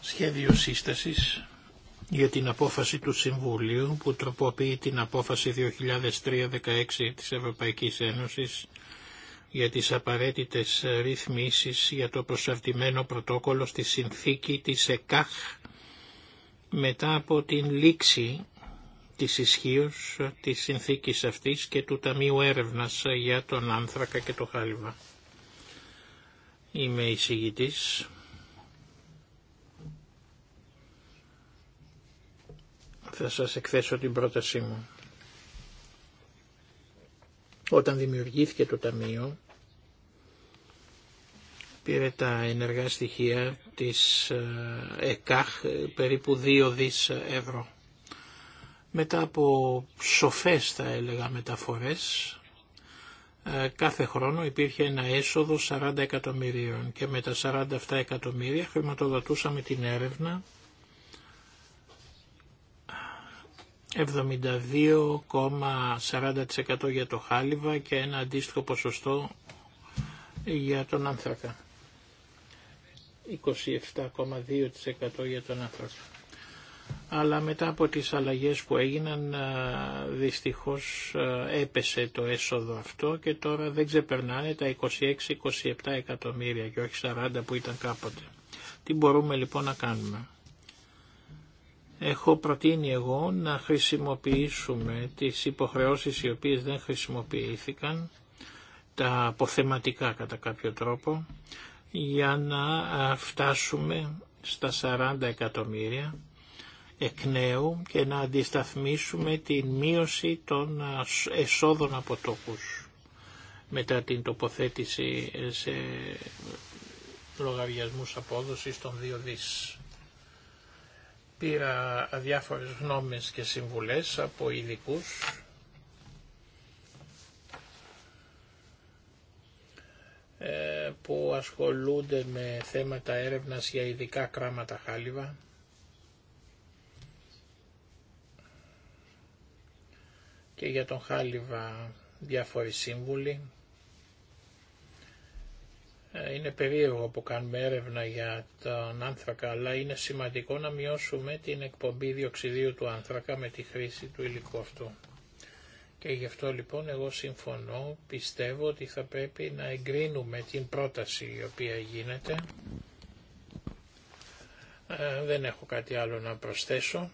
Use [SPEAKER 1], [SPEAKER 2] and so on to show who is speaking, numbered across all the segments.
[SPEAKER 1] Σχέδιο σύστασης για την απόφαση του Συμβουλίου που τροποποιεί την απόφαση 2003-16 της Ευρωπαϊκής Ένωσης για τις απαραίτητες ρυθμίσεις για το προσαρτημένο πρωτόκολλο στη συνθήκη της ΕΚΑΧ μετά από την λήξη της ισχύω της συνθήκης αυτής και του Ταμείου Έρευνας για τον Άνθρακα και το Χάλιβα. Είμαι εισηγητής. Θα σας εκθέσω την πρότασή μου. Όταν δημιουργήθηκε το Ταμείο, πήρε τα ενεργά στοιχεία της ε, ΕΚΑΧ περίπου 2 δις ευρώ. Μετά από σοφές θα έλεγα μεταφορές, ε, κάθε χρόνο υπήρχε ένα έσοδο 40 εκατομμυρίων και με τα 47 εκατομμύρια χρηματοδοτούσαμε την έρευνα 72,40% για το χάλιβα και ένα αντίστοιχο ποσοστό για τον άνθρακα. 27,2% για τον άνθρακα αλλά μετά από τις αλλαγές που έγιναν δυστυχώς έπεσε το έσοδο αυτό και τώρα δεν ξεπερνάνε τα 26-27 εκατομμύρια και όχι 40 που ήταν κάποτε. Τι μπορούμε λοιπόν να κάνουμε. Έχω προτείνει εγώ να χρησιμοποιήσουμε τις υποχρεώσεις οι οποίες δεν χρησιμοποιήθηκαν, τα αποθεματικά κατά κάποιο τρόπο, για να φτάσουμε στα 40 εκατομμύρια εκ και να αντισταθμίσουμε την μείωση των εσόδων από τόκους μετά την τοποθέτηση σε λογαριασμούς απόδοσης των 2 δις. Πήρα διάφορες γνώμες και συμβουλές από ειδικού. Ε, που ασχολούνται με θέματα έρευνας για ειδικά κράματα χάλιβα και για τον Χάλιβα διάφοροι σύμβουλοι. Ε, είναι περίεργο που κάνουμε έρευνα για τον άνθρακα, αλλά είναι σημαντικό να μειώσουμε την εκπομπή διοξιδίου του άνθρακα με τη χρήση του υλικού αυτού. Και γι' αυτό λοιπόν εγώ συμφωνώ, πιστεύω ότι θα πρέπει να εγκρίνουμε την πρόταση η οποία γίνεται. Ε, δεν έχω κάτι άλλο να προσθέσω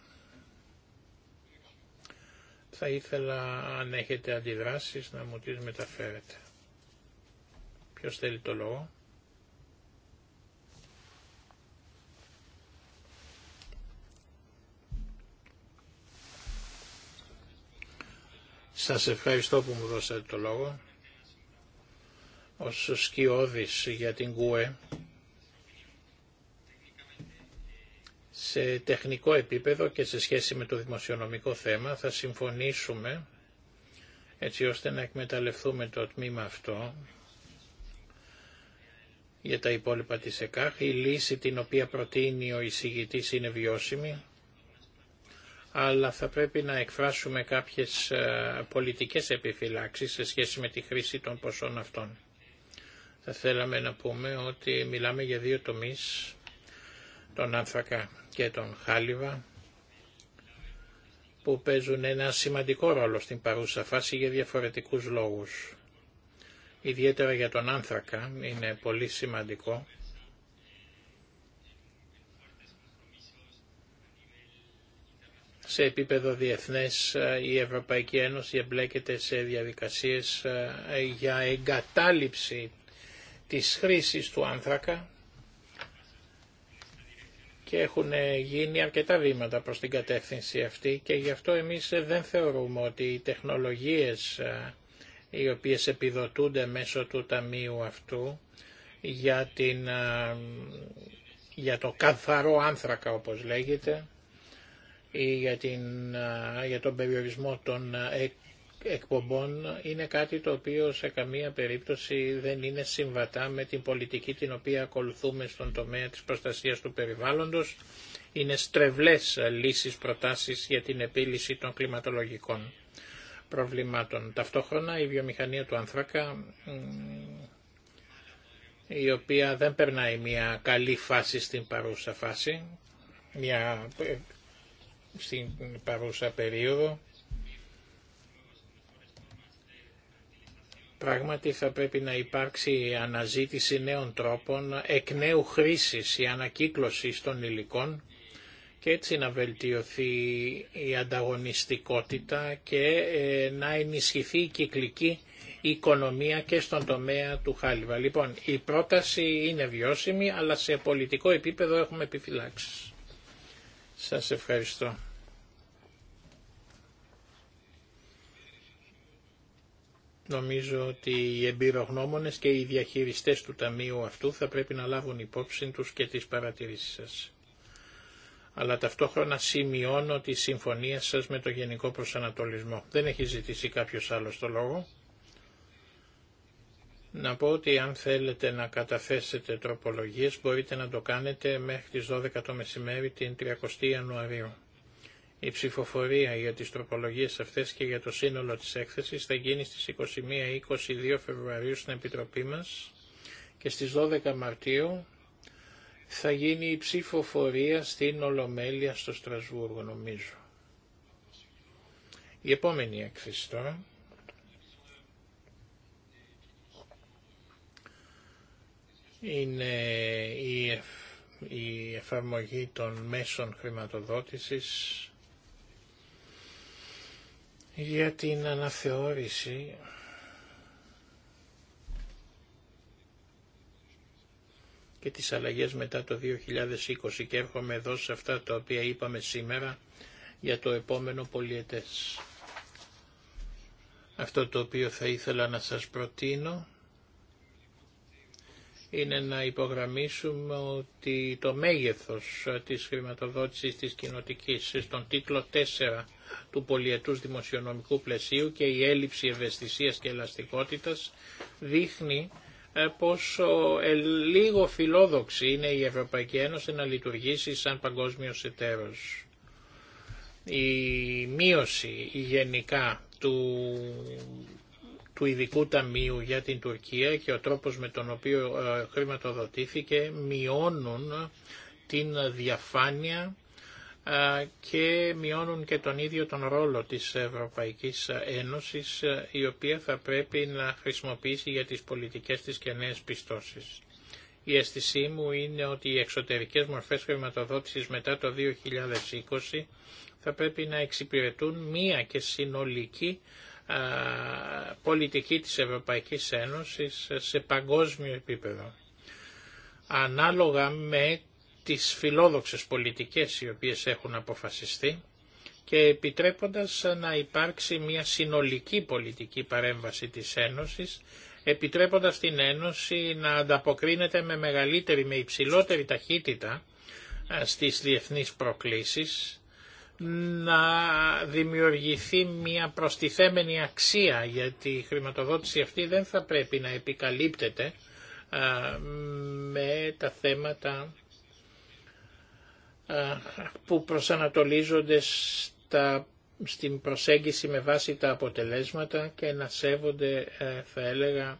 [SPEAKER 1] θα ήθελα αν έχετε αντιδράσεις να μου τις μεταφέρετε. Ποιος θέλει το λόγο. Σας ευχαριστώ που μου δώσατε το λόγο. Ως σκιώδης για την ΚΟΕ Σε τεχνικό επίπεδο και σε σχέση με το δημοσιονομικό θέμα θα συμφωνήσουμε έτσι ώστε να εκμεταλλευτούμε το τμήμα αυτό για τα υπόλοιπα της ΕΚΑΧ. Η λύση την οποία προτείνει ο εισηγητής είναι βιώσιμη, αλλά θα πρέπει να εκφράσουμε κάποιες ε, πολιτικές επιφυλάξεις σε σχέση με τη χρήση των ποσών αυτών. Θα θέλαμε να πούμε ότι μιλάμε για δύο τομείς, τον άνθρακα και τον Χάλιβα που παίζουν ένα σημαντικό ρόλο στην παρούσα φάση για διαφορετικούς λόγους. Ιδιαίτερα για τον άνθρακα είναι πολύ σημαντικό σε επίπεδο διεθνές η Ευρωπαϊκή Ένωση εμπλέκεται σε διαδικασίες ε, για εγκατάλειψη της χρήσης του άνθρακα και έχουν γίνει αρκετά βήματα προς την κατεύθυνση αυτή και γι' αυτό εμείς δεν θεωρούμε ότι οι τεχνολογίες ε, οι οποίες επιδοτούνται μέσω του ταμείου αυτού για, την, ε, για το καθαρό άνθρακα όπως λέγεται ή για, την, ε, για τον περιορισμό των εκπομπών είναι κάτι το οποίο σε καμία περίπτωση δεν είναι συμβατά με την πολιτική την οποία ακολουθούμε στον τομέα της προστασίας του περιβάλλοντος. Είναι στρεβλές λύσεις προτάσεις για την επίλυση των κλιματολογικών προβλημάτων. Ταυτόχρονα η βιομηχανία του άνθρακα η οποία δεν περνάει μια καλή φάση στην παρούσα φάση, μια, ε, στην παρούσα περίοδο Πράγματι θα πρέπει να υπάρξει αναζήτηση νέων τρόπων, εκ νέου χρήσης, η ανακύκλωση των υλικών και έτσι να βελτιωθεί η ανταγωνιστικότητα και ε, να ενισχυθεί η κυκλική οικονομία και στον τομέα του χάλιβα. Λοιπόν, η πρόταση είναι βιώσιμη, αλλά σε πολιτικό επίπεδο έχουμε επιφυλάξεις. Σας ευχαριστώ. Νομίζω ότι οι εμπειρογνώμονες και οι διαχειριστές του ταμείου αυτού θα πρέπει να λάβουν υπόψη τους και τις παρατηρήσεις σας. Αλλά ταυτόχρονα σημειώνω τη συμφωνία σας με το γενικό προσανατολισμό. Δεν έχει ζητήσει κάποιος άλλος το λόγο. Να πω ότι αν θέλετε να καταθέσετε τροπολογίες μπορείτε να το κάνετε μέχρι τις 12 το μεσημέρι την 30 Ιανουαρίου. Η ψηφοφορία για τις τροπολογίες αυτές και για το σύνολο της έκθεσης θα γίνει στις 21-22 Φεβρουαρίου στην Επιτροπή μας και στις 12 Μαρτίου θα γίνει η ψηφοφορία στην Ολομέλεια στο Στρασβούργο νομίζω. Η επόμενη έκθεση τώρα. Είναι η, η εφαρμογή των μέσων χρηματοδότησης για την αναθεώρηση και τις αλλαγές μετά το 2020 και έρχομαι εδώ σε αυτά τα οποία είπαμε σήμερα για το επόμενο πολιετές. Αυτό το οποίο θα ήθελα να σας προτείνω είναι να υπογραμμίσουμε ότι το μέγεθος της χρηματοδότησης της κοινοτικής στον τίτλο 4 του πολιετούς δημοσιονομικού πλαισίου και η έλλειψη ευαισθησίας και ελαστικότητας δείχνει ε, πόσο ε, λίγο φιλόδοξη είναι η Ευρωπαϊκή Ένωση να λειτουργήσει σαν παγκόσμιος εταίρος. Η μείωση γενικά του του Ειδικού Ταμείου για την Τουρκία και ο τρόπος με τον οποίο ε, χρηματοδοτήθηκε μειώνουν την διαφάνεια ε, και μειώνουν και τον ίδιο τον ρόλο της Ευρωπαϊκής Ένωσης ε, η οποία θα πρέπει να χρησιμοποιήσει για τις πολιτικές της και νέες πιστώσεις. Η αισθησή μου είναι ότι οι εξωτερικές μορφές χρηματοδότησης μετά το 2020 θα πρέπει να εξυπηρετούν μία και συνολική ε, πολιτική της Ευρωπαϊκής Ένωσης σε παγκόσμιο επίπεδο. Ανάλογα με τις φιλόδοξες πολιτικές οι οποίες έχουν αποφασιστεί και επιτρέποντας να υπάρξει μια συνολική πολιτική παρέμβαση της Ένωσης, επιτρέποντας την Ένωση να ανταποκρίνεται με μεγαλύτερη, με υψηλότερη ταχύτητα ε, στις διεθνείς προκλήσεις, να δημιουργηθεί μια προστιθέμενη αξία γιατί η χρηματοδότηση αυτή δεν θα πρέπει να επικαλύπτεται με τα θέματα που προσανατολίζονται στην προσέγγιση με βάση τα αποτελέσματα και να σέβονται, ε, θα έλεγα,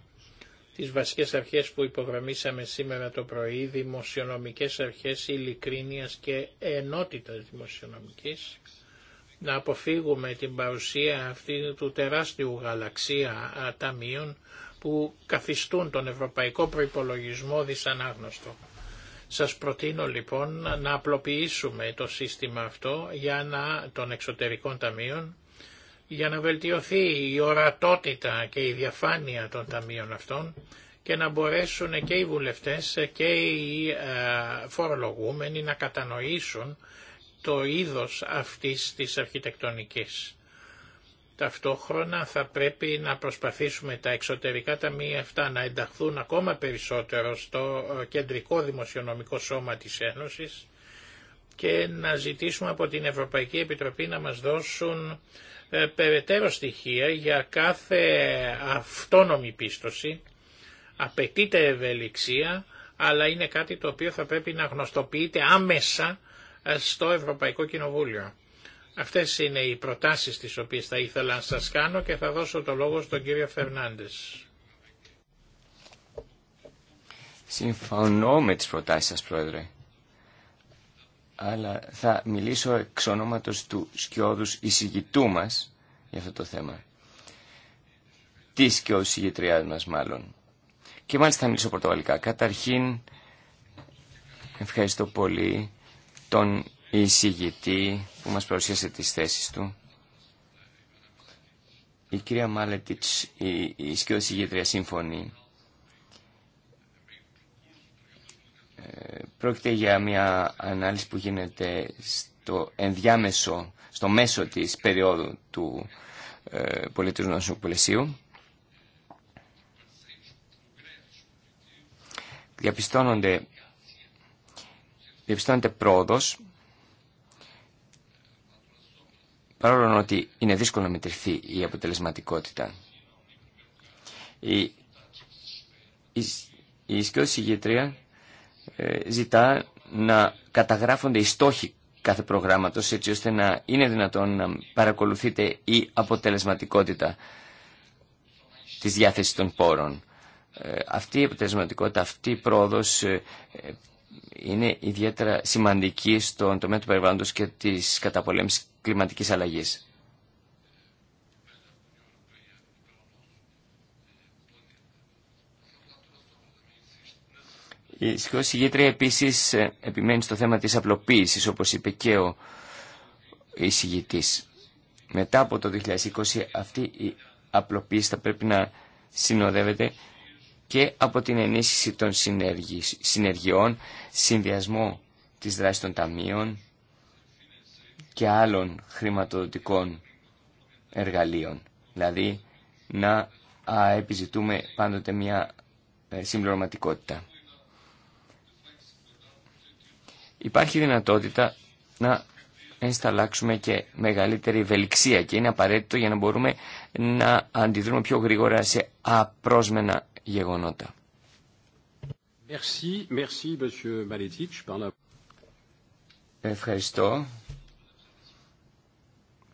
[SPEAKER 1] τις βασικές αρχές που υπογραμμίσαμε σήμερα το πρωί, δημοσιονομικές αρχές ειλικρίνειας και ενότητας δημοσιονομικής, να αποφύγουμε την παρουσία αυτή του τεράστιου γαλαξία ταμείων που καθιστούν τον ευρωπαϊκό προϋπολογισμό δυσανάγνωστο. Σας προτείνω λοιπόν να απλοποιήσουμε το σύστημα αυτό για να, των εξωτερικών ταμείων για να βελτιωθεί η ορατότητα και η διαφάνεια των ταμείων αυτών και να μπορέσουν και οι βουλευτές και οι ε, φορολογούμενοι να κατανοήσουν το είδος αυτής της αρχιτεκτονικής. Ταυτόχρονα θα πρέπει να προσπαθήσουμε τα εξωτερικά ταμεία αυτά να ενταχθούν ακόμα περισσότερο στο ε, κεντρικό δημοσιονομικό σώμα της Ένωσης και να ζητήσουμε από την Ευρωπαϊκή Επιτροπή να μας δώσουν ε, περαιτέρω στοιχεία για κάθε αυτόνομη πίστοση. Απαιτείται ευελιξία, αλλά είναι κάτι το οποίο θα πρέπει να γνωστοποιείται άμεσα ε, στο Ευρωπαϊκό Κοινοβούλιο. Αυτές είναι οι προτάσεις τις οποίες θα ήθελα να σας κάνω και θα δώσω το λόγο στον κύριο Φερνάντες.
[SPEAKER 2] Συμφωνώ με τις προτάσεις σας, Πρόεδρε αλλά θα μιλήσω εξ ονόματος του σκιώδους εισηγητού μας για αυτό το θέμα. Τη ο εισηγητριάς μας μάλλον. Και μάλιστα θα μιλήσω πορτογαλικά. Καταρχήν ευχαριστώ πολύ τον εισηγητή που μας παρουσίασε τις θέσεις του. Η κυρία Μάλετιτς, η, η σκιώδης σύμφωνη πρόκειται για μια ανάλυση που γίνεται στο ενδιάμεσο, στο μέσο της περίοδου του ε, πολιτικού Διαπιστώνονται, πρόοδος, παρόλο ότι είναι δύσκολο να μετρηθεί η αποτελεσματικότητα. Η, η, η ε, ζητά να καταγράφονται οι στόχοι κάθε προγράμματος έτσι ώστε να είναι δυνατόν να παρακολουθείτε η αποτελεσματικότητα της διάθεσης των πόρων. Ε, αυτή η αποτελεσματικότητα, αυτή η πρόοδος ε, είναι ιδιαίτερα σημαντική στον τομέα του περιβάλλοντος και της καταπολέμησης κλιματικής αλλαγής. Η συγγήτρια επίση ε, επιμένει στο θέμα της απλοποίησης, όπως είπε και ο εισηγητής. Μετά από το 2020 αυτή η απλοποίηση θα πρέπει να συνοδεύεται και από την ενίσχυση των συνεργειών, συνδυασμό της δράσης των ταμείων και άλλων χρηματοδοτικών εργαλείων. Δηλαδή να επιζητούμε πάντοτε μια ε, συμπληρωματικότητα. υπάρχει δυνατότητα να ενσταλλάξουμε και μεγαλύτερη ευελιξία και είναι απαραίτητο για να μπορούμε να αντιδρούμε πιο γρήγορα σε απρόσμενα γεγονότα. Ευχαριστώ.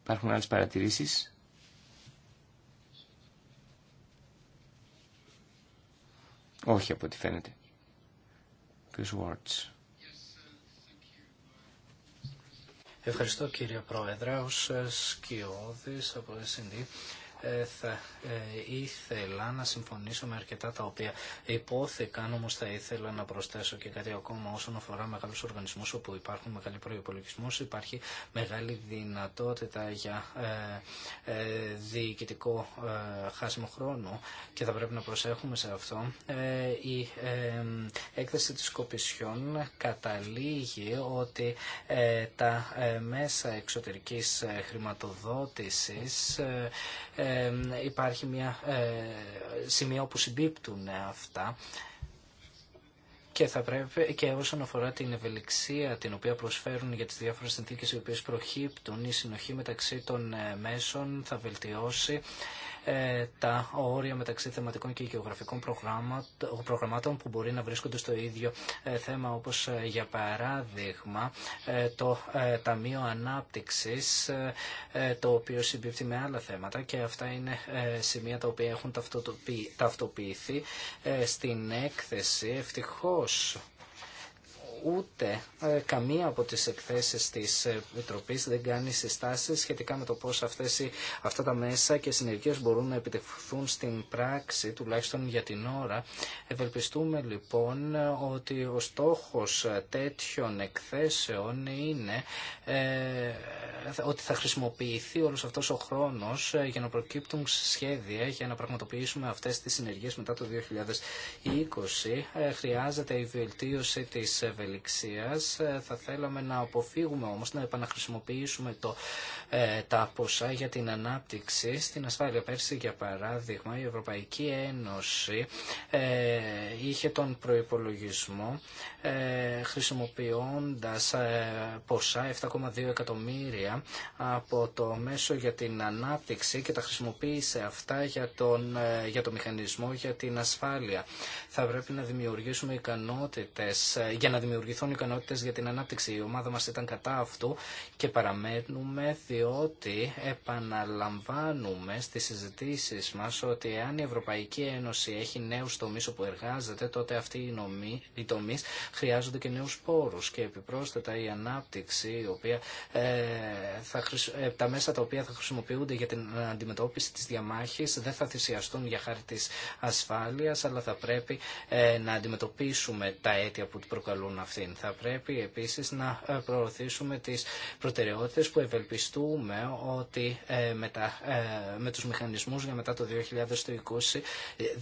[SPEAKER 2] Υπάρχουν άλλες παρατηρήσεις. Όχι από ό,τι φαίνεται.
[SPEAKER 3] Ευχαριστώ κύριε Πρόεδρε. Ως ε, σκιώδης από SND ε, θα ε, ήθελα να συμφωνήσω με αρκετά τα οποία υπόθηκαν, όμως θα ήθελα να προσθέσω και κάτι ακόμα όσον αφορά μεγάλους οργανισμούς όπου υπάρχουν μεγάλοι προϋπολογισμούς, υπάρχει μεγάλη δυνατότητα για ε, διοικητικό χάσιμο χρόνου και θα πρέπει να προσέχουμε σε αυτό. Η έκθεση της Κοπισιόν καταλήγει ότι τα μέσα εξωτερικής χρηματοδότησης ε, υπάρχει μια ε, σημεία όπου συμπίπτουν αυτά και, θα πρέπει, και όσον αφορά την ευελιξία την οποία προσφέρουν για τις διάφορες συνθήκες οι οποίες προχύπτουν η συνοχή μεταξύ των ε, μέσων θα βελτιώσει ε, τα όρια μεταξύ θεματικών και γεωγραφικών προγραμμάτων που μπορεί να βρίσκονται στο ίδιο ε, θέμα όπως ε, για παράδειγμα το Ταμείο Ανάπτυξης το οποίο συμπίπτει με άλλα θέματα και αυτά είναι σημεία τα οποία έχουν ταυτοποιηθεί στην έκθεση ευτυχώς ούτε ε, καμία από τις εκθέσεις της ε, Επιτροπής δεν κάνει συστάσεις σχετικά με το πώς αυτές, αυτά τα μέσα και συνεργείες μπορούν να επιτευχθούν στην πράξη, τουλάχιστον για την ώρα. Ευελπιστούμε λοιπόν ότι ο στόχος ε, τέτοιων εκθέσεων είναι ε, ότι θα χρησιμοποιηθεί όλος αυτός ο χρόνος ε, για να προκύπτουν σχέδια για να πραγματοποιήσουμε αυτές τις συνεργείες μετά το 2020. χρειάζεται η βελτίωση της ευελιξίας. Ε, θα θέλαμε να αποφύγουμε όμως να επαναχρησιμοποιήσουμε το, ε, τα ποσά για την ανάπτυξη στην ασφάλεια. Πέρσι, για παράδειγμα, η Ευρωπαϊκή Ένωση ε, είχε τον προϋπολογισμό ε, χρησιμοποιώντας ε, ποσά 7,2 εκατομμύρια από το μέσο για την ανάπτυξη και τα χρησιμοποίησε αυτά για, για το μηχανισμό για την ασφάλεια. Θα πρέπει να δημιουργήσουμε ικανότητες για να δημιουργήσουμε δημιουργηθούν ικανότητε για την ανάπτυξη. Η ομάδα μα ήταν κατά αυτού και παραμένουμε διότι επαναλαμβάνουμε στι συζητήσει μα ότι αν η Ευρωπαϊκή Ένωση έχει νέου τομεί όπου εργάζεται, τότε αυτοί οι, τομεί χρειάζονται και νέου πόρου. Και επιπρόσθετα η ανάπτυξη, οποία, ε, θα, ε, τα μέσα τα οποία θα χρησιμοποιούνται για την αντιμετώπιση τη διαμάχη δεν θα θυσιαστούν για χάρη τη ασφάλεια, αλλά θα πρέπει ε, να αντιμετωπίσουμε τα αίτια που προκαλούν αυτά. Θα πρέπει επίσης να ε, προωθήσουμε τις προτεραιότητες που ευελπιστούμε ότι ε, με, ε, με τους μηχανισμούς για μετά το 2020,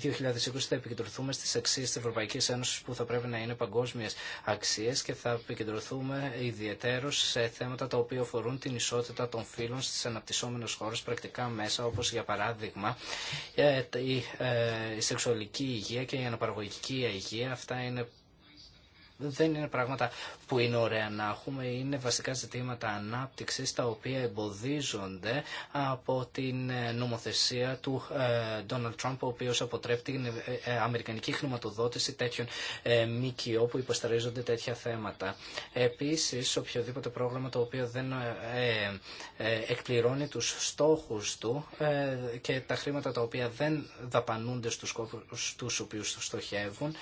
[SPEAKER 3] 2020 θα επικεντρωθούμε στις αξίες της Ευρωπαϊκής Ένωσης που θα πρέπει να είναι παγκόσμιες αξίες και θα επικεντρωθούμε ιδιαιτέρως σε θέματα τα οποία αφορούν την ισότητα των φύλων στις αναπτυσσόμενες χώρες πρακτικά μέσα όπως για παράδειγμα η σεξουαλική υγεία και η αναπαραγωγική υγεία αυτά είναι δεν είναι πράγματα που είναι ωραία να έχουμε, είναι βασικά ζητήματα ανάπτυξης τα οποία εμποδίζονται από την ε, νομοθεσία του ε, Donald Trump ο οποίος αποτρέπει την ε, αμερικανική χρηματοδότηση τέτοιων ΜΚΟ που υποστηρίζονται τέτοια θέματα. Επίσης, οποιοδήποτε πρόγραμμα το οποίο δεν εκπληρώνει τους στόχους του και τα χρήματα τα οποία δεν δαπανούνται στους σκόπους τους οποίους στοχεύουν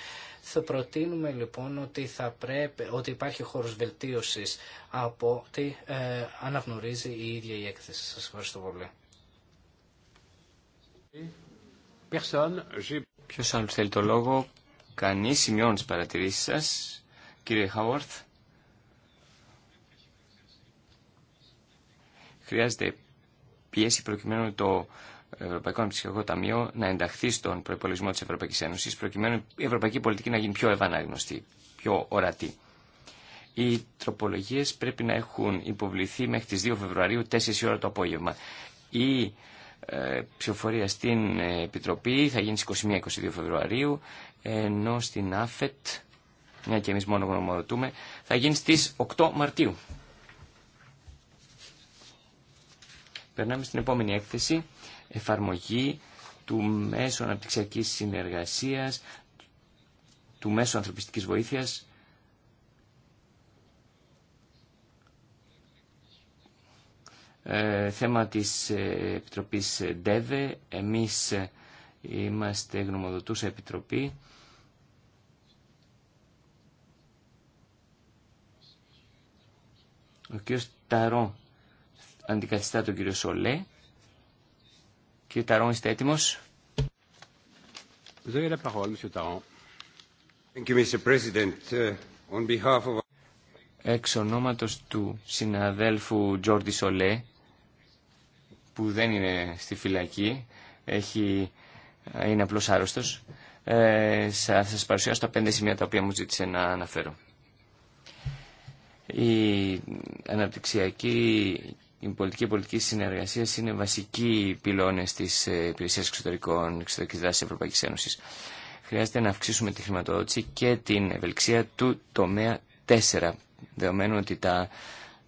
[SPEAKER 3] θα προτείνουμε λοιπόν ότι, θα πρέπει, ότι υπάρχει χώρος βελτίωσης από ότι ε, αναγνωρίζει η ίδια η έκθεση. Σας ευχαριστώ πολύ.
[SPEAKER 2] Ποιο άλλο θέλει το λόγο. Κανείς σημειώνει τι παρατηρήσει σα, Κύριε Χάουαρθ. Χρειάζεται πίεση προκειμένου το Ευρωπαϊκό Αναπτυξιακό Ταμείο να ενταχθεί στον προπολογισμό τη Ευρωπαϊκή Ένωση, προκειμένου η ευρωπαϊκή πολιτική να γίνει πιο ευανάγνωστη, πιο ορατή. Οι τροπολογίε πρέπει να έχουν υποβληθεί μέχρι τι 2 Φεβρουαρίου, 4 ώρα το απόγευμα. Η ε, ψηφοφορία στην ε, Επιτροπή θα γίνει στι 21-22 Φεβρουαρίου, ενώ στην ΑΦΕΤ, μια και εμεί μόνο γνωμοδοτούμε, θα γίνει στι 8 Μαρτίου. Περνάμε στην επόμενη έκθεση εφαρμογή του μέσου αναπτυξιακής συνεργασίας, του μέσου ανθρωπιστικής βοήθειας, ε, θέμα της ε, Επιτροπής ΔΕΒΕ. Εμείς ε, είμαστε γνωμοδοτούσα Επιτροπή. Ο κ. Ταρό αντικαθιστά τον κ. Σολέ. Κύριε Ταρόν, είστε έτοιμος. Εξ ονόματος του συναδέλφου Τζόρντι Σολέ, που δεν είναι στη φυλακή, έχει, είναι απλώς άρρωστος, ε, θα σας παρουσιάσω τα πέντε σημεία τα οποία μου ζήτησε να αναφέρω. Η αναπτυξιακή η πολιτική πολιτική συνεργασία είναι βασικοί πυλώνε τη ε, υπηρεσία εξωτερικών εξωτερική δράση τη Ευρωπαϊκή Ένωση. Χρειάζεται να αυξήσουμε τη χρηματοδότηση και την ευελιξία του τομέα 4, δεδομένου ότι τα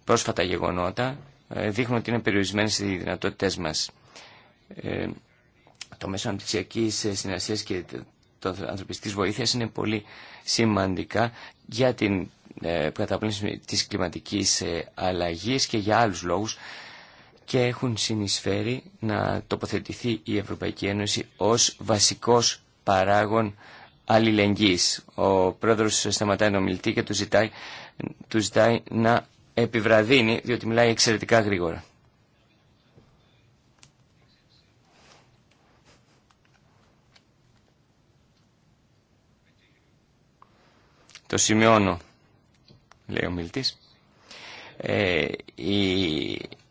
[SPEAKER 2] πρόσφατα γεγονότα ε, δείχνουν ότι είναι περιορισμένε οι δυνατότητέ μα. Ε, το μέσο αναπτυξιακή συνεργασία και το ανθρωπιστική βοήθεια είναι πολύ σημαντικά για την ε, καταπολέμηση της κλιματικής ε, αλλαγής και για άλλους λόγους και έχουν συνεισφέρει να τοποθετηθεί η Ευρωπαϊκή Ένωση ως βασικός παράγων αλληλεγγύης. Ο πρόεδρος σταματάει να μιλτεί και του ζητάει, του ζητάει να επιβραδύνει διότι μιλάει εξαιρετικά γρήγορα. Το σημειώνω λέει ο μιλτής, ε, η,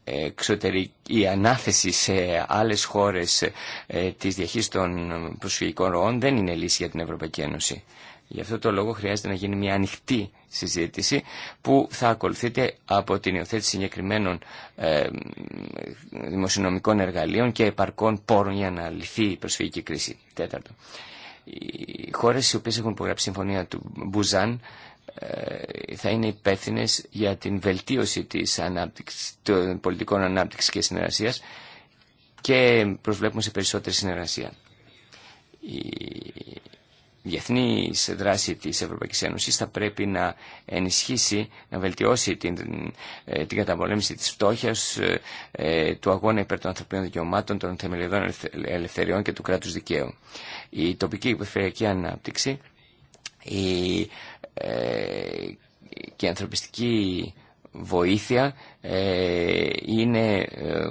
[SPEAKER 2] εξωτερική, ανάθεση σε άλλες χώρες ε, της διαχείρισης των προσφυγικών ροών δεν είναι λύση για την Ευρωπαϊκή Ένωση. Γι' αυτό το λόγο χρειάζεται να γίνει μια ανοιχτή συζήτηση που θα ακολουθείται από την υιοθέτηση συγκεκριμένων ε, δημοσιονομικών εργαλείων και επαρκών πόρων για να λυθεί η προσφυγική κρίση. Τέταρτο. Οι χώρες οι οποίες έχουν υπογράψει συμφωνία του Μπουζάν ε, θα είναι υπεύθυνε για την βελτίωση της ανάπτυξης, των πολιτικών ανάπτυξης και συνεργασίας και προσβλέπουμε σε περισσότερη συνεργασία. Η διεθνή δράση της Ευρωπαϊκής Ένωσης θα πρέπει να ενισχύσει, να βελτιώσει την, ε, την καταπολέμηση της φτώχειας, ε, του αγώνα υπέρ των ανθρωπίνων δικαιωμάτων, των θεμελιωδών ελευθεριών και του κράτους δικαίου. Η τοπική και ανάπτυξη η, ε, και η ανθρωπιστική βοήθεια ε, είναι ε,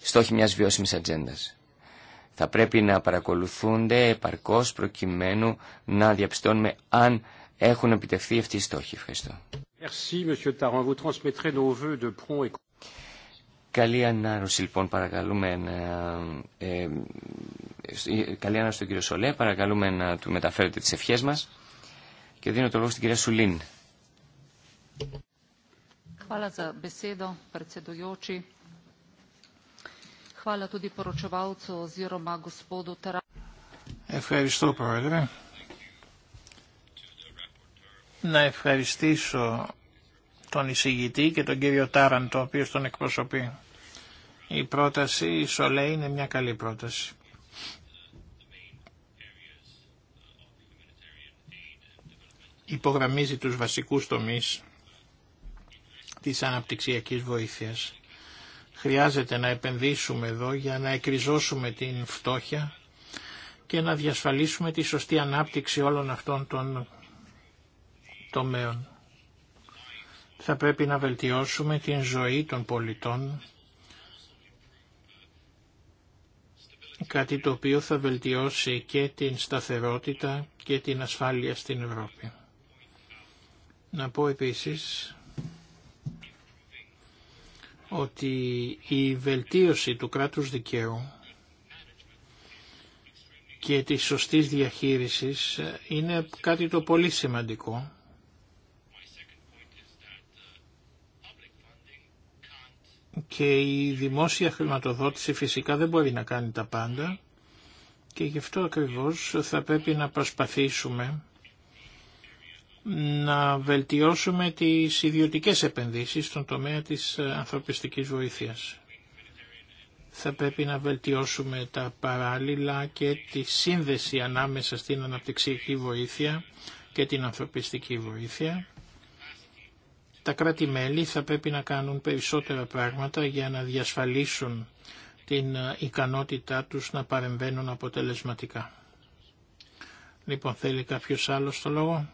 [SPEAKER 2] στόχοι μιας βιώσιμης ατζέντα. Θα πρέπει να παρακολουθούνται επαρκώς προκειμένου να διαπιστώνουμε αν έχουν επιτευχθεί αυτοί οι στόχοι. Ευχαριστώ. Καλή ανάρρωση λοιπόν παρακαλούμε να... Ε, καλή ανάρρωση στον κύριο Σολέ, παρακαλούμε να του μεταφέρετε τις ευχές μας και δίνω το λόγο στην κυρία Σουλίν.
[SPEAKER 1] Ευχαριστώ, Πρόεδρε. Να ευχαριστήσω τον εισηγητή και τον κύριο Τάραν, το οποίο τον εκπροσωπεί. Η πρόταση η Σολέ είναι μια καλή πρόταση. υπογραμμίζει τους βασικούς τομείς της αναπτυξιακής βοήθειας. Χρειάζεται να επενδύσουμε εδώ για να εκριζώσουμε την φτώχεια και να διασφαλίσουμε τη σωστή ανάπτυξη όλων αυτών των τομέων. Θα πρέπει να βελτιώσουμε την ζωή των πολιτών, κάτι το οποίο θα βελτιώσει και την σταθερότητα και την ασφάλεια στην Ευρώπη. Να πω επίσης ότι η βελτίωση του κράτους δικαίου και της σωστής διαχείρισης είναι κάτι το πολύ σημαντικό. Και η δημόσια χρηματοδότηση φυσικά δεν μπορεί να κάνει τα πάντα και γι' αυτό ακριβώς θα πρέπει να προσπαθήσουμε να βελτιώσουμε τις ιδιωτικές επενδύσεις στον τομέα της ανθρωπιστικής βοήθειας. Θα πρέπει να βελτιώσουμε τα παράλληλα και τη σύνδεση ανάμεσα στην αναπτυξιακή βοήθεια και την ανθρωπιστική βοήθεια. Τα κράτη-μέλη θα πρέπει να κάνουν περισσότερα πράγματα για να διασφαλίσουν την ικανότητά τους να παρεμβαίνουν αποτελεσματικά. Λοιπόν, θέλει κάποιος άλλος το λόγο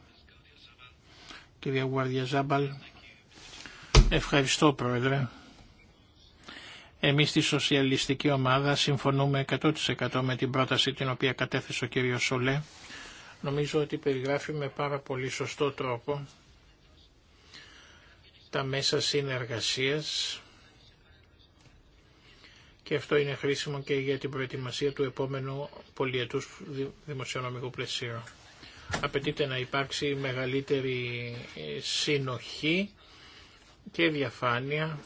[SPEAKER 1] κυρία Γουάρδια Ζάμπαλ. Ευχαριστώ Πρόεδρε. Εμείς στη Σοσιαλιστική Ομάδα συμφωνούμε 100% με την πρόταση την οποία κατέθεσε ο κύριος Σολέ. Νομίζω ότι περιγράφει με πάρα πολύ σωστό τρόπο τα μέσα συνεργασίας και αυτό είναι χρήσιμο και για την προετοιμασία του επόμενου πολιετούς δημοσιονομικού πλαισίου απαιτείται να υπάρξει μεγαλύτερη ε, συνοχή και διαφάνεια.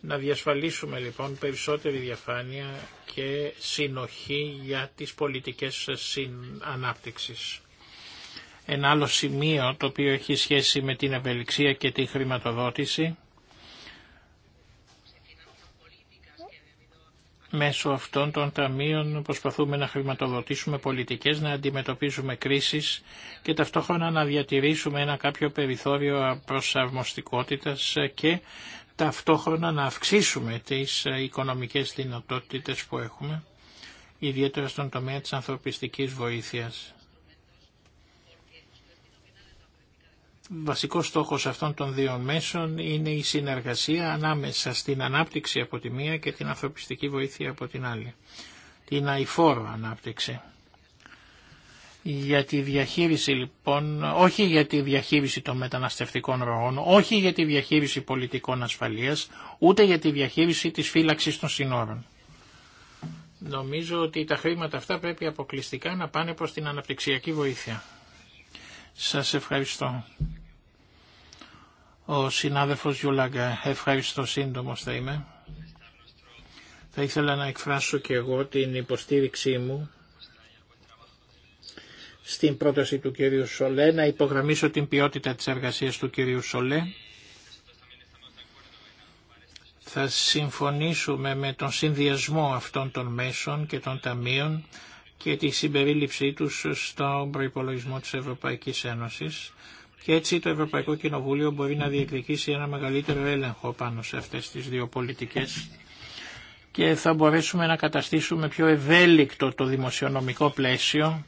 [SPEAKER 1] Να διασφαλίσουμε λοιπόν περισσότερη διαφάνεια και συνοχή για τις πολιτικές ανάπτυξης. Ένα άλλο σημείο το οποίο έχει σχέση με την ευελιξία και τη χρηματοδότηση Μέσω αυτών των ταμείων προσπαθούμε να χρηματοδοτήσουμε πολιτικές, να αντιμετωπίσουμε κρίσεις και ταυτόχρονα να διατηρήσουμε ένα κάποιο περιθώριο προσαρμοστικότητας και ταυτόχρονα να αυξήσουμε τις οικονομικές δυνατότητες που έχουμε, ιδιαίτερα στον τομέα της ανθρωπιστικής βοήθειας. βασικός στόχος αυτών των δύο μέσων είναι η συνεργασία ανάμεσα στην ανάπτυξη από τη μία και την ανθρωπιστική βοήθεια από την άλλη. Την αηφόρο ανάπτυξη. Για τη διαχείριση λοιπόν, όχι για τη διαχείριση των μεταναστευτικών ροών, όχι για τη διαχείριση πολιτικών ασφαλείας, ούτε για τη διαχείριση της φύλαξης των συνόρων. Νομίζω ότι τα χρήματα αυτά πρέπει αποκλειστικά να πάνε προς την αναπτυξιακή βοήθεια. Σας ευχαριστώ. Ο συνάδελφος Γιούλαγκα, ευχαριστώ σύντομος θα είμαι. Θα ήθελα να εκφράσω και εγώ την υποστήριξή μου στην πρόταση του κυρίου Σολέ, να υπογραμμίσω την ποιότητα της εργασίας του κυρίου Σολέ. Θα συμφωνήσουμε με τον συνδυασμό αυτών των μέσων και των ταμείων και τη συμπερίληψή τους στον προϋπολογισμό της Ευρωπαϊκής Ένωσης και έτσι το Ευρωπαϊκό Κοινοβούλιο μπορεί να διεκδικήσει ένα μεγαλύτερο έλεγχο πάνω σε αυτές τις δύο πολιτικές και θα μπορέσουμε να καταστήσουμε πιο ευέλικτο το δημοσιονομικό πλαίσιο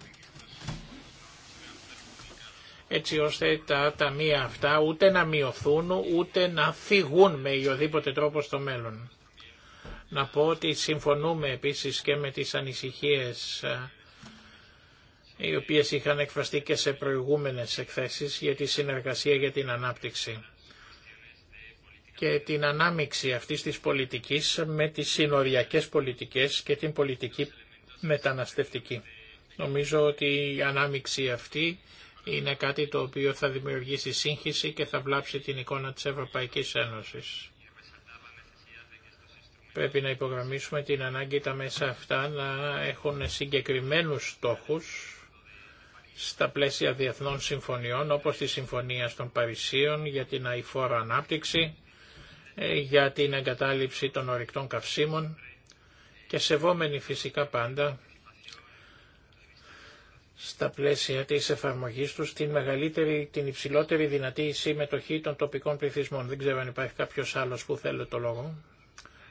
[SPEAKER 1] έτσι ώστε τα ταμεία αυτά ούτε να μειωθούν ούτε να φυγούν με οποιοδήποτε τρόπο στο μέλλον. Να πω ότι συμφωνούμε επίσης και με τις ανησυχίες οι οποίες είχαν εκφραστεί και σε προηγούμενες εκθέσεις για τη συνεργασία για την ανάπτυξη και την ανάμειξη αυτής της πολιτικής με τις συνοριακές πολιτικές και την πολιτική μεταναστευτική. Νομίζω ότι η ανάμιξη αυτή είναι κάτι το οποίο θα δημιουργήσει σύγχυση και θα βλάψει την εικόνα της Ευρωπαϊκής Ένωσης. Πρέπει να υπογραμμίσουμε την ανάγκη τα μέσα αυτά να έχουν συγκεκριμένους στόχους στα πλαίσια διεθνών συμφωνιών όπως τη Συμφωνία των Παρισίων για την αηφόρα ανάπτυξη, ε, για την εγκατάλειψη των ορυκτών καυσίμων και σεβόμενοι φυσικά πάντα στα πλαίσια της εφαρμογής τους την μεγαλύτερη, την υψηλότερη δυνατή συμμετοχή των τοπικών πληθυσμών. Δεν ξέρω αν υπάρχει κάποιος άλλος που θέλει το λόγο.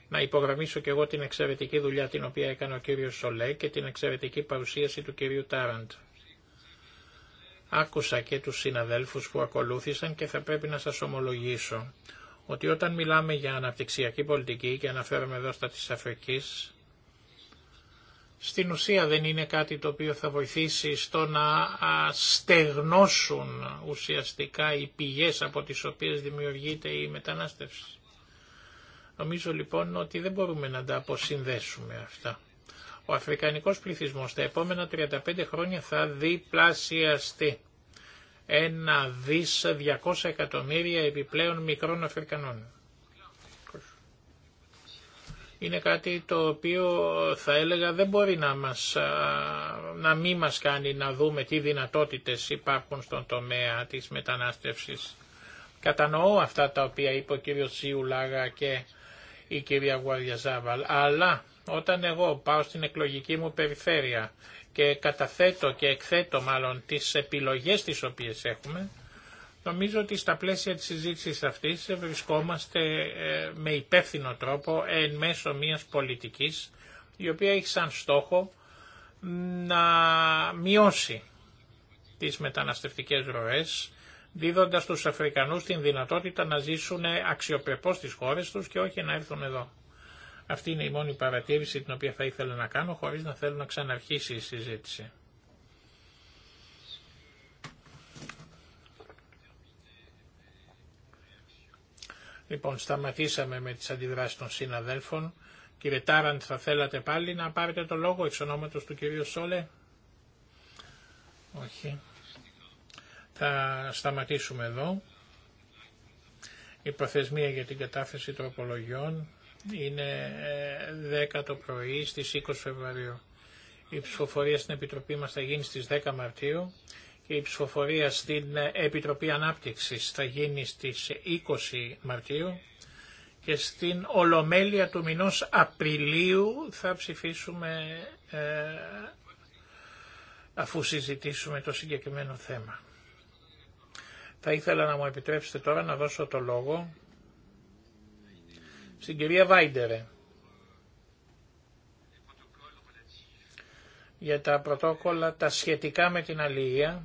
[SPEAKER 1] Να υπογραμμίσω και εγώ την εξαιρετική δουλειά την οποία έκανε ο κύριος Σολέ και την εξαιρετική παρουσίαση του κυρίου Τάραντ. Άκουσα και τους συναδέλφους που ακολούθησαν και θα πρέπει να σας ομολογήσω ότι όταν μιλάμε για αναπτυξιακή πολιτική και αναφέρομαι εδώ στα της Αφρικής, στην ουσία δεν είναι κάτι το οποίο θα βοηθήσει στο να στεγνώσουν ουσιαστικά οι πηγές από τις οποίες δημιουργείται η μετανάστευση. Νομίζω λοιπόν ότι δεν μπορούμε να τα αποσυνδέσουμε αυτά. Ο αφρικανικός πληθυσμός τα επόμενα 35 χρόνια θα διπλασιαστεί ένα δις 200 εκατομμύρια επιπλέον μικρών Αφρικανών. Είναι κάτι το οποίο θα έλεγα δεν μπορεί να, μας, να μη μας κάνει να δούμε τι δυνατότητες υπάρχουν στον τομέα της μετανάστευσης. Κατανοώ αυτά τα οποία είπε ο κύριος Σιουλάγα και η κυρία Γουαριαζάβαλ, αλλά όταν εγώ πάω στην εκλογική μου περιφέρεια και καταθέτω και εκθέτω μάλλον τις επιλογές τις οποίες έχουμε, νομίζω ότι στα πλαίσια της συζήτησης αυτής βρισκόμαστε ε, με υπεύθυνο τρόπο εν μέσω μιας πολιτικής η οποία έχει σαν στόχο να μειώσει τις μεταναστευτικές ροές, δίδοντας τους Αφρικανούς την δυνατότητα να ζήσουν αξιοπρεπώς στις χώρες τους και όχι να έρθουν εδώ. Αυτή είναι η μόνη παρατήρηση την οποία θα ήθελα να κάνω χωρίς να θέλω να ξαναρχίσει η συζήτηση. Λοιπόν, σταματήσαμε με τις αντιδράσεις των συναδέλφων. Κύριε Τάραντ, θα θέλατε πάλι να πάρετε το λόγο εξ ονόματος του κυρίου Σόλε. Όχι. Θα σταματήσουμε εδώ. Η προθεσμία για την κατάθεση τροπολογιών είναι 10 ε, το πρωί στις 20 Φεβρουαρίου. Η ψηφοφορία στην Επιτροπή μας θα γίνει στις 10 Μαρτίου και η ψηφοφορία στην ε, Επιτροπή Ανάπτυξης θα γίνει στις 20 Μαρτίου και στην Ολομέλεια του μηνός Απριλίου θα ψηφίσουμε ε, αφού συζητήσουμε το συγκεκριμένο θέμα. Θα ήθελα να μου επιτρέψετε τώρα να δώσω το λόγο στην κυρία Βάιντερε. για τα πρωτόκολλα τα σχετικά με την αλληλεία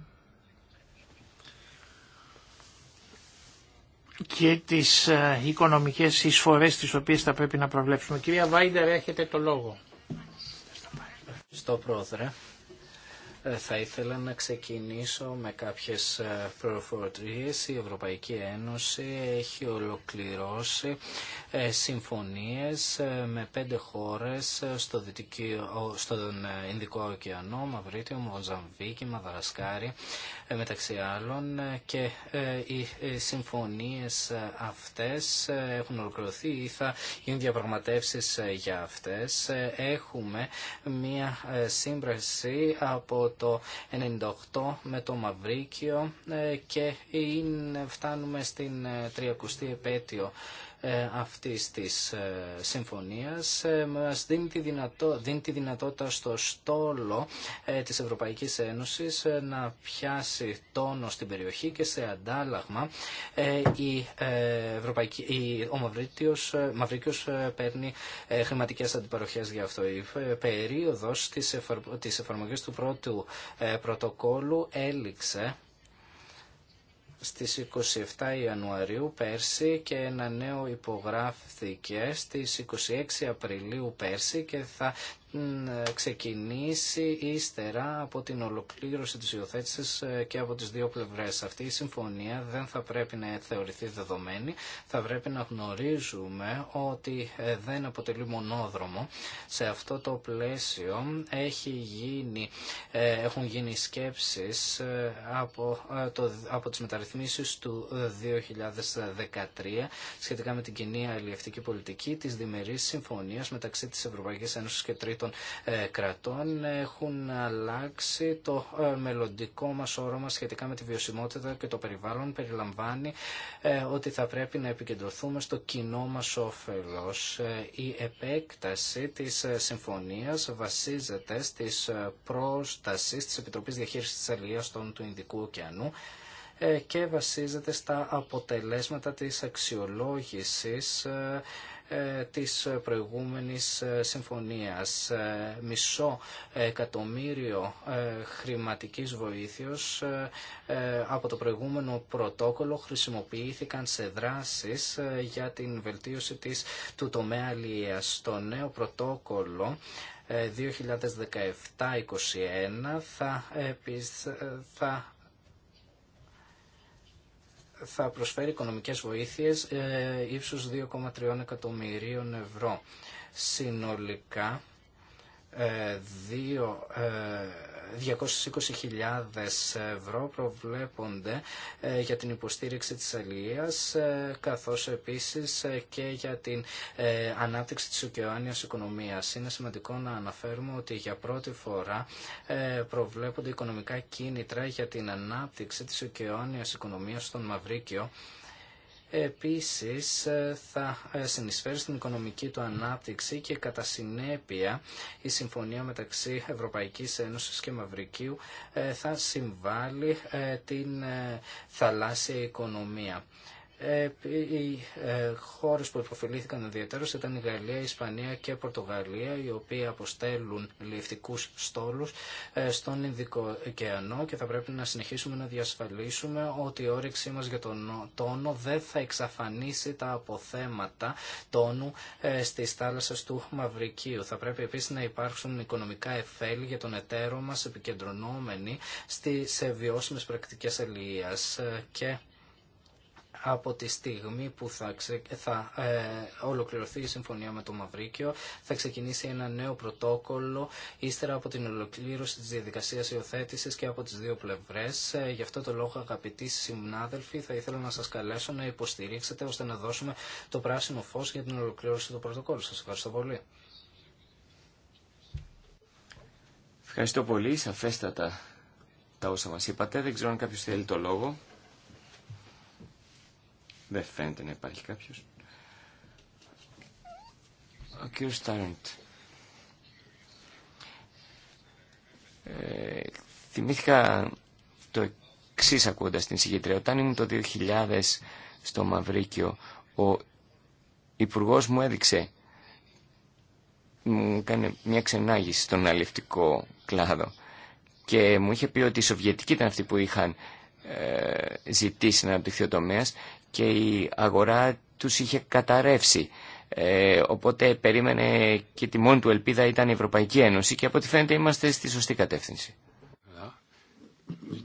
[SPEAKER 1] και τις ε, οικονομικές εισφορές τις οποίες θα πρέπει να προβλέψουμε. Κυρία
[SPEAKER 3] Βάιντερε έχετε το λόγο. Στο πρόεδρε. Ε, θα ήθελα να ξεκινήσω με κάποιες ε, προφορτρίες. Η Ευρωπαϊκή Ένωση έχει ολοκληρώσει ε, συμφωνίες με πέντε χώρες στο στον Ινδικό Ωκεανό, Μαυρίτιο, Μοζαμβίκη, Μαδαρασκάρη μεταξύ άλλων και οι συμφωνίες αυτές έχουν ολοκληρωθεί ή θα γίνουν διαπραγματεύσεις για αυτές. Έχουμε μία σύμπραση από το 1998 με το Μαυρίκιο ε, και φτάνουμε στην 30η ε, επέτειο ε, αυτής της ε, συμφωνίας ε, μας δίνει τη, τη δυνατότητα στο στόλο της Ευρωπαϊκής Ένωσης να πιάσει τόνο στην περιοχή και σε αντάλλαγμα η Ευρωπαϊκή, η, ο Μαυρίτιος, παίρνει χρηματικές αντιπαροχές για αυτό. Η περίοδος της, εφαρμογής του πρώτου πρωτοκόλλου έληξε στις 27 Ιανουαρίου πέρσι και ένα νέο υπογράφθηκε στις 26 Απριλίου πέρσι και θα ξεκινήσει ύστερα από την ολοκλήρωση της υιοθέτηση ε, και από τις δύο πλευρές. Αυτή η συμφωνία δεν θα πρέπει να θεωρηθεί δεδομένη, θα πρέπει να γνωρίζουμε ότι ε, δεν αποτελεί μονόδρομο. Σε αυτό το πλαίσιο έχει ε, έχουν γίνει σκέψεις από, το, από τις μεταρρυθμίσεις του 2013 σχετικά με την κοινή αλληλευτική πολιτική της διμερής συμφωνίας μεταξύ της Ευρωπαϊκής Ένωσης και τρίτης των ε, κρατών έχουν αλλάξει το ε, μελλοντικό μας όρομα σχετικά με τη βιωσιμότητα και το περιβάλλον περιλαμβάνει ε, ότι θα πρέπει να επικεντρωθούμε στο κοινό μας όφελος. Η επέκταση της συμφωνίας βασίζεται στις πρόστασεις της Επιτροπής Διαχείρισης τη Αλληλείας των του Ινδικού Ωκεανού και βασίζεται στα αποτελέσματα της αξιολόγησης ε, της προηγούμενης ε, συμφωνίας. Ε, μισό εκατομμύριο χρηματικής βοήθειας από το προηγούμενο πρωτόκολλο χρησιμοποιήθηκαν σε δράσεις για την βελτίωση της, του τομέα αλληλείας. Το νέο πρωτόκολλο 2017-21 θα, θα θα προσφέρει οικονομικές βοήθειες ε, ύψους 2,3 εκατομμυρίων ευρώ. Συνολικά, ε, δύο ε, 220.000 ευρώ προβλέπονται ε, για την υποστήριξη της αλληλείας ε, καθώς επίσης ε, και για την ανάπτυξη της οκεάνιας οικονομίας. Είναι σημαντικό να αναφέρουμε ότι για πρώτη φορά προβλέπονται οικονομικά κίνητρα για την ανάπτυξη της οκεάνιας οικονομίας στον Μαυρίκιο Επίσης ε, θα ε, συνεισφέρει στην οικονομική του ανάπτυξη και κατά συνέπεια η συμφωνία μεταξύ Ευρωπαϊκής Ένωσης και Μαυρικίου ε, θα συμβάλλει την θαλάσσια οικονομία οι ε, χώρε που υποφελήθηκαν ιδιαίτερω ήταν η Γαλλία, η Ισπανία και η Πορτογαλία, οι οποίοι αποστέλουν λιευτικού στόλου ε, στον Ινδικό ωκεανό και θα πρέπει να συνεχίσουμε να διασφαλίσουμε ότι η όρεξή μα για τον τόνο δεν θα εξαφανίσει τα αποθέματα τόνου ε, στι θάλασσε του Μαυρικίου. Θα πρέπει επίση να υπάρξουν οικονομικά εφέλη για τον εταίρο μα επικεντρωνόμενοι σε βιώσιμε πρακτικέ αλληλεία και από τη στιγμή που θα, θα ε, ολοκληρωθεί η συμφωνία με το Μαυρίκιο, θα ξεκινήσει ένα νέο πρωτόκολλο ύστερα από την ολοκλήρωση της διαδικασίας υιοθέτηση και από τις δύο πλευρές. Ε, γι' αυτό το λόγο αγαπητοί συνάδελφοι θα ήθελα να σας καλέσω να υποστηρίξετε ώστε να δώσουμε το πράσινο φως για την ολοκλήρωση του πρωτοκόλλου. Σας ευχαριστώ πολύ.
[SPEAKER 2] Ευχαριστώ πολύ, σαφέστατα τα όσα μα είπατε. Δεν ξέρω αν κάποιο θέλει το λόγο. Δεν φαίνεται να υπάρχει κάποιος. Ο κύριος Στάρεντ. Ε, θυμήθηκα το εξή ακούγοντας την συγκεντρία. Όταν ήμουν το 2000 στο Μαυρίκιο, ο υπουργό μου έδειξε μου έκανε μια ξενάγηση στον αλευτικό κλάδο και μου είχε πει ότι οι Σοβιετικοί ήταν αυτοί που είχαν ε, ζητήσει να αναπτυχθεί ο τομέα και η αγορά τους είχε καταρρεύσει. Ε, οπότε περίμενε και τη μόνη του ελπίδα ήταν η Ευρωπαϊκή Ένωση και από ό,τι φαίνεται είμαστε στη σωστή κατεύθυνση.
[SPEAKER 4] Euh,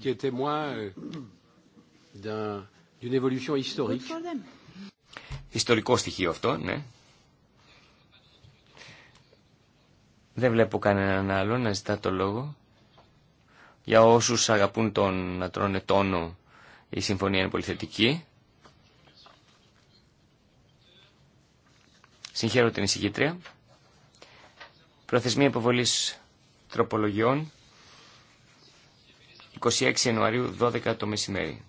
[SPEAKER 2] Ιστορικό στοιχείο αυτό, ναι. Δεν βλέπω κανέναν άλλο να ζητά το λόγο. Για όσους αγαπούν τον να τρώνε τόνο, η συμφωνία είναι πολυθετική. Συγχαίρω την εισηγήτρια. Προθεσμία υποβολή τροπολογιών 26 Ιανουαρίου 12 το μεσημέρι.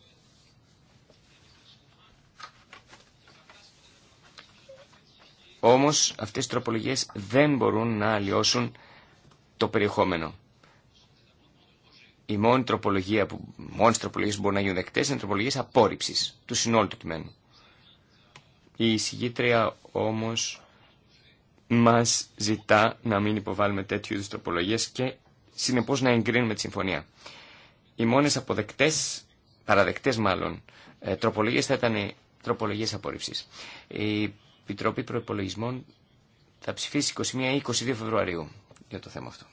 [SPEAKER 2] Όμως αυτές οι τροπολογίες δεν μπορούν να αλλοιώσουν το περιεχόμενο. Η μόνη τροπολογία που μόνες τροπολογίες που μπορούν να γίνουν δεκτές είναι τροπολογίες απόρριψης του συνόλου του κειμένου. Η εισηγήτρια όμως μας ζητά να μην υποβάλουμε τέτοιου είδους τροπολογίες και συνεπώς να εγκρίνουμε τη συμφωνία. Οι μόνες αποδεκτές, παραδεκτές μάλλον, ε, τροπολογίες θα ήταν τροπολογίες απορρίψης. Η Επιτροπή Προπολογισμών θα ψηφίσει ή 21-22 Φεβρουαρίου για το θέμα αυτό.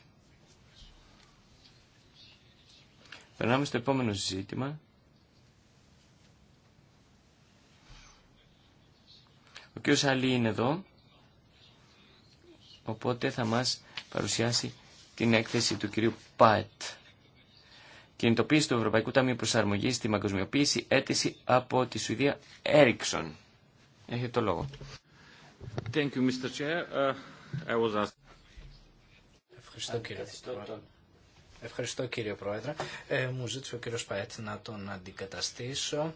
[SPEAKER 2] Περνάμε στο επόμενο ζήτημα Ποιος άλλη είναι εδώ, οπότε θα μας παρουσιάσει την έκθεση του κυρίου Πάετ. Κινητοποίηση του Ευρωπαϊκού Ταμείου Προσαρμογή στη Μαγκοσμιοποίηση, αίτηση από τη Σουηδία Έριξον. Έχετε το λόγο.
[SPEAKER 4] Thank you, Mr. Chair. Uh, I was
[SPEAKER 3] Ευχαριστώ, κύριε Πρόεδρε. Ευχαριστώ, κύριο Πρόεδρε. μου ζήτησε ο κύριος Παέτ να τον αντικαταστήσω.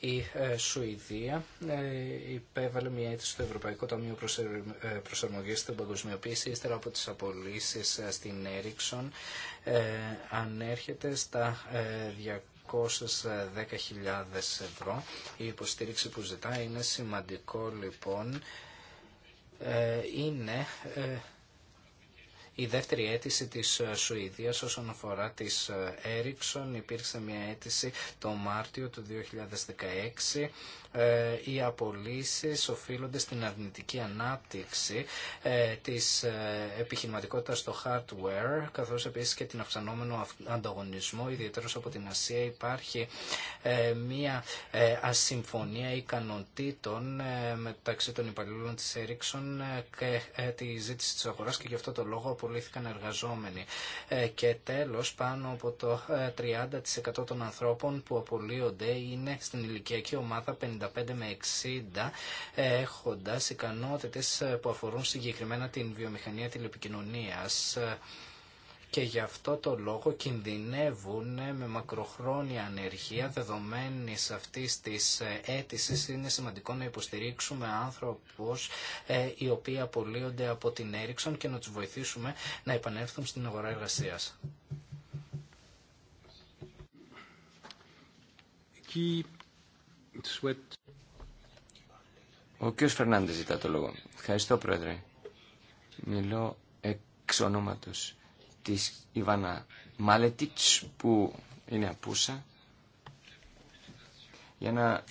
[SPEAKER 3] Η ε, Σουηδία ε, υπέβαλε μια αίτηση στο Ευρωπαϊκό Ταμείο ε, Προσαρμογή στην Παγκοσμιοποίηση ύστερα από τι απολύσει στην Έριξον. Ανέρχεται στα 210.000 ευρώ. Η υποστήριξη που ζητά είναι σημαντικό λοιπόν. Είναι η δεύτερη αίτηση της ε, Σουηδίας όσον αφορά της έριξον ε, υπήρξε μια αίτηση το Μάρτιο του 2016 ε, οι απολύσεις οφείλονται στην αρνητική ανάπτυξη ε, της ε, επιχειρηματικότητα στο hardware, καθώς επίσης και την αυξανόμενο ανταγωνισμό, ιδιαίτερω από την Ασία υπάρχει μία ασυμφωνία ικανοτήτων μεταξύ των υπαλλήλων τη Ericsson και τη ζήτηση τη αγοράς και γι' αυτό το λόγο απολύθηκαν εργαζόμενοι. Και τέλος, πάνω από το 30% των ανθρώπων που απολύονται είναι στην ηλικιακή ομάδα 50 με 60 έχοντας ικανότητες που αφορούν συγκεκριμένα την βιομηχανία τηλεπικοινωνίας και γι' αυτό το λόγο κινδυνεύουν με μακροχρόνια ανεργία δεδομένης αυτή της αίτηση. Είναι σημαντικό να υποστηρίξουμε άνθρωπους ε, οι οποίοι απολύονται από την Έριξον και να τους βοηθήσουμε να επανέλθουν στην αγορά εργασία.
[SPEAKER 2] Ο κ. Φερνάνδης ζητά το λόγο. Ευχαριστώ, Πρόεδρε. Μιλώ εξ ονόματο της Ιβάνα Μάλετιτ, που είναι απούσα, για να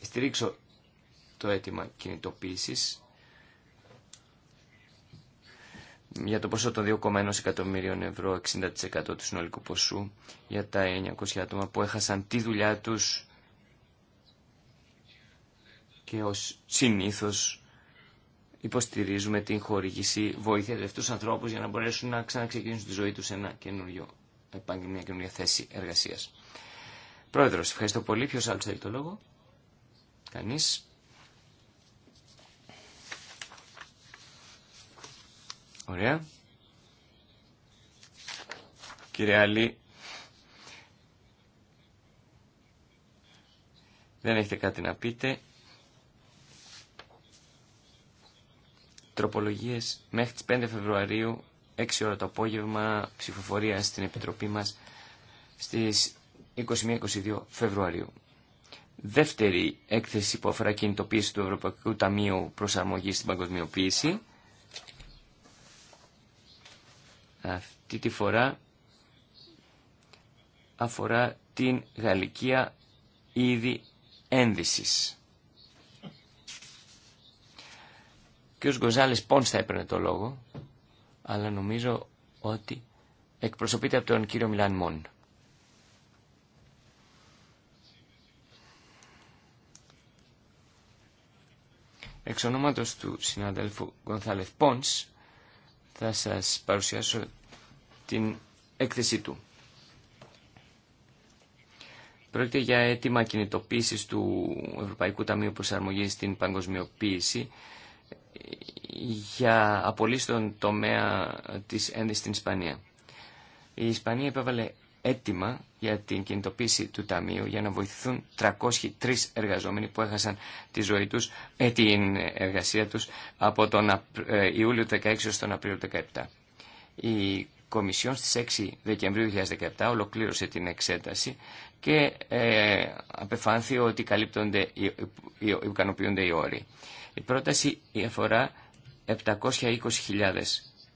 [SPEAKER 2] στηρίξω το αίτημα κινητοποίηση. για το ποσό των 2,1 εκατομμύριων ευρώ, 60% του συνολικού ποσού, για τα 900 άτομα που έχασαν τη δουλειά τους και ως συνήθως υποστηρίζουμε την χορήγηση βοήθεια για αυτούς τους ανθρώπους για να μπορέσουν να ξαναξεκινήσουν τη ζωή τους σε ένα καινούριο μια καινούργια θέση εργασίας. Πρόεδρος, ευχαριστώ πολύ. Ποιος άλλος θέλει το λόγο? Κανείς. Ωραία. Κύριε Άλλη. δεν έχετε κάτι να πείτε. μέχρι τις 5 Φεβρουαρίου, 6 ώρα το απόγευμα, ψηφοφορία στην Επιτροπή μας στις 21-22 Φεβρουαρίου. Δεύτερη έκθεση που αφορά κινητοποίηση του Ευρωπαϊκού Ταμείου Προσαρμογή στην Παγκοσμιοποίηση. Αυτή τη φορά αφορά την Γαλλικία είδη ένδυσης. ο Γκοζάλης Πόντς θα έπαιρνε το λόγο, αλλά νομίζω ότι εκπροσωπείται από τον κύριο Μιλάν Μόν. Εξ ονόματος του συναδέλφου Γκονθάλεφ Πόντς θα σας παρουσιάσω την έκθεσή του. Πρόκειται για αίτημα κινητοποίησης του Ευρωπαϊκού Ταμείου Προσαρμογής στην Παγκοσμιοποίηση για απολύσει τομέα της ένδυσης στην Ισπανία. Η Ισπανία επέβαλε έτοιμα για την κινητοποίηση του Ταμείου για να βοηθηθούν 303 εργαζόμενοι που έχασαν τη ζωή τους, ε, την εργασία τους από τον ε, Ιούλιο 16 στον τον Απρίλιο 17. Η Κομισιόν στις 6 Δεκεμβρίου 2017 ολοκλήρωσε την εξέταση και ε, απεφάνθη ότι καλύπτονται, ικανοποιούνται οι όροι. Η πρόταση αφορά 720.000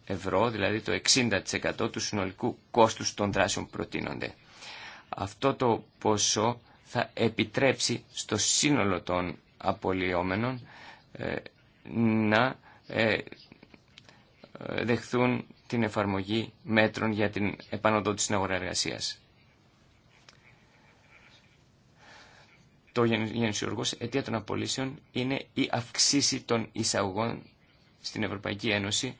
[SPEAKER 2] ευρώ, δηλαδή το 60% του συνολικού κόστους των δράσεων που προτείνονται. Αυτό το ποσό θα επιτρέψει στο σύνολο των απολυόμενων ε, να ε, δεχθούν την εφαρμογή μέτρων για την επανοδότηση της αγορά το γενεσιουργός αιτία των απολύσεων είναι η αυξήση των εισαγωγών στην Ευρωπαϊκή Ένωση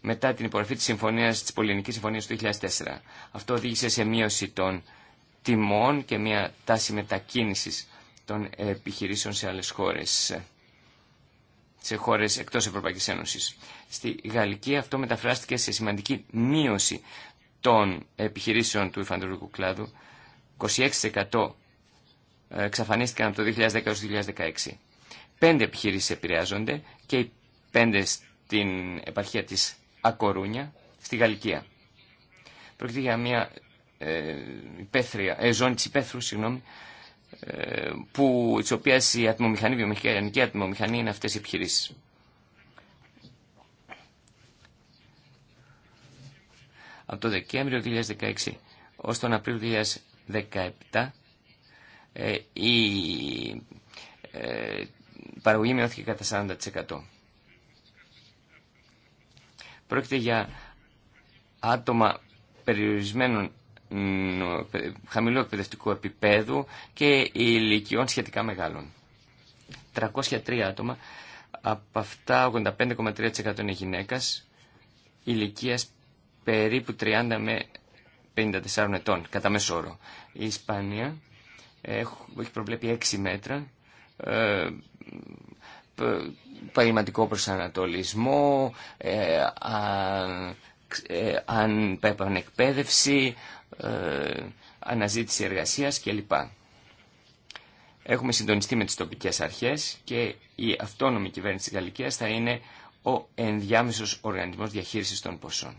[SPEAKER 2] μετά την υπογραφή της, συμφωνίας, της Πολυελληνικής Συμφωνίας του 2004. Αυτό οδήγησε σε μείωση των τιμών και μια τάση μετακίνησης των επιχειρήσεων σε άλλες χώρες, σε χώρες εκτός Ευρωπαϊκής Ένωσης. Στη Γαλλική αυτό μεταφράστηκε σε σημαντική μείωση των επιχειρήσεων του υφαντουργικού κλάδου, 26% εξαφανίστηκαν από το 2010 έως το 2016. Πέντε επιχειρήσεις επηρεάζονται και οι πέντε στην επαρχία της Ακορούνια, στη Γαλλικία. Πρόκειται για μια ε, ε ζώνη της υπαίθρου, συγγνώμη, ε, που, της οποίας η ατμομηχανή, η βιομηχανική ατμομηχανή είναι αυτές οι επιχειρήσεις. Από το Δεκέμβριο 2016 ως τον Απρίλιο 2017 ε, η ε, παραγωγή μειώθηκε κατά 40%. Πρόκειται για άτομα περιορισμένων χαμηλού εκπαιδευτικού επίπεδου και ηλικιών σχετικά μεγάλων. 303 άτομα, από αυτά 85,3% είναι γυναίκας, ηλικίας περίπου 30 με 54 ετών, κατά μέσο όρο. Η Ισπανία έχει προβλέπει έξι μέτρα, ε, Παρηματικό προσανατολισμό, ε, ε, αν αναζήτηση εργασίας κλπ. Έχουμε συντονιστεί με τις τοπικές αρχές και η αυτόνομη κυβέρνηση της Γαλλικίας θα είναι ο ενδιάμεσος οργανισμός διαχείρισης των ποσών.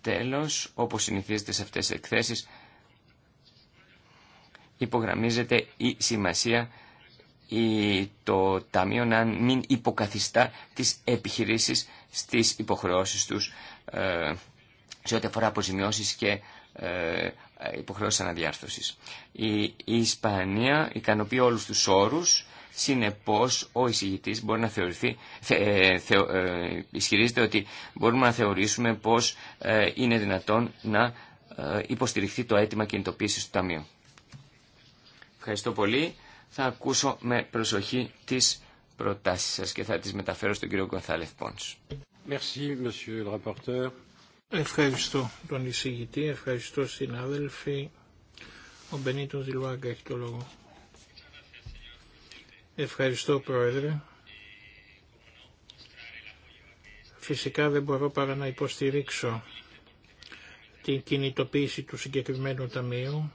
[SPEAKER 2] Τέλος, όπως συνηθίζεται σε αυτές τις εκθέσεις, υπογραμμίζεται η σημασία ή το Ταμείο να μην υποκαθιστά τις επιχειρήσεις στις υποχρεώσεις τους ε, σε ό,τι αφορά αποζημιώσεις και ε, υποχρεώσεις αναδιάρθρωσης. Η, η Ισπανία ικανοποιεί όλους τους όρους, συνεπώς ο εισηγητής μπορεί να θεωρηθεί, θε, ε, ε, ισχυρίζεται ότι μπορούμε να θεωρήσουμε πως είναι δυνατόν να υποστηριχθεί το αίτημα κινητοποίησης του Ταμείου. Ευχαριστώ πολύ. Θα ακούσω με προσοχή τις προτάσεις σας και θα τις μεταφέρω στον κύριο Γκονθάλεφ Πόντ.
[SPEAKER 1] Ευχαριστώ τον εισηγητή, ευχαριστώ συνάδελφοι. Ο Μπενίτο Ζιλουάγκα έχει το λόγο. Ευχαριστώ Πρόεδρε. Φυσικά δεν μπορώ παρά να υποστηρίξω την κινητοποίηση του συγκεκριμένου ταμείου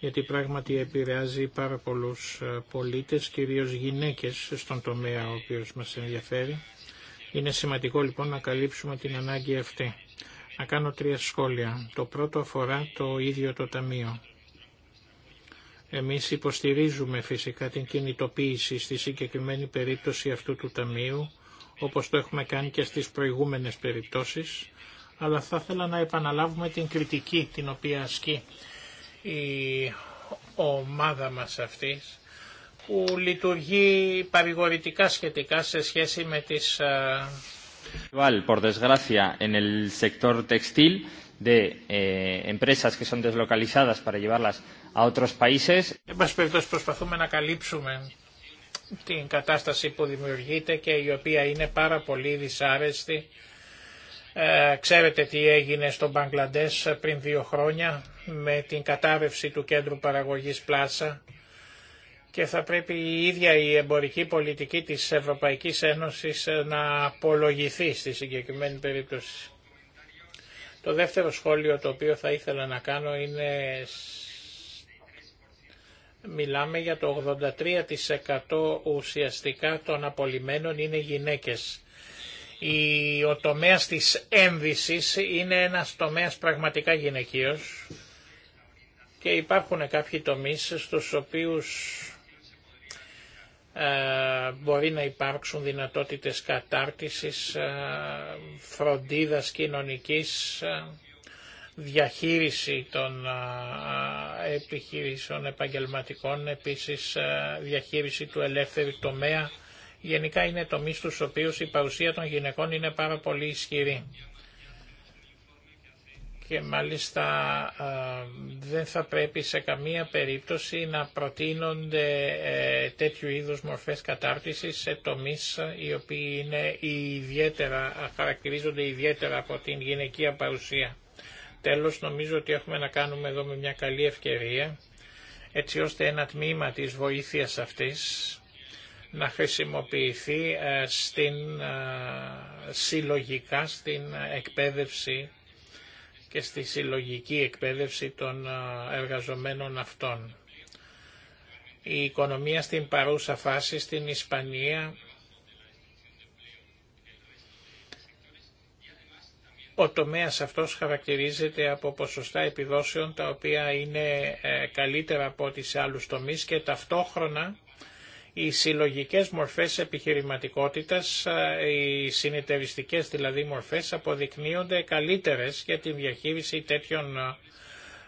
[SPEAKER 1] γιατί πράγματι επηρεάζει πάρα πολλούς ε, πολίτες, κυρίως γυναίκες στον τομέα ο οποίος μας ενδιαφέρει. Είναι σημαντικό λοιπόν να καλύψουμε την ανάγκη αυτή. Να κάνω τρία σχόλια. Το πρώτο αφορά το ίδιο το Ταμείο. Εμείς υποστηρίζουμε φυσικά την κινητοποίηση στη συγκεκριμένη περίπτωση αυτού του Ταμείου, όπως το έχουμε κάνει και στις προηγούμενες περιπτώσεις, αλλά θα ήθελα να επαναλάβουμε την κριτική την οποία ασκεί η ομάδα μας αυτής που λειτουργεί παρηγορητικά σχετικά σε σχέση με τις... Ε,
[SPEAKER 2] por desgracia, en el sector de ε, empresas que son deslocalizadas para llevarlas a países.
[SPEAKER 1] Εν πάση περιπτώσει προσπαθούμε να καλύψουμε την κατάσταση που δημιουργείται και η οποία είναι πάρα πολύ δυσάρεστη. Ε, ξέρετε τι έγινε στο Μπαγκλαντές πριν δύο χρόνια με την κατάρρευση του κέντρου παραγωγής Πλάσα και θα πρέπει η ίδια η εμπορική πολιτική της Ευρωπαϊκής Ένωσης να απολογηθεί στη συγκεκριμένη περίπτωση. Το δεύτερο σχόλιο το οποίο θα ήθελα να κάνω είναι μιλάμε για το 83% ουσιαστικά των απολυμένων είναι γυναίκες. Η, ο τομέας της ένδυσης είναι ένας τομέας πραγματικά γυναικείος και υπάρχουν κάποιοι τομείς στους οποίους ε, μπορεί να υπάρξουν δυνατότητες κατάρτισης, ε, φροντίδας κοινωνικής, ε, διαχείριση των επιχειρήσεων επαγγελματικών, επίσης διαχείριση του ελεύθερου τομέα. Γενικά είναι τομείς στους οποίους η παρουσία των γυναικών είναι πάρα πολύ ισχυρή και μάλιστα ε, δεν θα πρέπει σε καμία περίπτωση να προτείνονται ε, τέτοιου είδους μορφές κατάρτισης σε τομείς ε, οι οποίοι είναι ιδιαίτερα, χαρακτηρίζονται ιδιαίτερα από την γυναικεία παρουσία. Τέλος νομίζω ότι έχουμε να κάνουμε εδώ με μια καλή ευκαιρία έτσι ώστε ένα τμήμα της βοήθειας αυτής να χρησιμοποιηθεί στην, συλλογικά στην εκπαίδευση και στη συλλογική εκπαίδευση των εργαζομένων αυτών. Η οικονομία στην παρούσα φάση στην Ισπανία Ο τομέας αυτός χαρακτηρίζεται από ποσοστά επιδόσεων τα οποία είναι ε, καλύτερα από ό,τι σε άλλους τομείς και ταυτόχρονα οι συλλογικές μορφές επιχειρηματικότητας, ε, οι συνεταιριστικές δηλαδή μορφές αποδεικνύονται καλύτερες για τη διαχείριση τέτοιων ε,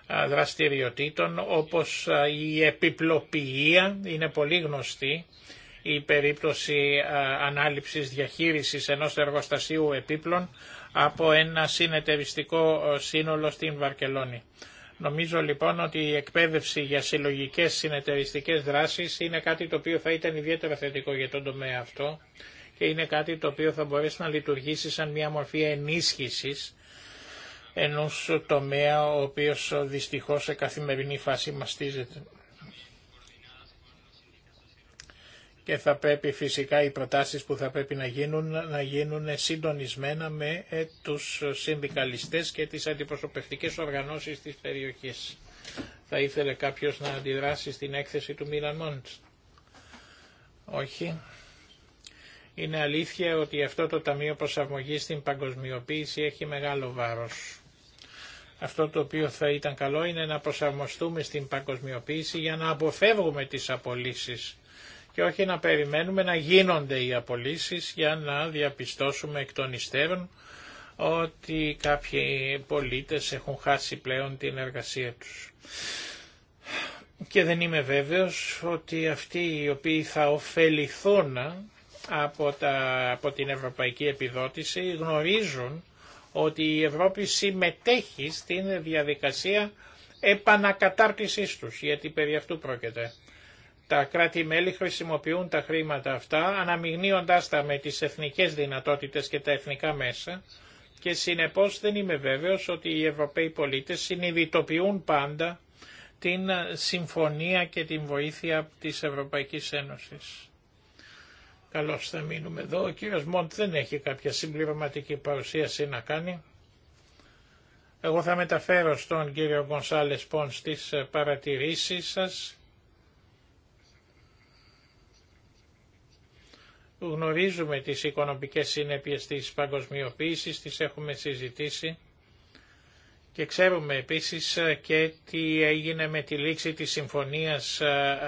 [SPEAKER 1] ε, δραστηριοτήτων όπως η επιπλοποιία είναι πολύ γνωστή η περίπτωση ανάληψης διαχείρισης ενός εργοστασίου επίπλων από ένα συνεταιριστικό σύνολο στην Βαρκελόνη. Νομίζω λοιπόν ότι η εκπαίδευση για συλλογικέ συνεταιριστικέ δράσεις είναι κάτι το οποίο θα ήταν ιδιαίτερα θετικό για τον τομέα αυτό και είναι κάτι το οποίο θα μπορέσει να λειτουργήσει σαν μια μορφή ενίσχυσης ενός τομέα ο οποίος δυστυχώ σε καθημερινή φάση μαστίζεται. και θα πρέπει φυσικά οι προτάσεις που θα πρέπει να γίνουν να γίνουν συντονισμένα με ε, τους συνδικαλιστές και τις αντιπροσωπευτικές οργανώσεις της περιοχής. Θα ήθελε κάποιος να αντιδράσει στην έκθεση του Μίλαν Μόντς. Όχι. Είναι αλήθεια ότι αυτό το Ταμείο Προσαρμογής στην Παγκοσμιοποίηση έχει μεγάλο βάρος. Αυτό το οποίο θα ήταν καλό είναι να προσαρμοστούμε στην παγκοσμιοποίηση για να αποφεύγουμε τις απολύσεις και όχι να περιμένουμε να γίνονται οι απολύσεις για να διαπιστώσουμε εκ των υστέρων ότι κάποιοι πολίτες έχουν χάσει πλέον την εργασία τους. Και δεν είμαι βέβαιος ότι αυτοί οι οποίοι θα ωφεληθούν από, τα, την ευρωπαϊκή επιδότηση γνωρίζουν ότι η Ευρώπη συμμετέχει στην διαδικασία επανακατάρτισής τους, γιατί περί αυτού πρόκειται τα κράτη-μέλη χρησιμοποιούν τα χρήματα αυτά αναμειγνύοντάς τα με τις εθνικές δυνατότητες και τα εθνικά μέσα και συνεπώς δεν είμαι βέβαιος ότι οι Ευρωπαίοι πολίτες συνειδητοποιούν πάντα την συμφωνία και την βοήθεια της Ευρωπαϊκής Ένωσης. Καλώς θα μείνουμε εδώ. Ο κύριος Μοντ δεν έχει κάποια συμπληρωματική παρουσίαση να κάνει. Εγώ θα μεταφέρω στον κύριο Γκονσάλες Πόν στις παρατηρήσεις σας Γνωρίζουμε τις οικονομικές συνέπειες της παγκοσμιοποίησης, τις έχουμε συζητήσει και ξέρουμε επίσης ε, και τι έγινε με τη λήξη της συμφωνίας ε,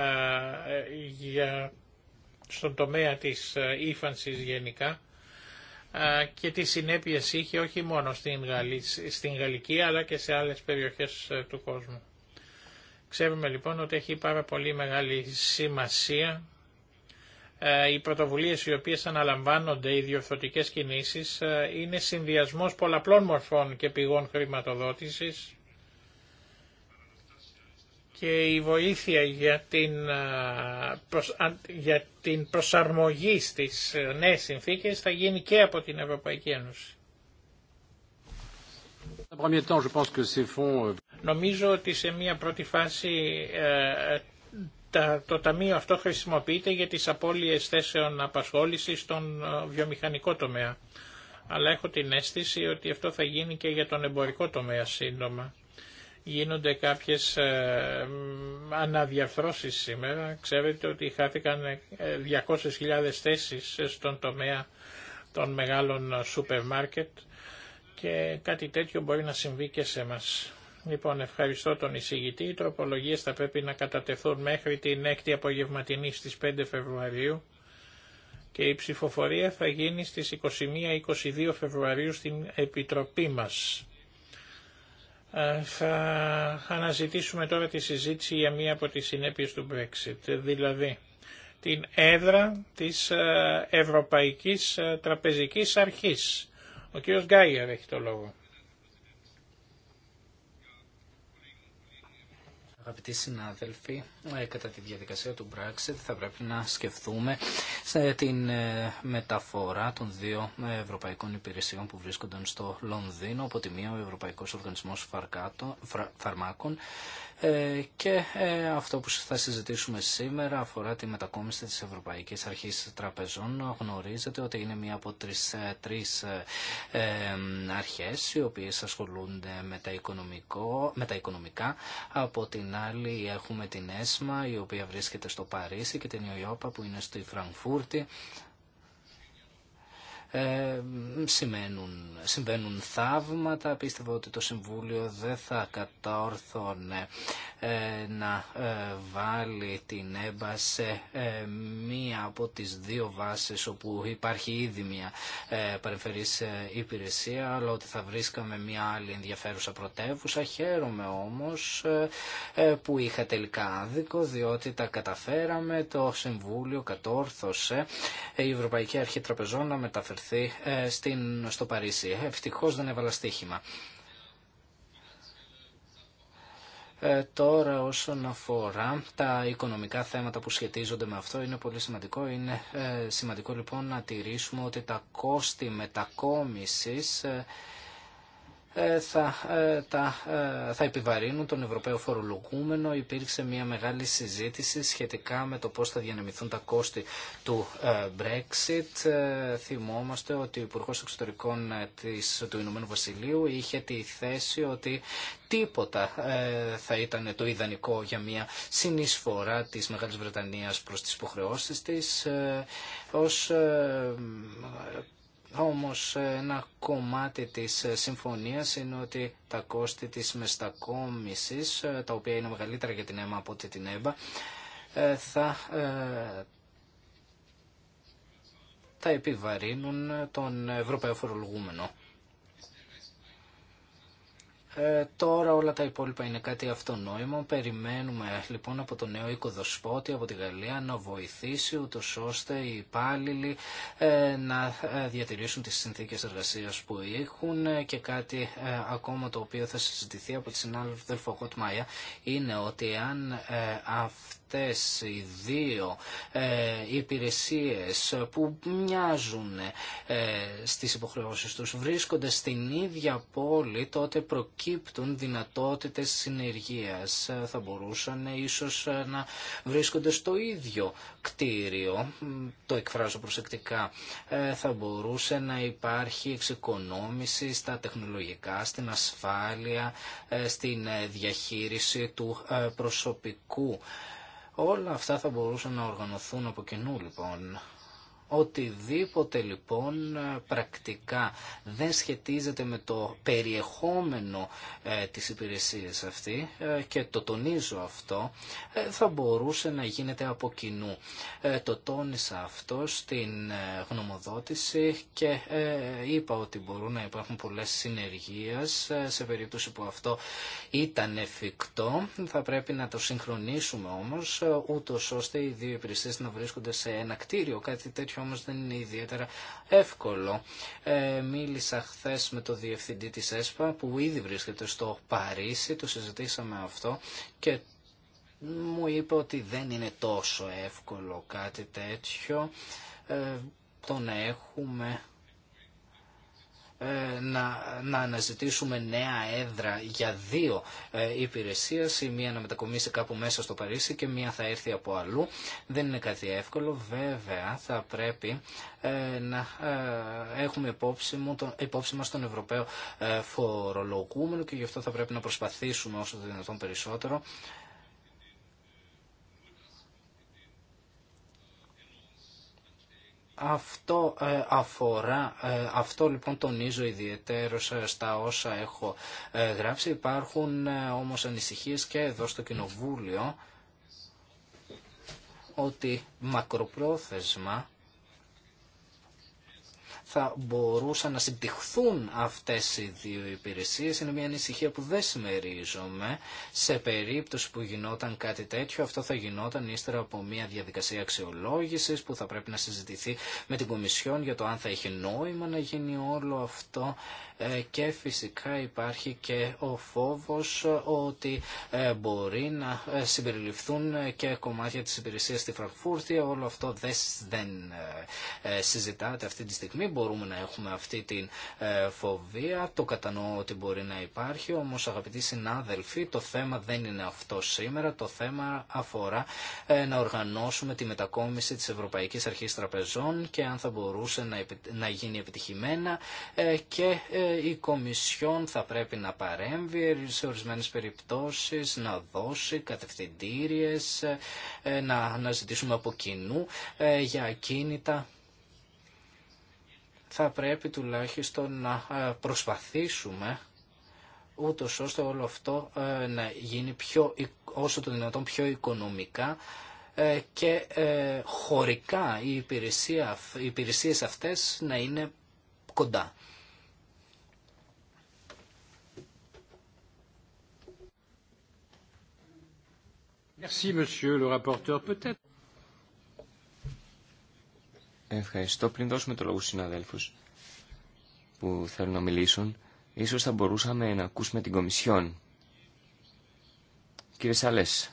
[SPEAKER 1] ε, για, στον τομέα της ύφανσης γενικά και τι συνέπειες είχε όχι μόνο στην, Γαλλική, στην Γαλλική αλλά και σε άλλες περιοχές του κόσμου. Ξέρουμε λοιπόν ότι έχει πάρα πολύ μεγάλη σημασία ε, οι πρωτοβουλίες οι οποίες αναλαμβάνονται, οι διορθωτικές κινήσεις, ε, είναι συνδυασμός πολλαπλών μορφών και πηγών χρηματοδότησης και η βοήθεια για την, ε, για την προσαρμογή στις νέες συνθήκες θα γίνει και από την Ευρωπαϊκή Ένωση.
[SPEAKER 4] Euh,
[SPEAKER 1] Νομίζω ότι σε μια πρώτη φάση το ταμείο αυτό χρησιμοποιείται για τις απώλειες θέσεων απασχόλησης στον ε, βιομηχανικό τομέα. Αλλά έχω την αίσθηση ότι αυτό θα γίνει και για τον εμπορικό τομέα σύντομα. Γίνονται κάποιες ε, αναδιαφρώσεις σήμερα. Ξέρετε ότι χάθηκαν 200.000 ε, θέσεις στον τομέα των μεγάλων σούπερ μάρκετ και κάτι τέτοιο μπορεί να συμβεί και σε μας. Λοιπόν, ευχαριστώ τον εισηγητή. Οι τροπολογίε θα πρέπει να κατατεθούν μέχρι την 6η απογευματινή στις 5 Φεβρουαρίου και η ψηφοφορία θα γίνει στις 21-22 Φεβρουαρίου στην Επιτροπή μας. Ε, θα αναζητήσουμε τώρα τη συζήτηση για μία από τις συνέπειες του Brexit, δηλαδή την έδρα της ε, Ευρωπαϊκής ε, Τραπεζικής Αρχής. Ο κ. Γκάιερ έχει το λόγο.
[SPEAKER 3] αγαπητοί συνάδελφοι, ε, κατά τη διαδικασία του Brexit θα πρέπει να σκεφτούμε σε την ε, μεταφορά των δύο ε, ευρωπαϊκών υπηρεσιών που βρίσκονταν στο Λονδίνο από τη μία ο Ευρωπαϊκός Οργανισμός Φαρμάκων και αυτό που θα συζητήσουμε σήμερα αφορά τη μετακόμιση της Ευρωπαϊκής Αρχής Τραπεζών. Γνωρίζετε ότι είναι μία από τις τρεις αρχές οι οποίες ασχολούνται με τα, με τα οικονομικά. Από την άλλη έχουμε την ΕΣ ΕΣΜΑ η οποία βρίσκεται στο Παρίσι και την Ιωιώπα που είναι στη Φραγκφούρτη ε, συμβαίνουν θαύματα. Πίστευα ότι το Συμβούλιο δεν θα κατόρθωνε ε, να ε, βάλει την ΕΜΠΑ σε μία από τις δύο βάσεις όπου υπάρχει ήδη μία παρεμφερής υπηρεσία αλλά ότι θα βρίσκαμε μία άλλη ενδιαφέρουσα πρωτεύουσα. Χαίρομαι όμως που είχα τελικά άδικο διότι τα καταφέραμε, το Συμβούλιο κατόρθωσε η Ευρωπαϊκή Αρχή Τραπεζών να μεταφερθεί έρθει ε, στο Παρίσι. Ευτυχώς δεν έβαλα στοίχημα. Ε, τώρα όσον αφορά τα οικονομικά θέματα που σχετίζονται με αυτό είναι πολύ σημαντικό. Είναι ε, σημαντικό λοιπόν να τηρήσουμε ότι τα κόστη μετακόμισης ε, ε, θα, θα ε, ε, θα επιβαρύνουν τον Ευρωπαίο φορολογούμενο. Υπήρξε μια μεγάλη συζήτηση σχετικά με το πώς θα διανεμηθούν τα κόστη του Brexit. Θυμόμαστε ότι ο Υπουργός Εξωτερικών της, του Ηνωμένου Βασιλείου είχε τη θέση ότι τίποτα θα ήταν το ιδανικό για μια συνεισφορά της Μεγάλης Βρετανίας προς τις υποχρεώσεις της ως όμως ένα κομμάτι της συμφωνίας είναι ότι τα κόστη της μεστακόμισης, ε, τα οποία είναι μεγαλύτερα για την ΕΜΑ από ότι την ΕΜΠΑ, ε, θα, θα ε, επιβαρύνουν τον Ευρωπαίο φορολογούμενο. Ε, τώρα όλα τα υπόλοιπα είναι κάτι αυτονόημο. Περιμένουμε λοιπόν από το νέο οικοδοσπότη από τη Γαλλία να βοηθήσει ούτω ώστε οι υπάλληλοι ε, να ε, διατηρήσουν τις συνθήκες εργασίας που έχουν ε, και κάτι ακόμα το οποίο θα συζητηθεί από τη συνάδελφο Χοτμάια είναι ότι αν αυτή αυτές οι δύο ε, υπηρεσίες που μοιάζουν ε, στις υποχρεώσεις τους βρίσκονται στην ίδια πόλη τότε προκύπτουν δυνατότητες συνεργίας. Θα μπορούσαν ίσως να βρίσκονται στο ίδιο κτίριο, το εκφράζω προσεκτικά, ε, θα μπορούσε να υπάρχει εξοικονόμηση στα τεχνολογικά, στην ασφάλεια, στην διαχείριση του προσωπικού. Όλα αυτά θα μπορούσαν να οργανωθούν από κοινού λοιπόν Οτιδήποτε λοιπόν πρακτικά δεν σχετίζεται με το περιεχόμενο ε, της υπηρεσίας αυτή ε, και το τονίζω αυτό ε, θα μπορούσε να γίνεται από κοινού. Το τόνισα αυτό στην γνωμοδότηση και είπα ότι μπορούν να υπάρχουν πολλές συνεργίες σε περίπτωση που αυτό ήταν εφικτό. Θα πρέπει να το συγχρονίσουμε όμως ούτως ώστε οι δύο υπηρεσίες να βρίσκονται σε ένα κτίριο. Κάτι τέτοιο Όμω όμως δεν είναι ιδιαίτερα εύκολο. Ε, μίλησα χθε με το διευθυντή της ΕΣΠΑ που ήδη βρίσκεται στο Παρίσι, το συζητήσαμε αυτό και μου είπε ότι δεν είναι τόσο εύκολο κάτι τέτοιο. Ε, τον έχουμε ε, να, να αναζητήσουμε νέα έδρα για δύο ε, υπηρεσίες. Η μία να μετακομίσει κάπου μέσα στο Παρίσι και μία θα έρθει από αλλού. Δεν είναι κάτι εύκολο. Βέβαια θα πρέπει ε, να ε, έχουμε υπόψη, μου, τον, υπόψη μας τον Ευρωπαίο φορολογούμενο και γι' αυτό θα πρέπει να προσπαθήσουμε όσο το δυνατόν περισσότερο Αυτό ε, αφορά, ε, αυτό λοιπόν τονίζω ιδιαίτερο στα όσα έχω ε, γράψει. Υπάρχουν όμως ανησυχίες και εδώ στο Κοινοβούλιο ότι μακροπρόθεσμα θα μπορούσαν να συμπτυχθούν αυτές οι δύο υπηρεσίες είναι μια ανησυχία που δεν συμμερίζομαι. Σε περίπτωση που γινόταν κάτι τέτοιο, αυτό θα γινόταν ύστερα από μια διαδικασία αξιολόγησης που θα πρέπει να συζητηθεί με την Κομισιόν για το αν θα έχει νόημα να γίνει όλο αυτό ε, και φυσικά υπάρχει και ο φόβος ε, ότι ε, μπορεί να συμπεριληφθούν και κομμάτια της υπηρεσίας στη Φραγκφούρτη. Όλο αυτό δεν συζητάται αυτή τη στιγμή. Μπορούμε να έχουμε αυτή την φοβία. Το κατανοώ ότι μπορεί να υπάρχει, όμως αγαπητοί συνάδελφοι, το θέμα δεν είναι αυτό σήμερα. Το θέμα αφορά να οργανώσουμε τη μετακόμιση της Ευρωπαϊκής Αρχής Τραπεζών και αν θα μπορούσε να γίνει επιτυχημένα και η Κομισιόν θα πρέπει να παρέμβει σε ορισμένες περιπτώσεις, να δώσει κατευθυντήριες, ε, να αναζητήσουμε από κοινού ε, για ακίνητα. Θα πρέπει τουλάχιστον να ε, προσπαθήσουμε ούτως ώστε όλο αυτό να γίνει πιο, όσο το δυνατόν πιο οικονομικά και χωρικά οι, υπηρεσία, οι υπηρεσίες αυτές να είναι κοντά.
[SPEAKER 2] Ευχαριστώ. Πριν δώσουμε το λόγο στους συναδέλφους που θέλουν να μιλήσουν, ίσως θα μπορούσαμε να ακούσουμε την Κομισιόν. Κύριε Σαλές.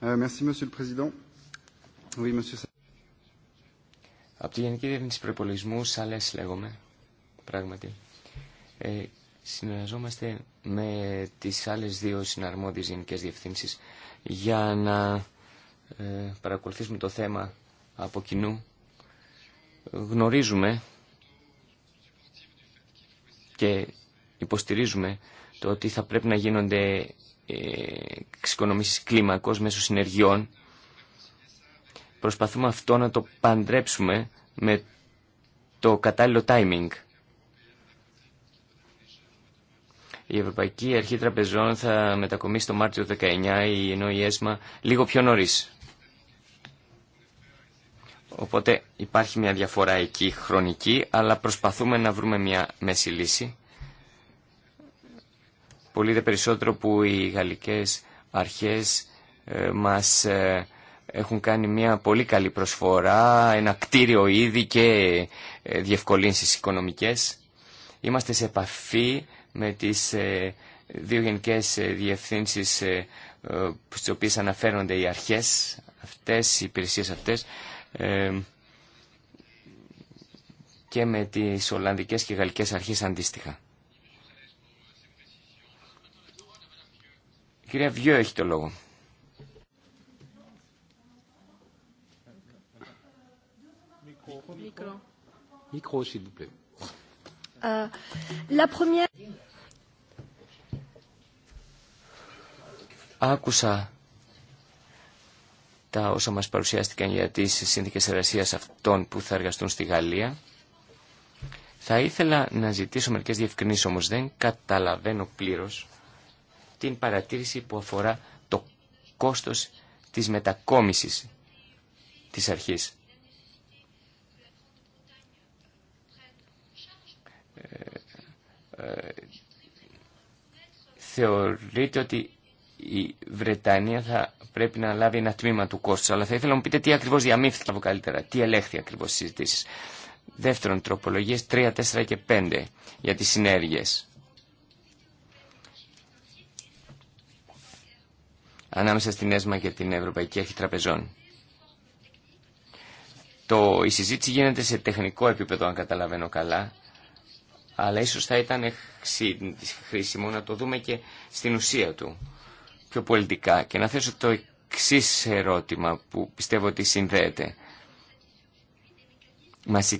[SPEAKER 2] Ε, merci, Monsieur le Président. Oui, Monsieur από τη Γενική Διεύθυνση Προπολογισμού, Σαλές λέγομαι, πράγματι. Ε, συνεργαζόμαστε με τις άλλες δύο συναρμόδιες γενικέ διευθύνσει για να ε, παρακολουθήσουμε το θέμα από κοινού. Γνωρίζουμε και υποστηρίζουμε το ότι θα πρέπει να γίνονται ε, εξοικονομήσεις κλίμακος μέσω συνεργειών προσπαθούμε αυτό να το παντρέψουμε με το κατάλληλο timing. Η Ευρωπαϊκή Αρχή Τραπεζών θα μετακομίσει το Μάρτιο 19, ενώ η ΕΣΜΑ λίγο πιο νωρίς. Οπότε υπάρχει μια διαφορά εκεί χρονική, αλλά προσπαθούμε να βρούμε μια μέση λύση. Πολύ δε περισσότερο που οι γαλλικές αρχές ε, μας ε, έχουν κάνει μια πολύ καλή προσφορά, ένα κτίριο ήδη και ε, διευκολύνσεις οικονομικές. Είμαστε σε επαφή με τις ε, δύο γενικές ε, διευθύνσεις στις οποίες αναφέρονται οι αρχές αυτές, οι υπηρεσίες αυτές και με τις Ολλανδικές και Γαλλικές αρχές αντίστοιχα. κυρία Βιώ έχει το λόγο. Euh, Άκουσα τα όσα μας παρουσιάστηκαν για τις σύνδικες εργασίας αυτών που θα εργαστούν στη Γαλλία. Θα ήθελα να ζητήσω μερικές διευκρινήσεις όμως δεν καταλαβαίνω πλήρως την παρατήρηση που αφορά το κόστος της μετακόμισης της αρχής. θεωρείτε ότι η Βρετανία θα πρέπει να λάβει ένα τμήμα του κόστου. Αλλά θα ήθελα να μου πείτε τι ακριβώ διαμήφθηκε από καλύτερα, τι ελέγχθη ακριβώ στι συζητήσει. Δεύτερον, τροπολογίε 3, 4 και 5 για τι συνέργειε. Ανάμεσα στην ΕΣΜΑ και την Ευρωπαϊκή Αρχή Τραπεζών. Το, η συζήτηση γίνεται σε τεχνικό επίπεδο, αν καταλαβαίνω καλά αλλά ίσως θα ήταν χρήσιμο να το δούμε και στην ουσία του πιο πολιτικά και να θέσω το εξή ερώτημα που πιστεύω ότι συνδέεται. Μας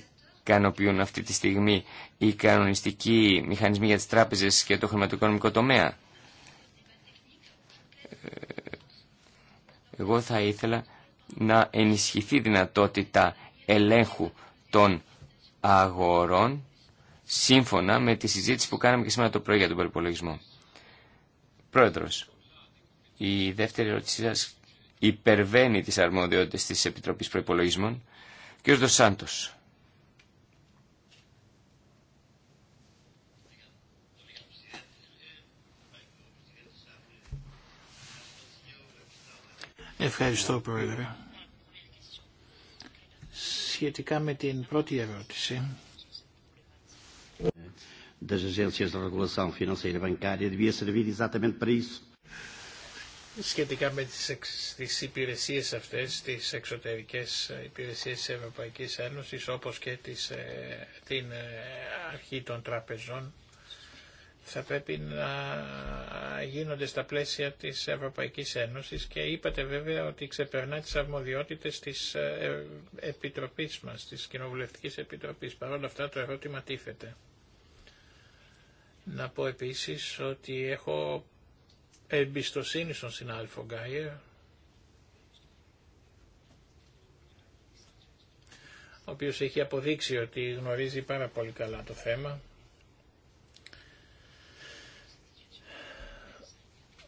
[SPEAKER 2] ικανοποιούν αυτή τη στιγμή οι κανονιστικοί μηχανισμοί για τις τράπεζες και το χρηματοοικονομικό τομέα. Ε, εγώ θα ήθελα να ενισχυθεί δυνατότητα ελέγχου των αγορών σύμφωνα με τη συζήτηση που κάναμε και σήμερα το πρωί για τον προπολογισμό. Πρόεδρος, η δεύτερη ερώτησή σας υπερβαίνει τις αρμοδιότητες της Επιτροπής Προϋπολογισμών. Κύριος Δοσάντος.
[SPEAKER 1] Ευχαριστώ Πρόεδρε. Σχετικά με την πρώτη ερώτηση, das Σχετικά με τις, εξ, τις υπηρεσίες αυτές, τις εξωτερικές υπηρεσίες της Ευρωπαϊκής Ένωσης, όπως και τις, ε, την ε, αρχή των τραπεζών, θα πρέπει να γίνονται στα πλαίσια της Ευρωπαϊκής Ένωσης και είπατε βέβαια ότι ξεπερνά τις αρμοδιότητες της ε, Επιτροπής μας, της Κοινοβουλευτικής Επιτροπής. Παρ' όλα αυτά το ερώτημα τίθεται να πω επίσης ότι έχω εμπιστοσύνη στον συνάδελφο Γκάιερ, ο οποίος έχει αποδείξει ότι γνωρίζει πάρα πολύ καλά το θέμα.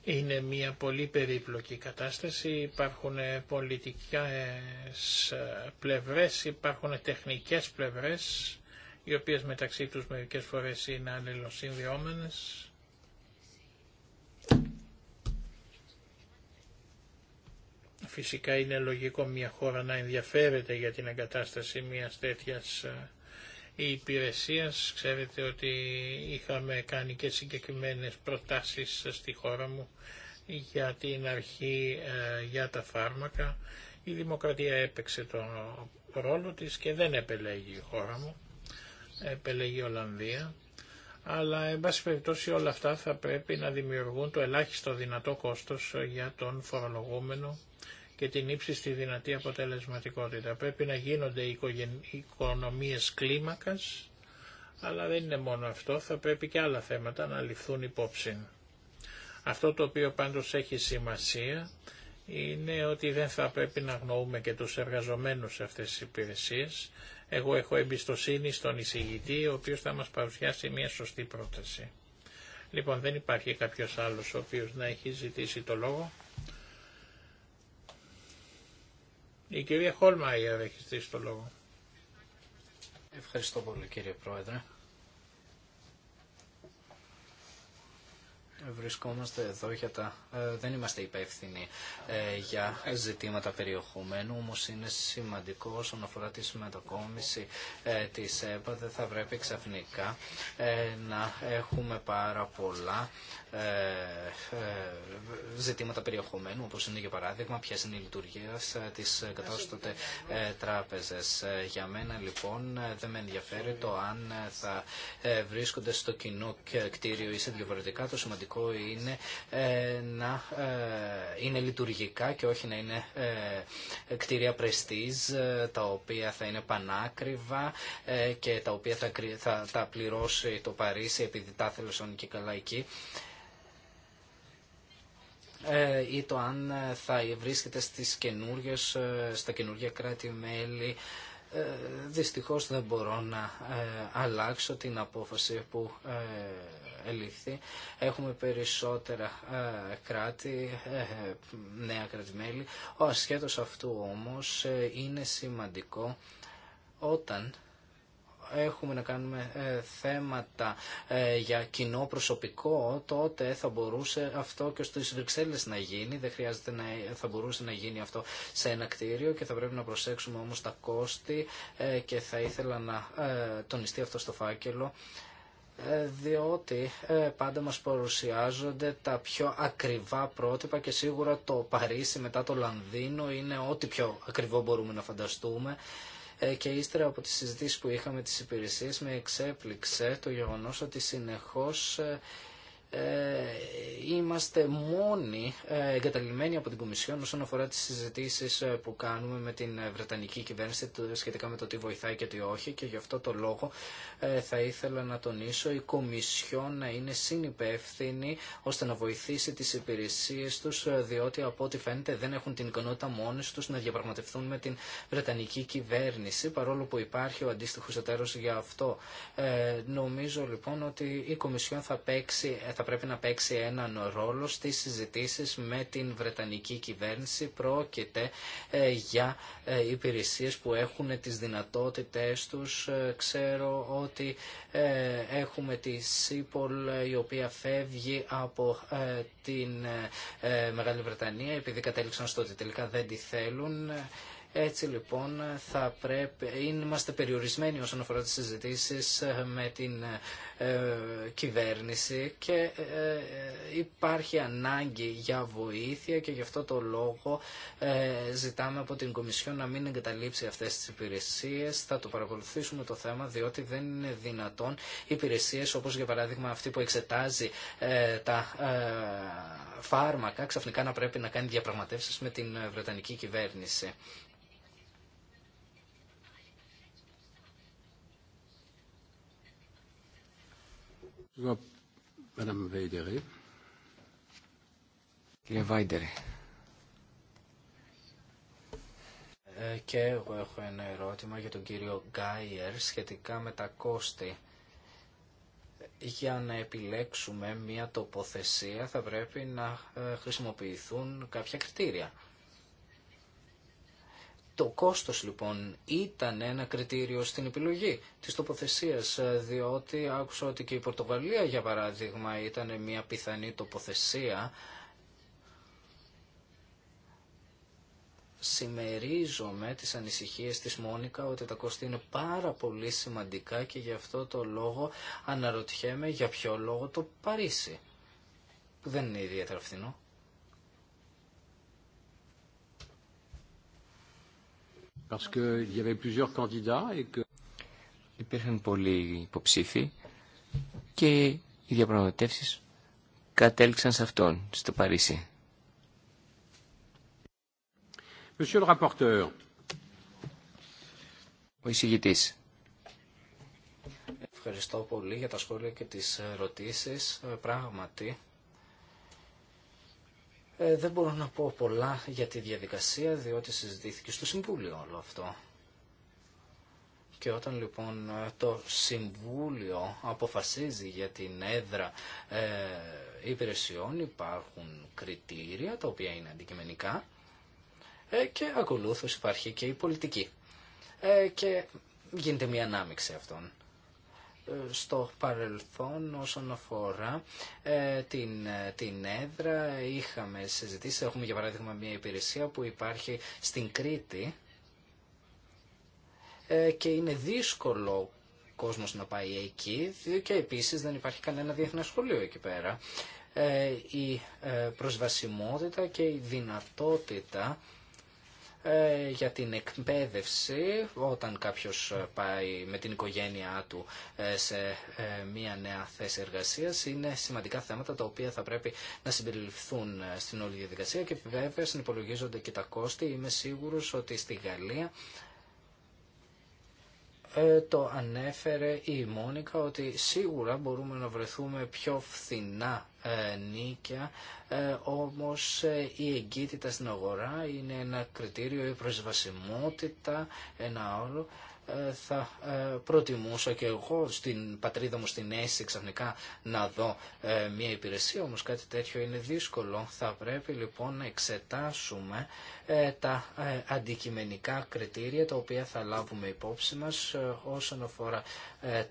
[SPEAKER 1] Είναι μια πολύ περίπλοκη κατάσταση, υπάρχουν πολιτικές ε, πλευρές, υπάρχουν τεχνικές πλευρές οι οποίες μεταξύ τους μερικές φορές είναι αλληλοσυνδυόμενες. Φυσικά είναι λογικό μια χώρα να ενδιαφέρεται για την εγκατάσταση μιας τέτοιας ε, υπηρεσίας. Ξέρετε ότι είχαμε κάνει και συγκεκριμένες προτάσεις στη χώρα μου για την αρχή ε, για τα φάρμακα. Η δημοκρατία έπαιξε τον ρόλο της και δεν επελέγει η χώρα μου επελεγεί Ολλανδία, αλλά εν πάση περιπτώσει όλα αυτά θα πρέπει να δημιουργούν το ελάχιστο δυνατό κόστος για τον φορολογούμενο και την ύψιστη δυνατή αποτελεσματικότητα. Πρέπει να γίνονται οικονομίες κλίμακας, αλλά δεν είναι μόνο αυτό, θα πρέπει και άλλα θέματα να ληφθούν υπόψη. Αυτό το οποίο πάντως έχει σημασία είναι ότι δεν θα πρέπει να γνωρούμε και τους εργαζομένους σε αυτές τις υπηρεσίες εγώ έχω εμπιστοσύνη στον εισηγητή, ο οποίος θα μας παρουσιάσει μια σωστή πρόταση. Λοιπόν, δεν υπάρχει κάποιος άλλος ο οποίος να έχει ζητήσει το λόγο. Η κυρία Χόλμαϊερ έχει ζητήσει το λόγο.
[SPEAKER 3] Ευχαριστώ πολύ κύριε Πρόεδρε. βρισκόμαστε εδώ για τα... Ε, δεν είμαστε υπεύθυνοι ε, για ζητήματα περιεχομένου, όμως είναι σημαντικό όσον αφορά τη συμμετοκόμιση ε, τη ΕΠΑ, δεν θα πρέπει ξαφνικά να έχουμε πάρα πολλά ζητήματα περιεχομένου, όπως είναι για παράδειγμα ποιε είναι οι λειτουργίες της κατάστοτε τράπεζες. Για μένα λοιπόν δεν με ενδιαφέρει το αν θα βρίσκονται στο κοινό κτίριο ή σε διαφορετικά το σημαντικό σημαντικό είναι ε, να ε, είναι λειτουργικά και όχι να είναι ε, κτίρια πρεστίζ τα οποία θα είναι πανάκριβα και τα οποία θα, τα πληρώσει το Παρίσι επειδή τα θέλουν και καλά εκεί ή το αν θα βρίσκεται στις καινούργιες, στα καινούργια κράτη-μέλη. Δυστυχώς δεν μπορώ να αλλάξω την απόφαση που ελήφθη. Έχουμε περισσότερα ε, κράτη, ε, νέα κρατημέλη. Ο ασχέτως αυτού όμως ε, είναι σημαντικό όταν έχουμε να κάνουμε θέματα για κοινό προσωπικό, τότε θα μπορούσε αυτό και στις Βρυξέλλες να γίνει. Δεν χρειάζεται να θα μπορούσε να γίνει αυτό σε ένα κτίριο και θα πρέπει να προσέξουμε όμως τα κόστη και θα ήθελα να τονιστεί αυτό στο φάκελο. Ε, διότι ε, πάντα μας παρουσιάζονται τα πιο ακριβά πρότυπα και σίγουρα το Παρίσι μετά το Λανδίνο είναι ό,τι πιο ακριβό μπορούμε να φανταστούμε ε, και ύστερα από τις συζητήσεις που είχαμε τις υπηρεσίες με εξέπληξε το γεγονός ότι συνεχώς ε, είμαστε μόνοι ε, εγκαταλειμμένοι από την Κομισιόν όσον αφορά τις συζητήσεις ε, που κάνουμε με την Βρετανική κυβέρνηση σχετικά με το τι βοηθάει και τι όχι και γι' αυτό το λόγο θα ήθελα να τονίσω η Κομισιόν να είναι συνυπεύθυνη ώστε να βοηθήσει τις υπηρεσίες τους διότι από ό,τι φαίνεται δεν έχουν την ικανότητα μόνες τους να διαπραγματευτούν με την Βρετανική κυβέρνηση παρόλο που υπάρχει ο αντίστοιχος εταίρος για αυτό. νομίζω λοιπόν ότι η Κομισιόν θα παίξει θα πρέπει να παίξει έναν ρόλο στις συζητήσεις με την Βρετανική κυβέρνηση. Πρόκειται ε, για ε, υπηρεσίες που έχουν τις δυνατότητες τους. Ε, ξέρω ότι έχουμε τη ΣΥΠΟΛ η οποία φεύγει από την Μεγάλη Βρετανία επειδή κατέληξαν στο ότι τελικά δεν τη θέλουν. Έτσι λοιπόν θα πρέπει, είμαστε περιορισμένοι όσον αφορά τις συζητήσει ε, με την ε, κυβέρνηση και ε, υπάρχει ανάγκη για βοήθεια και γι' αυτό το λόγο ζητάμε από την Κομισιόν να μην εγκαταλείψει αυτές τις υπηρεσίες. Θα το παρακολουθήσουμε το θέμα διότι δεν είναι δυνατόν υπηρεσίες όπως για παράδειγμα αυτή που εξετάζει τα φάρμακα ξαφνικά να πρέπει να κάνει διαπραγματεύσεις με την Βρετανική κυβέρνηση. Κύριε ε, Και εγώ έχω ένα ερώτημα για τον κύριο Γκάιερ σχετικά με τα κόστη. Για να επιλέξουμε μία τοποθεσία θα πρέπει να ε, χρησιμοποιηθούν κάποια κριτήρια. Το κόστος λοιπόν ήταν ένα κριτήριο στην επιλογή της τοποθεσίας, ε, διότι άκουσα ότι και η Πορτογαλία για παράδειγμα ήταν μια πιθανή τοποθεσία. Σημερίζομαι τις ανησυχίες της Μόνικα ότι τα κόστη είναι πάρα πολύ σημαντικά και γι' αυτό το λόγο αναρωτιέμαι για ποιο λόγο το Παρίσι, δεν είναι ιδιαίτερα φθηνό.
[SPEAKER 4] Parce
[SPEAKER 2] Υπήρχαν πολλοί υποψήφοι και οι διαπραγματεύσει κατέληξαν σε αυτόν, στο Παρίσι. Monsieur
[SPEAKER 4] le rapporteur. Ο εισηγητή.
[SPEAKER 3] Ευχαριστώ πολύ για τα σχόλια και τι ερωτήσει, ε, Πράγματι, ε, δεν μπορώ να πω πολλά για τη διαδικασία διότι συζητήθηκε στο Συμβούλιο όλο αυτό. Και όταν λοιπόν το Συμβούλιο αποφασίζει για την έδρα ε, υπηρεσιών υπάρχουν κριτήρια τα οποία είναι αντικειμενικά ε, και ακολούθως υπάρχει και η πολιτική. Ε, και γίνεται μια ανάμειξη αυτών στο παρελθόν όσον αφορά ε, την, την έδρα. Είχαμε συζητήσει, έχουμε για παράδειγμα μια υπηρεσία που υπάρχει στην Κρήτη ε, και είναι δύσκολο κόσμος να πάει εκεί και επίσης δεν υπάρχει κανένα διεθνές σχολείο εκεί πέρα. Ε, η προσβασιμότητα και η δυνατότητα ε, για την εκπαίδευση όταν κάποιος ε, πάει με την οικογένειά του ε, σε μια νέα θέση εργασίας είναι σημαντικά θέματα τα οποία θα πρέπει να συμπεριληφθούν στην όλη διαδικασία και βέβαια συνυπολογίζονται και τα κόστη. Είμαι σίγουρος ότι στη Γαλλία το ανέφερε η Μόνικα ότι σίγουρα μπορούμε να βρεθούμε πιο φθηνά ε, νίκια, ε, όμως ε, η εγκύτητα στην αγορά είναι ένα κριτήριο, η προσβασιμότητα ένα άλλο. Θα προτιμούσα και εγώ στην πατρίδα μου στην Έση ξαφνικά να δω μια υπηρεσία, όμως κάτι τέτοιο είναι δύσκολο. Θα πρέπει λοιπόν να εξετάσουμε τα αντικειμενικά κριτήρια τα οποία θα λάβουμε υπόψη μας όσον αφορά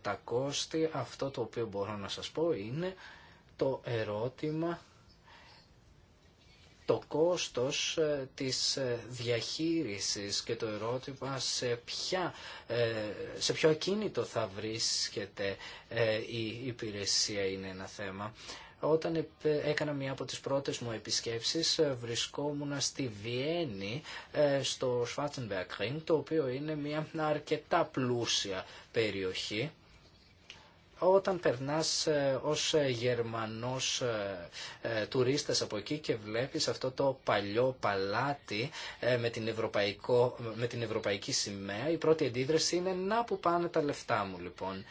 [SPEAKER 3] τα κόστη. Αυτό το οποίο μπορώ να σας πω είναι το ερώτημα το κόστος ε, της ε, διαχείρισης και το ερώτημα σε, ποια, ε, σε ποιο ακίνητο θα βρίσκεται η υπηρεσία είναι ένα θέμα. Όταν έκανα μία από τις πρώτες μου επισκέψεις βρισκόμουν στη Βιέννη στο Schwarzenberg Ring το οποίο είναι μία αρκετά πλούσια περιοχή όταν περνάς ε, ως ε, Γερμανός ε, τουρίστας από εκεί και βλέπεις αυτό το παλιό παλάτι με την, ευρωπαϊκό, με την ευρωπαϊκή σημαία, η πρώτη αντίδραση είναι να που πάνε τα λεφτά μου λοιπόν.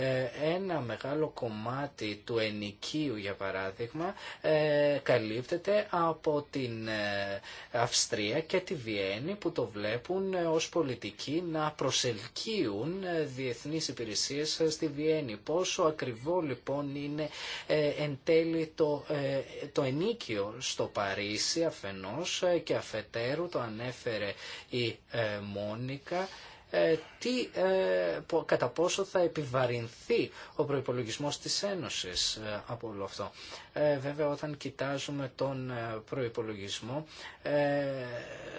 [SPEAKER 3] Ε, ένα μεγάλο κομμάτι του ενοικίου για παράδειγμα ε, καλύπτεται από την ε, Αυστρία και τη Βιέννη που το βλέπουν ως πολιτικοί να προσελκύουν διεθνείς υπηρεσίες στη Βιέννη. Πόσο ακριβό λοιπόν είναι εν τέλει το, το ενίκιο στο Παρίσι αφενός και αφετέρου το ανέφερε η Μόνικα ε, τι, ε, κατά πόσο θα επιβαρυνθεί ο προϋπολογισμός της Ένωσης ε, από όλο αυτό. Ε, βέβαια όταν κοιτάζουμε τον ε, προϋπολογισμό ε,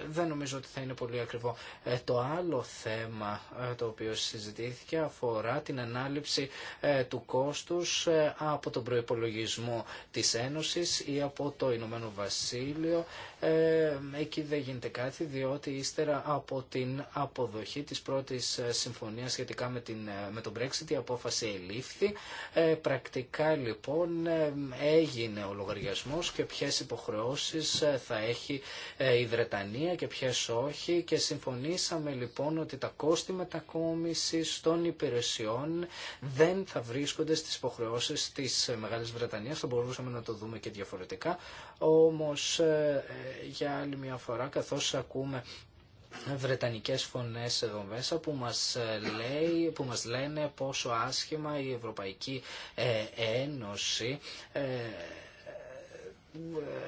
[SPEAKER 3] δεν νομίζω ότι θα είναι πολύ ακριβό. Το άλλο θέμα το οποίο συζητήθηκε αφορά την ανάληψη του κόστους από τον προϋπολογισμό της Ένωσης ή από το Ηνωμένο Βασίλειο. Εκεί δεν γίνεται κάτι διότι ύστερα από την αποδοχή της πρώτης συμφωνίας σχετικά με, την, με τον Brexit η απόφαση ελήφθη. Πρακτικά λοιπόν γίνει ο λογαριασμός και ποιες υποχρεώσεις ε, θα έχει ε, η Βρετανία και ποιες όχι και συμφωνήσαμε λοιπόν ότι τα κόστη μετακόμισης των υπηρεσιών δεν θα βρίσκονται στις υποχρεώσεις της ε, Μεγάλης Βρετανίας, θα μπορούσαμε να το δούμε και διαφορετικά, όμως για άλλη μια φορά καθώς ακούμε βρετανικές φωνές εδώ μέσα που μας, ε, λέει, που μας λένε πόσο άσχημα η Ευρωπαϊκή ε, Ένωση ε,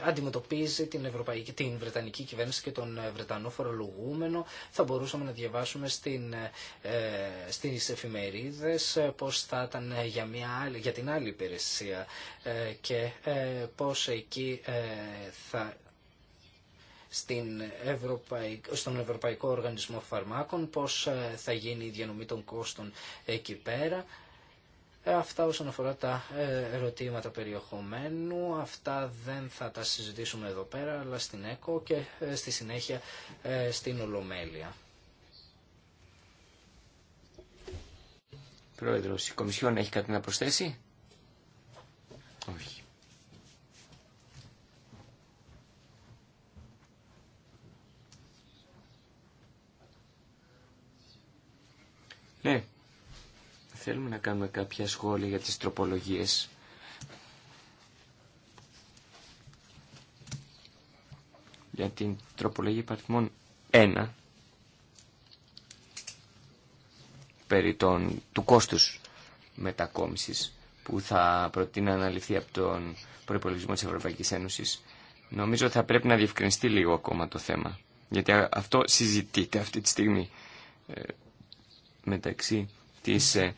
[SPEAKER 3] αντιμετωπίζει την, Ευρωπαϊκή, την Βρετανική κυβέρνηση και τον Βρετανό φορολογούμενο. Θα μπορούσαμε να διαβάσουμε στην, ε, στις εφημερίδες πώς θα ήταν για, μια για την άλλη υπηρεσία και ε, εκεί θα στην Ευρωπαϊκ... στον Ευρωπαϊκό Οργανισμό Φαρμάκων, πώς ε, θα γίνει η διανομή των κόστων εκεί πέρα. Ε, αυτά όσον αφορά τα ε, ερωτήματα περιεχομένου, αυτά δεν θα τα συζητήσουμε εδώ πέρα, αλλά στην ΕΚΟ και στη συνέχεια στην Ολομέλεια.
[SPEAKER 2] Πρόεδρος, η Κομισιόν έχει κάτι να προσθέσει? Όχι. Ναι. θέλουμε να κάνουμε κάποια σχόλια για τις τροπολογίες. Για την τροπολογία μόνο 1 περί των, του κόστους μετακόμισης που θα προτείνει να αναλυθεί από τον προϋπολογισμό της Ευρωπαϊκής Ένωσης. Νομίζω θα πρέπει να διευκρινιστεί λίγο ακόμα το θέμα. Γιατί αυτό συζητείται αυτή τη στιγμή. Ε, μεταξύ της ε,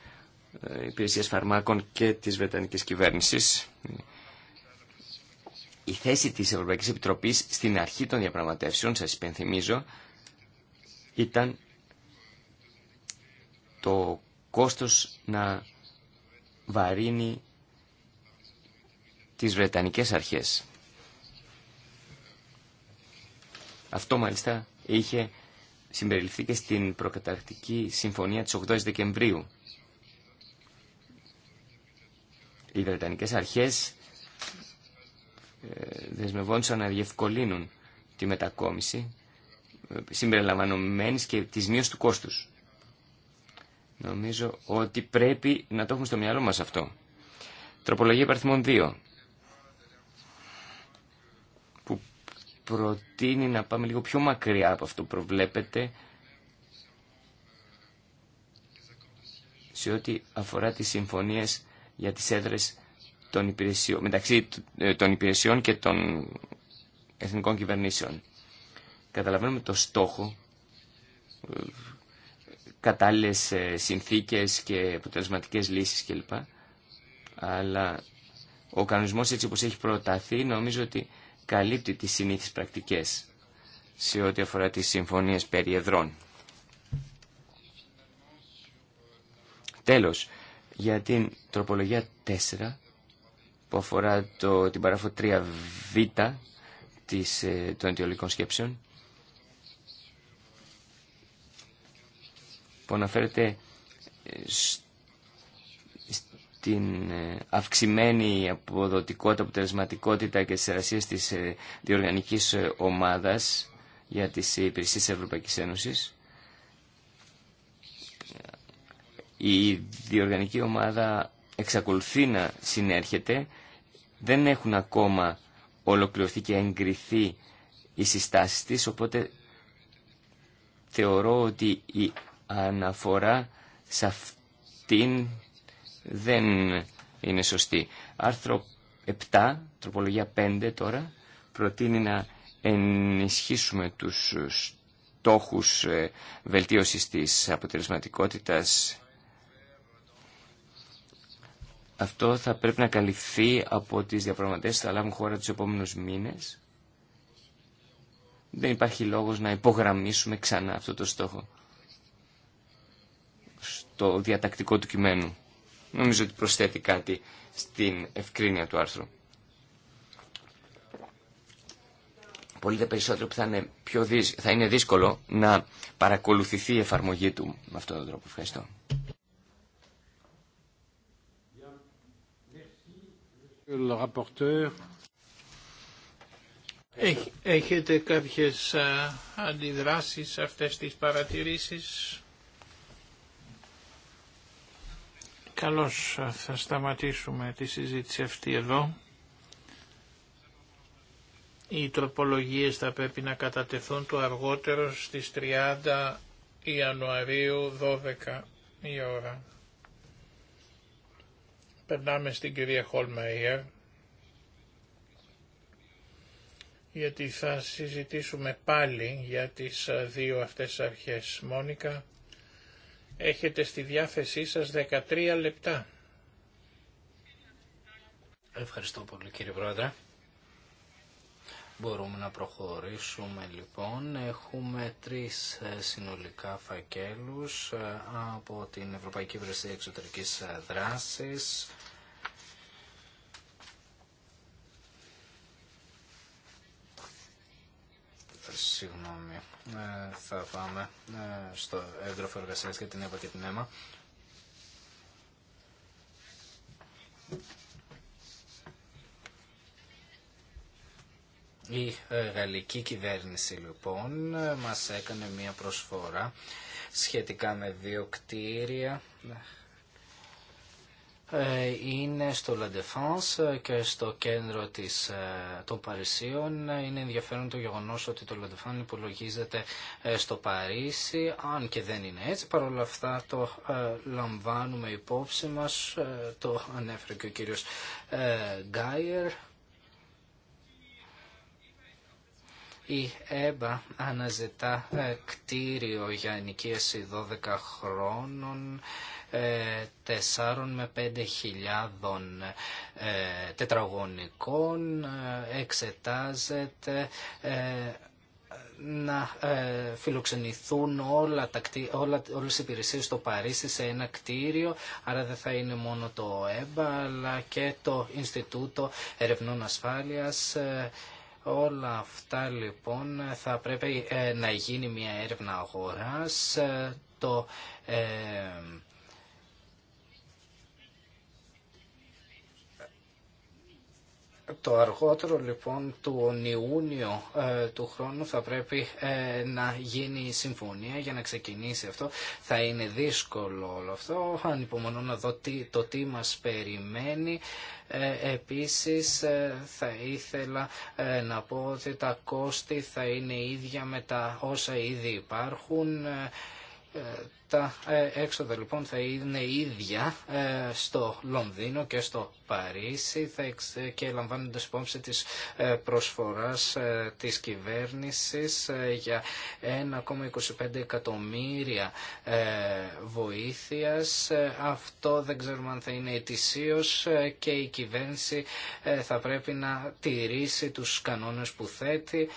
[SPEAKER 2] ε, υπηρεσίας φαρμάκων και της Βρετανικής κυβέρνησης. Η θέση της Ευρωπαϊκής Επιτροπής στην αρχή των διαπραγματεύσεων, σας υπενθυμίζω, ήταν το κόστος να βαρύνει τις Βρετανικές αρχές. Αυτό μάλιστα είχε συμπεριληφθεί και στην προκαταρκτική συμφωνία της 8 Δεκεμβρίου. Οι Βρετανικές αρχές ε, δεσμευόντουσαν να διευκολύνουν τη μετακόμιση ε, συμπεριλαμβανομένης και της μείωση του κόστους. Νομίζω ότι πρέπει να το έχουμε στο μυαλό μας αυτό. Τροπολογία υπαριθμών 2. προτείνει να πάμε λίγο πιο μακριά από αυτό που προβλέπετε σε ό,τι αφορά τις συμφωνίες για τις έδρες των υπηρεσιών, μεταξύ ε, των υπηρεσιών και των εθνικών κυβερνήσεων. Καταλαβαίνουμε το στόχο, ε, κατάλληλες ε, συνθήκες και αποτελεσματικές λύσεις κλπ. Αλλά ο κανονισμός έτσι όπως έχει προταθεί νομίζω ότι καλύπτει τις συνήθεις πρακτικές σε ό,τι αφορά τις συμφωνίες περί εδρών. Τέλος, για την τροπολογία 4 που αφορά το, την παράφο 3β της, ε, των αιτιολογικών σκέψεων που αναφέρεται ε, την ε, αυξημένη αποδοτικότητα, αποτελεσματικότητα και τις εργασίες της ε, διοργανικής ε, ομάδας για τις υπηρεσίες της Ευρωπαϊκής Ένωσης. Η διοργανική ομάδα εξακολουθεί να συνέρχεται. Δεν έχουν ακόμα ολοκληρωθεί και εγκριθεί οι συστάσεις της, οπότε θεωρώ ότι η αναφορά σε αυτήν δεν είναι σωστή. Άρθρο 7, τροπολογία 5 τώρα, προτείνει να ενισχύσουμε τους στόχους ε, βελτίωσης της αποτελεσματικότητας. Αυτό θα πρέπει να καλυφθεί από τις διαπραγματεύσεις που θα λάβουν χώρα τους επόμενους μήνες. Δεν υπάρχει λόγος να υπογραμμίσουμε ξανά αυτό το στόχο στο διατακτικό του κειμένου νομίζω ότι προσθέτει κάτι στην ευκρίνεια του άρθρου. Πολύ δε περισσότερο που θα είναι, πιο δύσ... θα είναι δύσκολο να παρακολουθηθεί η εφαρμογή του με αυτόν τον τρόπο. Ευχαριστώ.
[SPEAKER 1] Έχετε κάποιες αντιδράσεις σε αυτές τις παρατηρήσεις. Καλώς θα σταματήσουμε τη συζήτηση αυτή εδώ. Οι τροπολογίες θα πρέπει να κατατεθούν το αργότερο στις 30 Ιανουαρίου 12 η ώρα. Περνάμε στην κυρία Χολμαϊερ γιατί θα συζητήσουμε πάλι για τις δύο αυτές αρχές. Μόνικα. Έχετε στη διάθεσή σας 13 λεπτά.
[SPEAKER 3] Ευχαριστώ πολύ κύριε Πρόεδρε. Μπορούμε να προχωρήσουμε λοιπόν. Έχουμε τρεις ε, συνολικά φακέλους ε, από την Ευρωπαϊκή Υπηρεσία Εξωτερικής Δράσης συγγνώμη, ε, θα πάμε ε, στο έγγραφο εργασίας για την ΕΠΑ και την ΕΜΑ. Η ε, γαλλική κυβέρνηση λοιπόν μας έκανε μία προσφορά σχετικά με δύο κτίρια ε, είναι στο La και στο κέντρο της, ε, των Παρισίων. Είναι ενδιαφέρον το γεγονός ότι το La υπολογίζεται ε, στο Παρίσι, αν και δεν είναι έτσι. Παρ' όλα αυτά το λαμβάνουμε υπόψη μας, το ανέφερε και ο κύριος Γκάιερ. Η ΕΜΠΑ αναζητά κτίριο για ενοικίαση 12 χρόνων 4 με 5.000 ε, τετραγωνικών ε, εξετάζεται ε, να φιλοξενηθούν όλα τα, όλα, όλες οι υπηρεσίες στο Παρίσι σε ένα κτίριο, άρα δεν θα είναι μόνο το ΕΜΠΑ αλλά και το Ινστιτούτο Ερευνών Ασφάλειας. Όλα αυτά λοιπόν θα πρέπει να γίνει μια έρευνα αγοράς. Το, Το αργότερο λοιπόν του Ιούνιο ε, του χρόνου θα πρέπει ε, να γίνει η συμφωνία για να ξεκινήσει αυτό. Θα είναι δύσκολο όλο αυτό. Ανυπομονώ να δω το τι μας περιμένει. Ε, επίσης θα ήθελα να πω ότι τα κόστη θα είναι ίδια με τα όσα ήδη υπάρχουν τα ε, έξοδα λοιπόν θα είναι ίδια ε, στο Λονδίνο και στο Παρίσι ε, και λαμβάνοντας υπόψη της προσφοράς της κυβέρνησης για 1,25 εκατομμύρια βοήθειας. Αυτό δεν ξέρουμε αν θα είναι ετησίως και η κυβέρνηση θα πρέπει να τηρήσει τους κανόνες που θέτει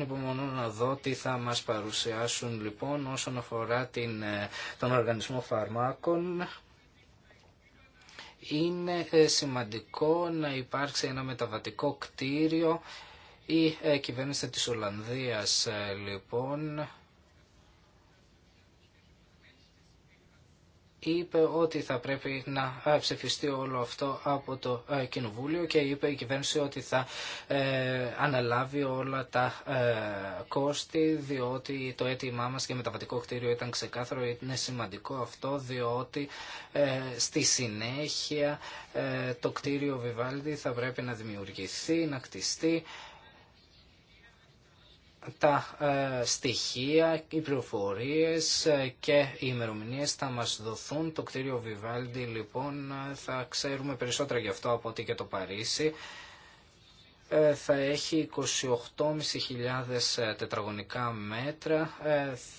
[SPEAKER 3] υπομονώ να δω τι θα μας παρουσιάσουν λοιπόν όσον αφορά την, ε, τον οργανισμό φαρμάκων. Είναι ε, σημαντικό να υπάρξει ένα μεταβατικό κτίριο. Η ε, κυβέρνηση της Ολλανδίας λοιπόν είπε ότι θα πρέπει να ε, ψηφιστεί όλο αυτό από το ε, Κοινοβούλιο και είπε η κυβέρνηση ότι θα ε, αναλάβει όλα τα κόστη διότι το αίτημά μας για μεταβατικό κτίριο ήταν ξεκάθαρο, είναι σημαντικό αυτό διότι στη συνέχεια το κτίριο Βιβάλτι θα πρέπει να δημιουργηθεί, να κτιστεί τα ε, στοιχεία, οι πληροφορίες ε, και οι ημερομηνίε θα μας δοθούν. Το κτίριο Βιβάλντι λοιπόν ε, θα ξέρουμε περισσότερα γι' αυτό από ότι και το Παρίσι. Θα έχει 28.500 τετραγωνικά μέτρα,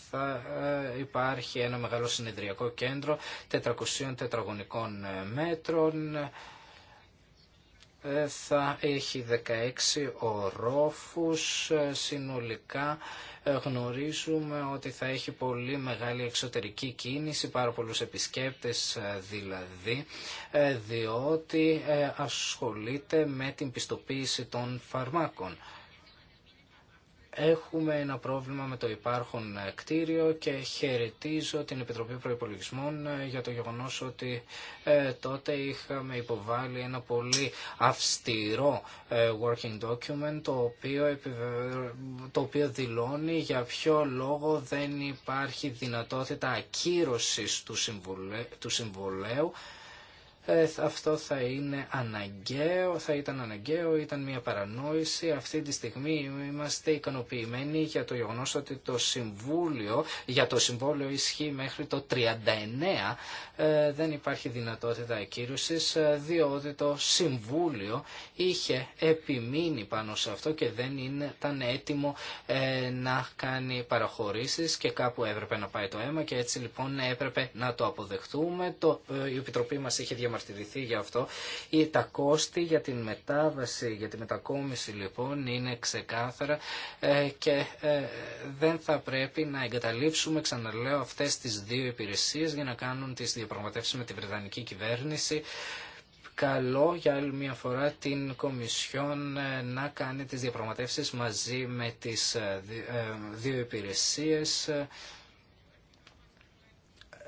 [SPEAKER 3] θα υπάρχει ένα μεγάλο συνεδριακό κέντρο 400 τετραγωνικών μέτρων, ε, θα έχει 16 ορόφους ε, συνολικά ε, γνωρίζουμε ότι θα έχει πολύ μεγάλη εξωτερική κίνηση, πάρα πολλούς επισκέπτες δηλαδή, διότι ασχολείται με την πιστοποίηση των φαρμάκων. Έχουμε ένα πρόβλημα με το υπάρχον ε, κτίριο και χαιρετίζω την Επιτροπή Προϋπολογισμών ε, για το γεγονός ότι ε, τότε είχαμε υποβάλει ένα πολύ αυστηρό working document το οποίο, το οποίο δηλώνει για ποιο λόγο δεν υπάρχει δυνατότητα ακύρωσης του συμβολέου αυτό θα είναι αναγκαίο, θα ήταν αναγκαίο, ήταν μια παρανόηση. Αυτή τη στιγμή είμαστε ικανοποιημένοι για το γεγονό ότι το Συμβούλιο, για το Συμβόλαιο ισχύει μέχρι το 39, ε, δεν υπάρχει δυνατότητα ακύρωση ε, διότι το Συμβούλιο είχε επιμείνει πάνω σε αυτό και δεν ήταν έτοιμο ε, να κάνει παραχωρήσεις και κάπου έπρεπε να πάει το αίμα και έτσι λοιπόν έπρεπε να το αποδεχτούμε. Το, η Επιτροπή μας είχε διαμαρτυρήσει διαμαρτυρηθεί για αυτό. Ή τα κόστη για την μετάβαση, για τη μετακόμιση λοιπόν είναι ξεκάθαρα ε, και ε, δεν θα πρέπει να εγκαταλείψουμε, ξαναλέω, αυτές τις δύο υπηρεσίες για να κάνουν τις διαπραγματεύσεις με τη Βρετανική κυβέρνηση καλό για άλλη μια φορά την Κομισιόν ε, να κάνει τις διαπραγματεύσεις μαζί με τις δύο υπηρεσίες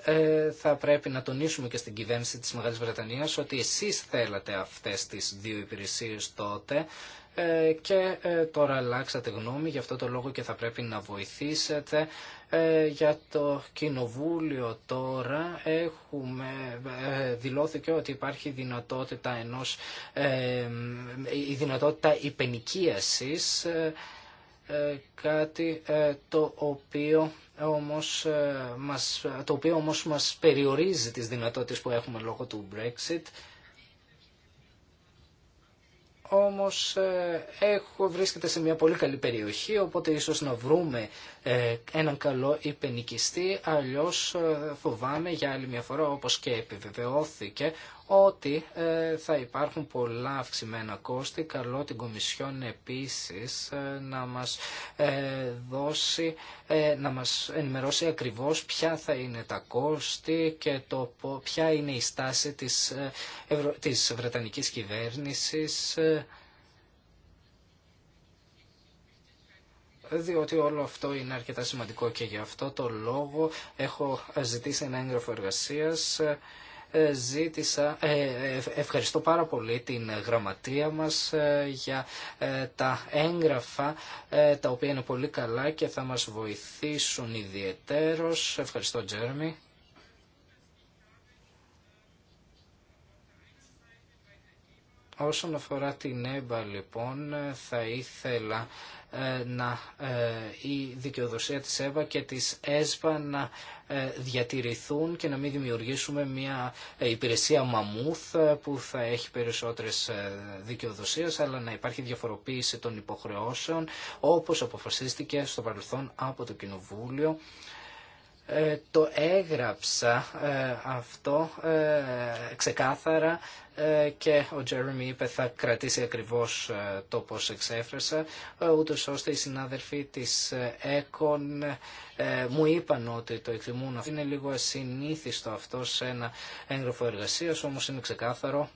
[SPEAKER 3] ε, θα πρέπει να τονίσουμε και στην κυβέρνηση της Μεγάλης Βρετανίας ότι εσείς θέλατε αυτές τις δύο υπηρεσίες τότε ε, και ε, τώρα αλλάξατε γνώμη, γι' αυτό το λόγο και θα πρέπει να βοηθήσετε. Για το Κοινοβούλιο τώρα έχουμε, δηλώθηκε ότι υπάρχει δυνατότητα ενός, η δυνατότητα υπενικίασης, κάτι το οποίο όμως, ε, μας, το οποίο όμως μας περιορίζει τις δυνατότητες που έχουμε λόγω του Brexit. Όμως ε, έχω, βρίσκεται σε μια πολύ καλή περιοχή, οπότε ίσως να βρούμε ε, έναν καλό υπενικιστή, αλλιώς ε, φοβάμαι για άλλη μια φορά όπως και επιβεβαιώθηκε ότι ε, θα υπάρχουν πολλά αυξημένα κόστη. Καλό την Κομισιόν επίσης να μας δώσει, να μας ενημερώσει ακριβώς ποια θα είναι τα κόστη και το, ποια είναι η στάση της, της Βρετανικής κυβέρνησης διότι όλο αυτό είναι αρκετά σημαντικό και γι' αυτό το λόγο έχω ζητήσει ένα έγγραφο εργασίας ε, ζήτησα, ε, ευχαριστώ πάρα πολύ την γραμματεία μας ε, για τα έγγραφα τα οποία είναι πολύ καλά και θα μας βοηθήσουν ιδιαιτέρως. Ευχαριστώ Τζέρμι. Όσον αφορά την ΕΜΠΑ λοιπόν θα ήθελα ε, να, ε, η δικαιοδοσία της ΕΜΠΑ και της ΕΣΠΑ να ε, διατηρηθούν και να μην δημιουργήσουμε μια υπηρεσία μαμούθ που θα έχει περισσότερες δικαιοδοσίες αλλά να υπάρχει διαφοροποίηση των υποχρεώσεων όπως αποφασίστηκε στο παρελθόν από το Κοινοβούλιο ε, το έγραψα ε, αυτό ε, ξεκάθαρα και ο Τζέρεμι είπε θα κρατήσει ακριβώς το πώς εξέφρασα ούτως ώστε οι συνάδελφοί της ΕΚΟΝ μου είπαν ότι το εκτιμούν. Είναι λίγο ασυνήθιστο αυτό σε ένα έγγραφο εργασίας όμως είναι ξεκάθαρο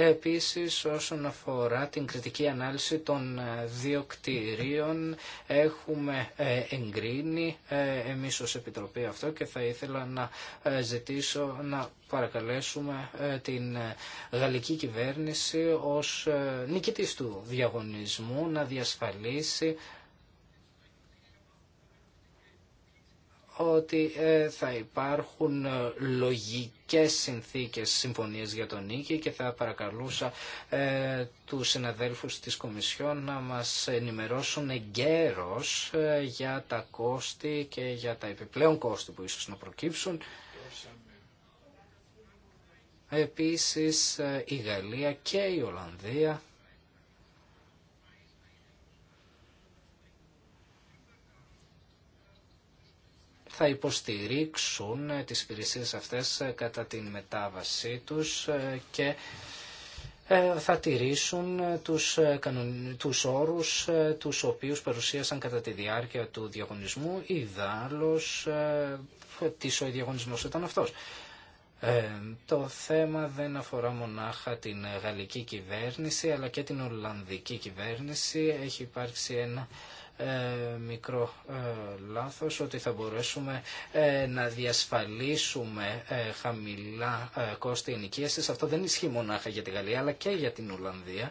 [SPEAKER 3] Επίσης όσον αφορά την κριτική ανάλυση των ε, δύο κτηρίων έχουμε ε, εγκρίνει ε, εμείς ως Επιτροπή αυτό και θα ήθελα να ζητήσω να παρακαλέσουμε την γαλλική κυβέρνηση ως νικητής του διαγωνισμού να διασφαλίσει ότι ε, θα υπάρχουν ε, λογικές συνθήκες συμφωνίες για τον νίκη και θα παρακαλούσα ε, τους συναδέλφους της Κομισιόν να μας ενημερώσουν εγκαίρως για τα κόστη και για τα επιπλέον κόστη που ίσως να προκύψουν. Επίσης η Γαλλία και η Ολλανδία θα υποστηρίξουν τις υπηρεσίες αυτές ε, κατά την μετάβασή τους ε, και ε, θα τηρήσουν τους, τους όρους τους οποίους παρουσίασαν κατά τη διάρκεια του διαγωνισμού ή δάλλως της ο διαγωνισμός ήταν αυτός. το θέμα δεν αφορά μονάχα την γαλλική κυβέρνηση αλλά και την Ολλανδική κυβέρνηση. Έχει υπάρξει ένα ε, μικρό ε, λάθος ότι θα μπορέσουμε ε, να διασφαλίσουμε χαμηλά κόστη ενοικίασης. Αυτό δεν ισχύει μονάχα για τη Γαλλία αλλά και για την Ολλανδία.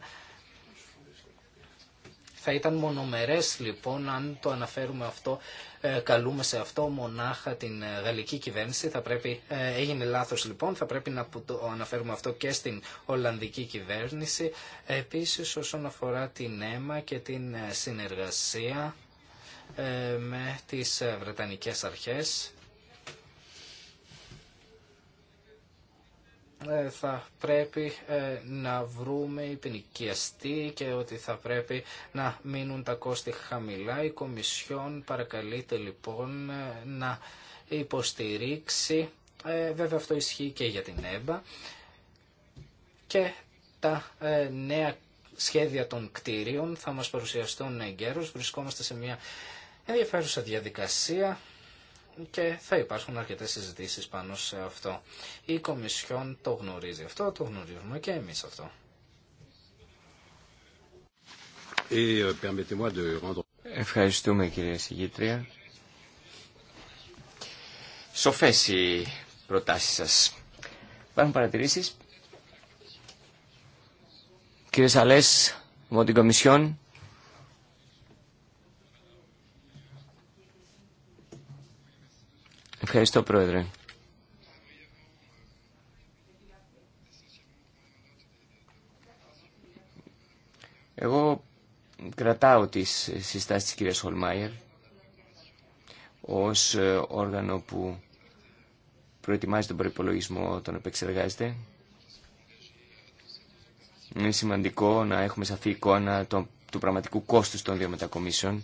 [SPEAKER 3] Θα ήταν μονομερές λοιπόν αν το αναφέρουμε αυτό, ε, καλούμε σε αυτό μονάχα την ε, γαλλική κυβέρνηση. Θα πρέπει, ε, έγινε λάθος λοιπόν, θα πρέπει να το αναφέρουμε αυτό και στην Ολλανδική κυβέρνηση. Επίσης όσον αφορά την αίμα και την συνεργασία με τις Βρετανικές αρχές Ε, θα πρέπει ε, να βρούμε υπενικιαστή και ότι θα πρέπει να μείνουν τα κόστη χαμηλά. Η Κομισιόν παρακαλείται λοιπόν ε, να υποστηρίξει, βέβαια αυτό ισχύει και για την ΕΜΠΑ, και τα νέα σχέδια των κτίριων θα μας παρουσιαστούν εγκαίρως. Βρισκόμαστε σε μια ενδιαφέρουσα διαδικασία και θα υπάρχουν αρκετές συζητήσει πάνω σε αυτό. Η Κομισιόν το γνωρίζει αυτό, το γνωρίζουμε και εμείς αυτό.
[SPEAKER 4] Euh,
[SPEAKER 2] Ευχαριστούμε κυρία Συγγήτρια. Σοφές οι προτάσεις σας. Υπάρχουν παρατηρήσεις. Κύριε Σαλές, από την Κομισιόν. Ευχαριστώ, Πρόεδρε. Εγώ κρατάω τις συστάσεις της κυρίας Χολμάιερ ως ε, όργανο που προετοιμάζει τον προϋπολογισμό, τον επεξεργάζεται. Είναι σημαντικό να έχουμε σαφή εικόνα του πραγματικού κόστους των δύο μετακομίσεων.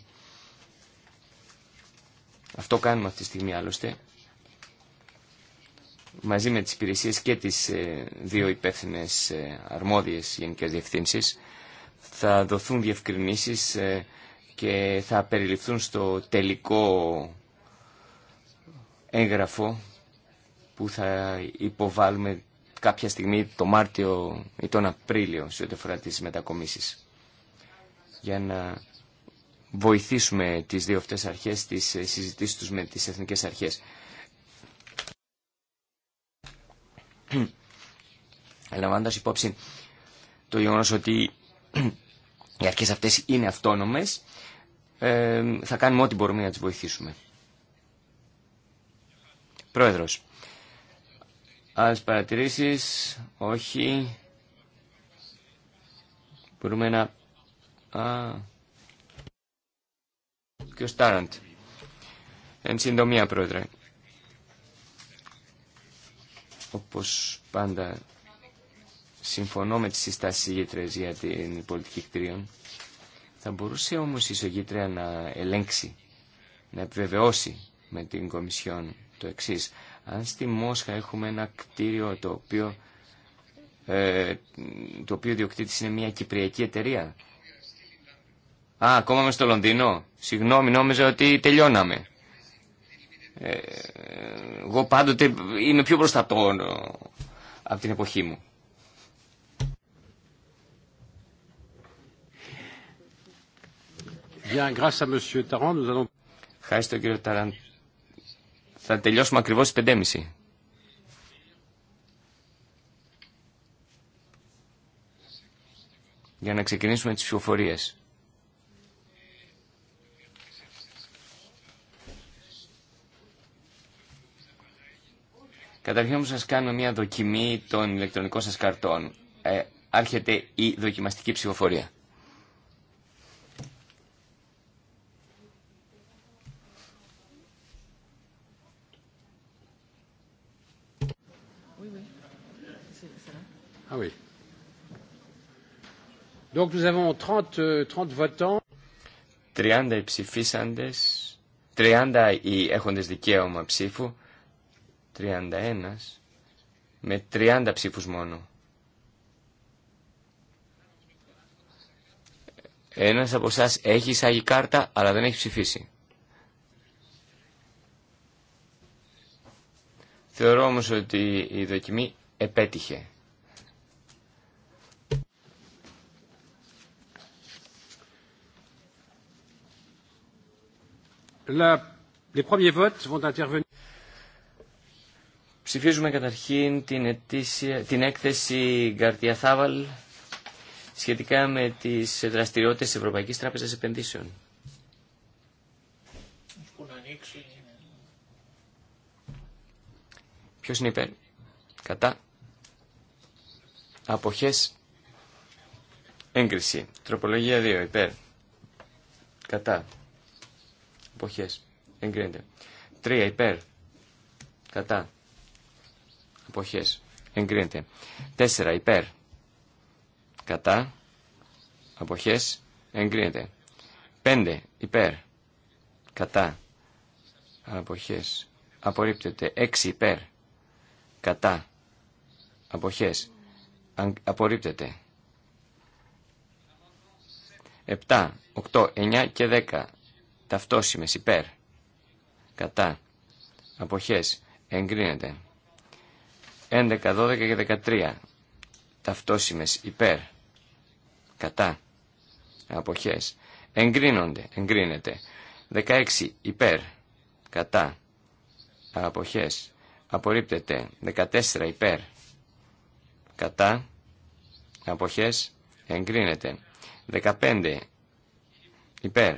[SPEAKER 2] Αυτό κάνουμε αυτή τη στιγμή άλλωστε μαζί με τις υπηρεσίες και τις ε, δύο υπεύθυνε ε, αρμόδιες γενικές διευθύνσεις θα δοθούν διευκρινήσεις ε, και θα περιληφθούν στο τελικό έγγραφο που θα υποβάλουμε κάποια στιγμή το Μάρτιο ή τον Απρίλιο σε ό,τι αφορά τις μετακομίσεις για να βοηθήσουμε τις δύο αυτές αρχές τις συζητήσεις τους με τις εθνικές αρχές. λαμβάνοντα υπόψη το γεγονό ότι οι αρχές αυτές είναι αυτόνομες, ε, θα κάνουμε ό,τι μπορούμε να τις βοηθήσουμε. Πρόεδρος, άλλες παρατηρήσεις, όχι, μπορούμε να... Α, και ο Στάραντ. Εν συντομία, πρόεδρε. Όπως πάντα συμφωνώ με τις συστάσεις για την πολιτική κτηρίων. Θα μπορούσε όμως η ισογήτρια να ελέγξει, να επιβεβαιώσει με την Κομισιόν το εξή. Αν στη Μόσχα έχουμε ένα κτίριο το οποίο, ε, το οποίο διοκτήτης είναι μια κυπριακή εταιρεία. Α, ακόμα είμαι στο Λονδίνο. Συγγνώμη, νόμιζα ότι τελειώναμε. Ε, εγώ πάντοτε είμαι πιο μπροστά από την εποχή μου. Ευχαριστώ κύριο Ταράν. Θα τελειώσουμε ακριβώς στις 5.30. για να ξεκινήσουμε τις ψηφοφορίες. Καταρχήν όμως σας κάνω μια δοκιμή των ηλεκτρονικών σας καρτών. Ε, άρχεται η δοκιμαστική ψηφοφορία. Ah Donc nous avons 30, 30 euh, votants. 30 ψηφίσαντες, 30 οι έχοντες δικαίωμα ψήφου, 31 με 30 ψήφους μόνο. Ένας από εσά έχει εισάγει κάρτα αλλά δεν έχει ψηφίσει. Θεωρώ όμως ότι η δοκιμή επέτυχε. La... Les premiers votes vont intervenir. Ψηφίζουμε καταρχήν την, ετήσια, την έκθεση Γκαρτία Θάβαλ σχετικά με τις δραστηριότητες της Ευρωπαϊκής Τράπεζας Επενδύσεων. Ποιος είναι υπέρ. Κατά. Αποχές. Έγκριση. Τροπολογία 2. Υπέρ. Κατά. Αποχές. Εγκρίνεται. 3. Υπέρ. Κατά. Αποχές. Εγκρίνεται. 4 υπέρ. Κατά. Αποχές. Εγκρίνεται. 5 υπέρ. Κατά. Αποχές. Απορρίπτεται. 6 υπέρ. Κατά. Αποχές. Απορρίπτεται. 7, 8, 9 και 10. Ταυτόσημες υπέρ. Κατά. Αποχές. Εγκρίνεται. 11, 12 και 13 ταυτόσιμες υπέρ κατά αποχές εγκρίνονται, εγκρίνεται 16 υπέρ κατά αποχές απορρίπτεται 14 υπέρ κατά αποχές εγκρίνεται 15 υπέρ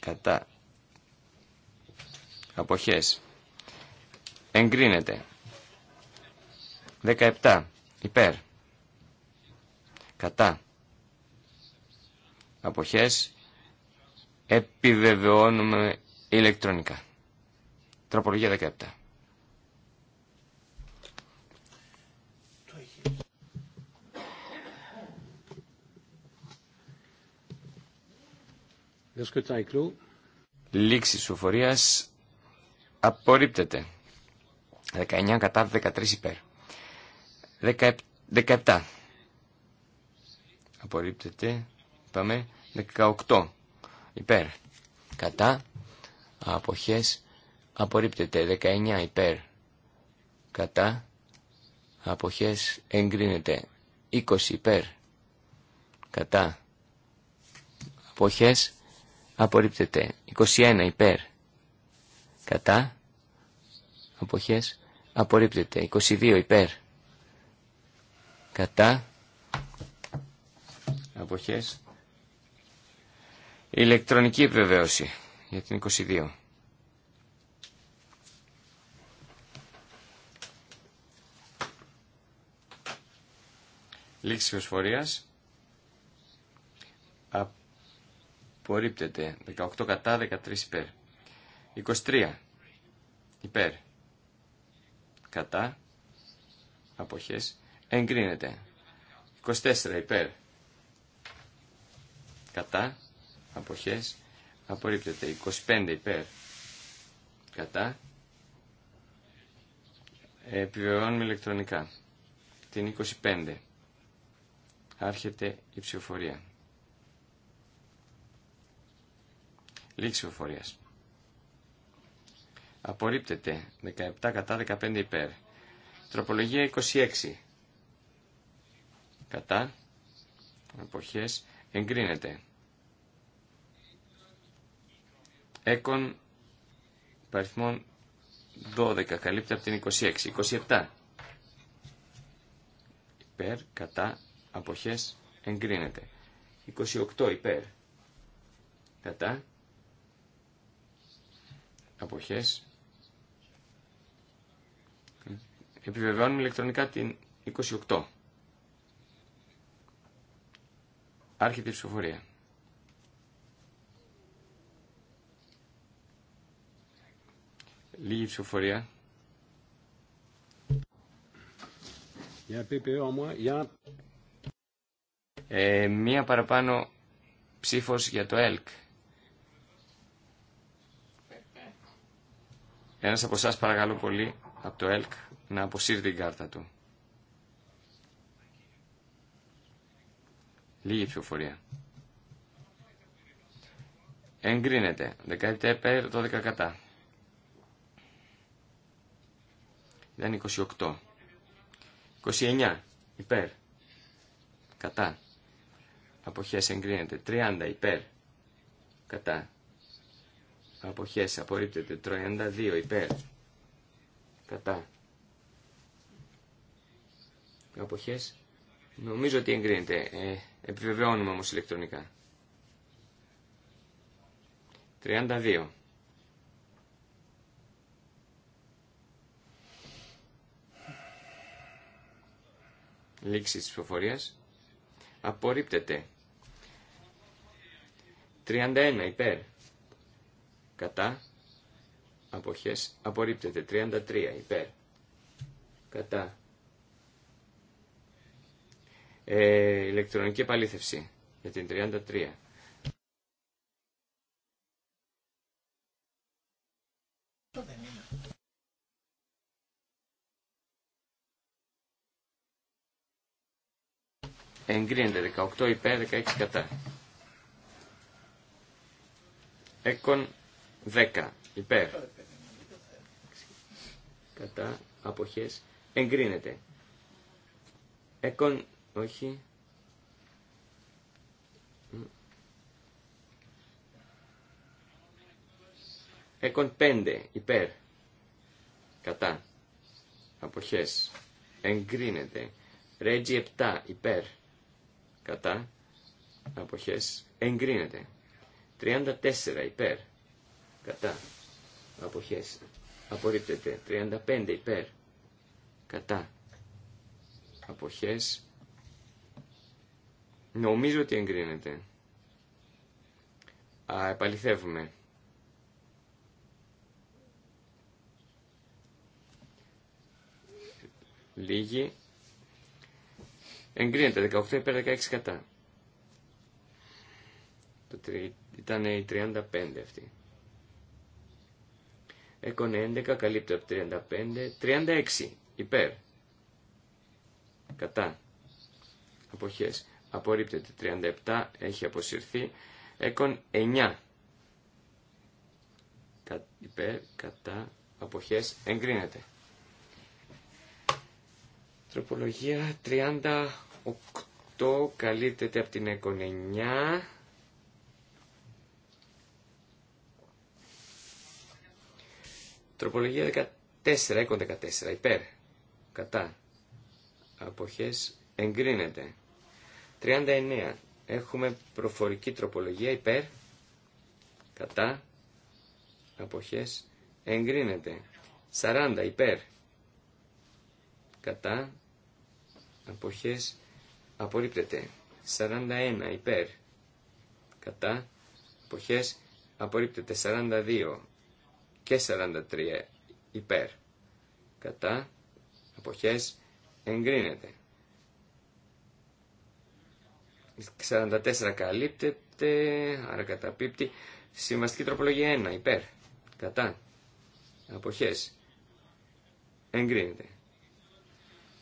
[SPEAKER 2] κατά αποχές εγκρίνεται 17. Υπέρ. Κατά. Αποχές. Επιβεβαιώνουμε ηλεκτρονικά. Τροπολογία 17. Λήξη σουφορίας απορρίπτεται. 19 κατά 13 υπέρ. 17. Απορρίπτεται. Πάμε 18. Υπέρ. Κατά. Αποχές. Απορρίπτεται. 19. Υπέρ. Κατά. Αποχές. Εγκρίνεται. 20. Υπέρ. Κατά. Αποχές. Απορρίπτεται. 21. Υπέρ. Κατά. Αποχές. Απορρίπτεται. 22. Υπέρ κατά αποχές ηλεκτρονική επιβεβαίωση για την 22 λήξη ψηφοφορίας απορρίπτεται 18 κατά 13 υπέρ 23 υπέρ κατά αποχές εγκρίνεται. 24 υπέρ. Κατά. Αποχές. Απορρίπτεται. 25 υπέρ. Κατά. Επιβεβαιώνουμε ηλεκτρονικά. Την 25. Άρχεται η ψηφοφορία. λήξη ψηφοφορία. Απορρίπτεται. 17 κατά 15 υπέρ. Τροπολογία 26 κατά εποχές εγκρίνεται. Έκον παριθμών 12 καλύπτει από την 26. 27 υπέρ κατά αποχές εγκρίνεται. 28 υπέρ κατά αποχές επιβεβαιώνουμε ηλεκτρονικά την 28. Άρχεται η ψηφοφορία. Λίγη ψηφοφορία.
[SPEAKER 4] Για για...
[SPEAKER 2] Ε, μία παραπάνω ψήφος για το ΕΛΚ. Ένας από εσάς παρακαλώ πολύ από το ΕΛΚ να αποσύρει την κάρτα του. Λίγη ψηφοφορία. Εγκρίνεται. 17 υπέρ, 12 κατά. είναι 28. 29 υπέρ. Κατά. Αποχές εγκρίνεται. 30 υπέρ. Κατά. Αποχές απορρίπτεται. 32 υπέρ. Κατά. Αποχές Νομίζω ότι εγκρίνεται. Ε, επιβεβαιώνουμε όμως ηλεκτρονικά. 32. Λήξη της ψηφοφορίας. Απορρίπτεται. 31 υπέρ. Κατά. Αποχές. Απορρίπτεται. 33 υπέρ. Κατά. Ε, ηλεκτρονική επαλήθευση για την 33. Εγκρίνεται 18 υπέρ 16 κατά. Έκον 10 υπέρ. Κατά αποχές εγκρίνεται. Έκον όχι. Έκον 5 υπέρ. Κατά. Αποχές. Εγκρίνεται. Ρέτζι 7 υπέρ. Κατά. Αποχές. Εγκρίνεται. 34 υπέρ. Κατά. Αποχές. Απορρίπτεται. 35 υπέρ. Κατά. Αποχές. Νομίζω ότι εγκρίνεται. Α, επαληθεύουμε. Λίγη. Εγκρίνεται. 18 υπέρ 16 κατά. Το τρι... Ήταν η 35 αυτή. έκονε 11 καλύπτει από 35. 36 υπέρ. Κατά. Αποχές απορρίπτεται. 37 έχει αποσυρθεί. Έκον 9 υπέρ, κατά, αποχές, εγκρίνεται. Τροπολογία 38 καλύπτεται από την έκον 9. Τροπολογία 14, έκον 14, υπέρ, κατά, αποχές, εγκρίνεται. 39. Έχουμε προφορική τροπολογία υπέρ, κατά, αποχές, εγκρίνεται. 40. Υπέρ, κατά, αποχές, απορρίπτεται. 41. Υπέρ, κατά, αποχές, απορρίπτεται. 42 και 43. Υπέρ, κατά, αποχές, εγκρίνεται. 44 καλύπτεται, άρα καταπίπτει. Συμβαστική τροπολογία 1, υπέρ. Κατά. Αποχές. Εγκρίνεται.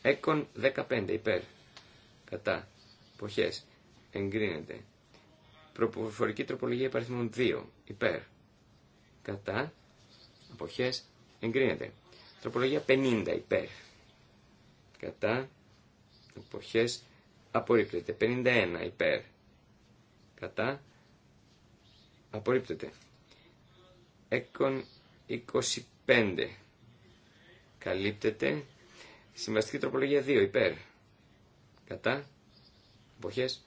[SPEAKER 2] Έκον 15, υπέρ. Κατά. Αποχές. Εγκρίνεται. Προποφορική τροπολογία υπαριθμών 2, υπέρ. Κατά. Αποχές. Εγκρίνεται. Τροπολογία 50, υπέρ. Κατά. Αποχές απορρίπτεται. 51 υπέρ κατά απορρίπτεται. Έκον 25 καλύπτεται. Συμβαστική τροπολογία 2 υπέρ κατά εποχές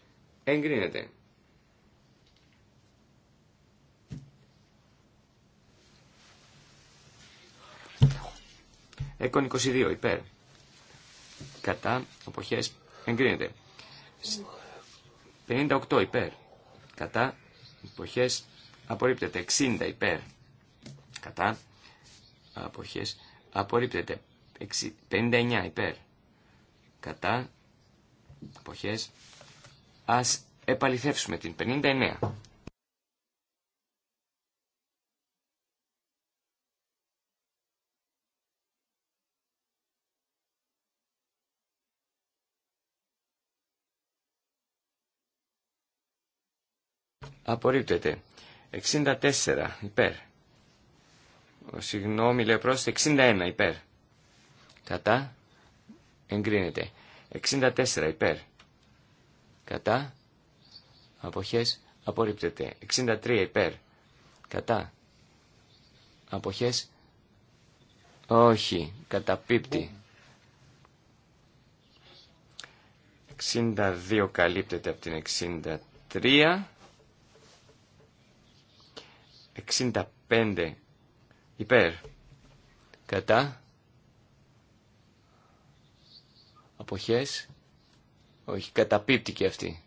[SPEAKER 2] εγκρίνεται. Έκον 22 υπέρ. Κατά εποχές εγκρίνεται. 58 υπέρ. Κατά. εποχές Απορρίπτεται. 60 υπέρ. Κατά. Αποχές. Απορρίπτεται. 59 υπέρ. Κατά. εποχές Ας επαληθεύσουμε την 59. Απορρίπτεται. 64 υπέρ. Συγγνώμη, λέει 61 υπέρ. Κατά. Εγκρίνεται. 64 υπέρ. Κατά. Αποχές. Απορρίπτεται. 63 υπέρ. Κατά. Αποχές. Όχι. Καταπίπτει. 62 καλύπτεται από την 63. 65 υπέρ κατά αποχές όχι καταπίπτει αυτή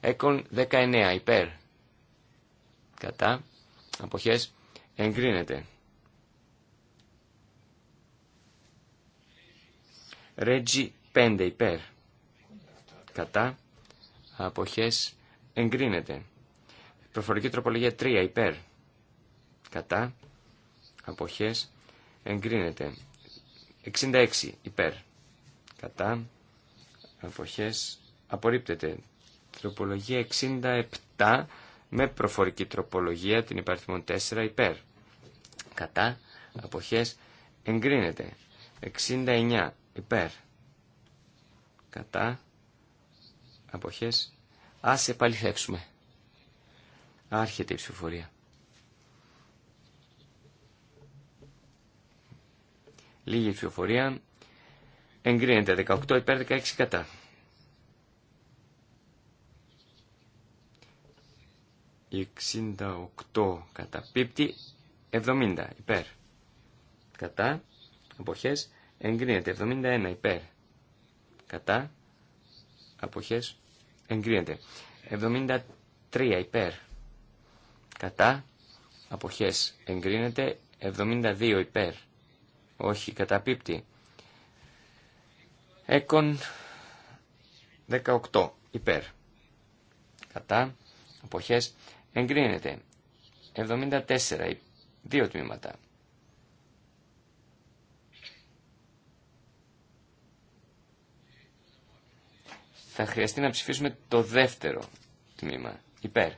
[SPEAKER 2] έκον 19 υπέρ κατά αποχές εγκρίνεται Ρέτζι 5 υπέρ κατά αποχές εγκρίνεται Προφορική τροπολογία 3 υπέρ. Κατά. απόχέ. Εγκρίνεται. 66 υπέρ. Κατά. Αποχές. Απορρίπτεται. Τροπολογία 67 με προφορική τροπολογία την υπαριθμό 4 υπέρ. Κατά. αποχέ. Εγκρίνεται. 69 υπέρ. Κατά. απόχέ. Ας επαληθεύσουμε. Άρχεται η ψηφοφορία. Λίγη ψηφοφορία. Εγκρίνεται 18 υπέρ 16 κατά. 68 κατά πίπτη. 70 υπέρ. Κατά. Αποχές. Εγκρίνεται 71 υπέρ. Κατά. Αποχές. Εγκρίνεται 73 υπέρ κατά, αποχές εγκρίνεται, 72 υπέρ, όχι καταπίπτει. Έκον 18 υπέρ, κατά, αποχές εγκρίνεται, 74 δύο τμήματα. Θα χρειαστεί να ψηφίσουμε το δεύτερο τμήμα, υπέρ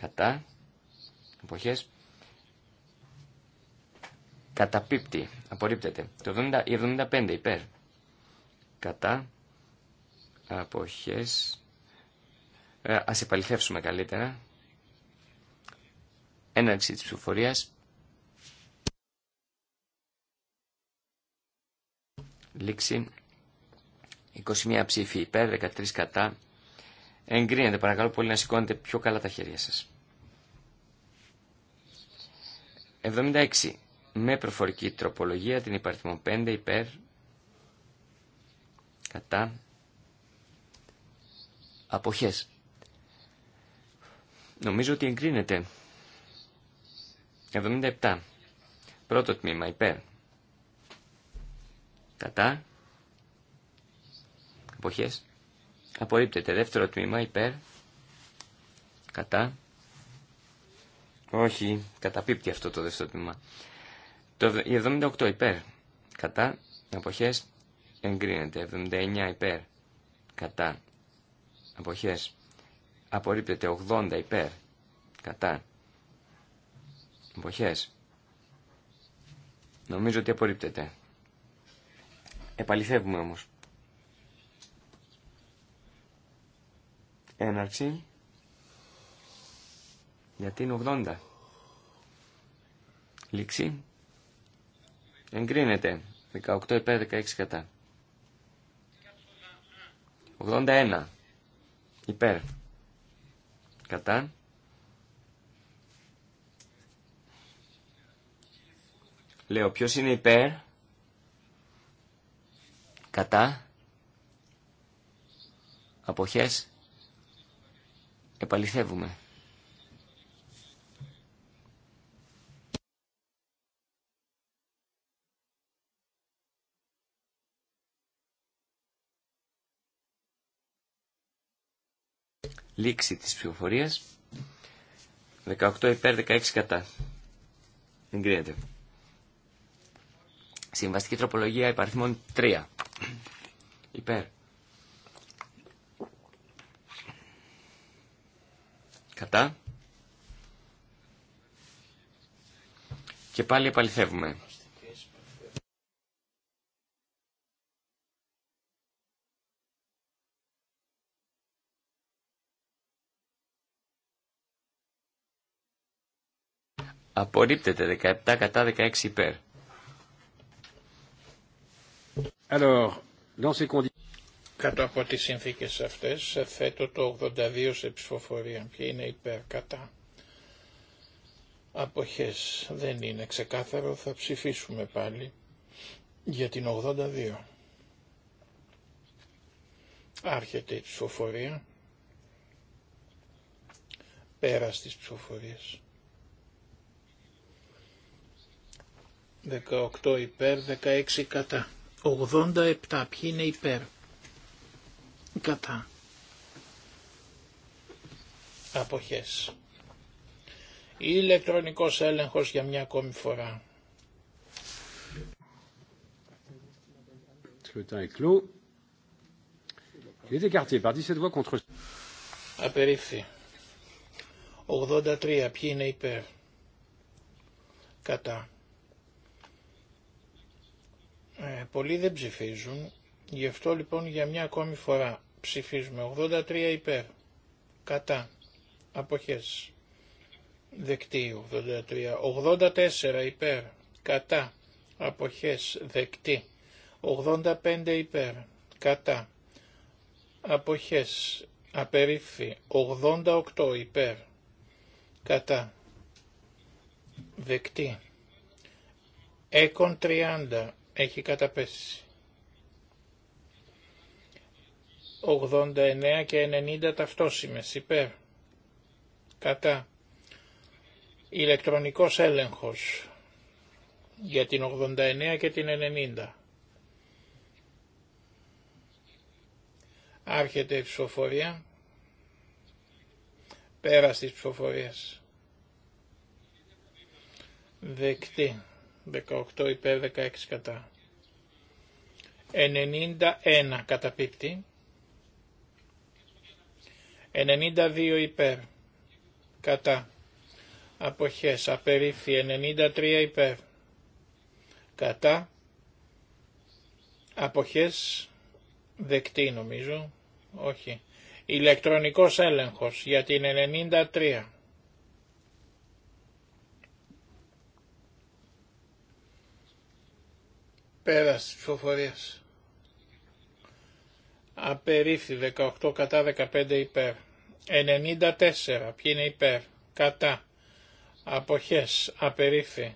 [SPEAKER 2] κατά εποχές καταπίπτει, απορρίπτεται. Το 75 υπέρ κατά αποχές ε, ας επαληθεύσουμε καλύτερα έναρξη της ψηφοφορίας λήξη 21 ψήφοι υπέρ, 13 κατά Εγκρίνεται, παρακαλώ πολύ να σηκώνετε πιο καλά τα χέρια σας. 76. Με προφορική τροπολογία την υπαριθμό 5 υπέρ κατά αποχές. Νομίζω ότι εγκρίνεται. 77. Πρώτο τμήμα υπέρ. Κατά. Αποχέ. Απορρίπτεται. Δεύτερο τμήμα υπέρ. Κατά. Όχι, καταπίπτει αυτό το δεύτερο τμήμα. Το 78 υπέρ. Κατά. Αποχές. Εγκρίνεται. 79 υπέρ. Κατά. Αποχές. Απορρίπτεται. 80 υπέρ. Κατά. Αποχές. Νομίζω ότι απορρίπτεται. Επαληθεύουμε όμως. έναρξη Γιατί την 80. Λήξη. Εγκρίνεται. 18 υπέρ 16 κατά. 81. Υπέρ. Κατά. Λέω ποιος είναι υπέρ. Κατά. Αποχές. Επαληθεύουμε. λήξη της ψηφοφορίας. 18 υπέρ, 16 κατά. Εγκρίνεται. Συμβαστική τροπολογία υπαριθμών 3. Υπέρ. Κατά. Και πάλι επαληθεύουμε. Απορρίπτεται 17 κατά 16 υπέρ. Alors, dans ces conditions... Κάτω από
[SPEAKER 1] τις συνθήκες αυτές θέτω το 82 σε ψηφοφορία. Ποιοι είναι υπέρ κατά. Αποχές δεν είναι ξεκάθαρο, θα ψηφίσουμε πάλι για την 82. Άρχεται η ψηφοφορία. Πέρα στις ψηφοφορίες. 18 υπέρ, 16 κατά. 87 ποιοι είναι υπέρ κατά αποχές. Ή ηλεκτρονικός έλεγχος για μια ακόμη φορά. Απερίφθη. 83. Ποιοι είναι υπέρ. Κατά. Ε, πολλοί δεν ψηφίζουν. Γι' αυτό λοιπόν για μια ακόμη φορά Ψηφίζουμε 83 υπέρ. Κατά. Αποχές. Δεκτή 83. 84 υπέρ. Κατά. Αποχές. Δεκτή. 85 υπέρ. Κατά. Αποχές. Απερίφθη. 88 υπέρ. Κατά. Δεκτή. Έκον 30. Έχει καταπέσει. 89 και 90 ταυτόσημες υπέρ. Κατά. Ηλεκτρονικός έλεγχος για την 89 και την 90. Άρχεται η ψηφοφορία. Πέρα της ψηφοφορίας. Δεκτή. 18 υπέρ 16 κατά. 91 καταπίπτει. 92 υπέρ. Κατά. Αποχές. Απερίφθη. 93 υπέρ. Κατά. Αποχές. Δεκτή νομίζω. Όχι. Ηλεκτρονικός έλεγχος για την 93. Πέρας της ψηφοφορίας. Απερίφθη 18 κατά 15 υπέρ. 94. Ποιοι είναι υπέρ. Κατά. Αποχές. Απερίφη.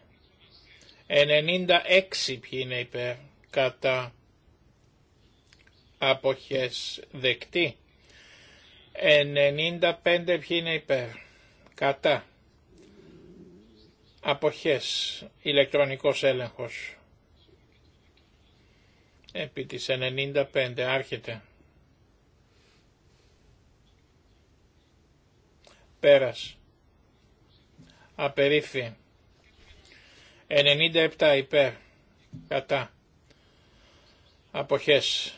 [SPEAKER 1] 96. Ποιοι είναι υπέρ. Κατά. Αποχές. Δεκτή. 95. Ποιοι είναι υπέρ. Κατά. Αποχές. Ηλεκτρονικός έλεγχος. Επί της 95. Άρχεται. Πέρας. απερίφη, 97 υπέρ. Κατά. Αποχές.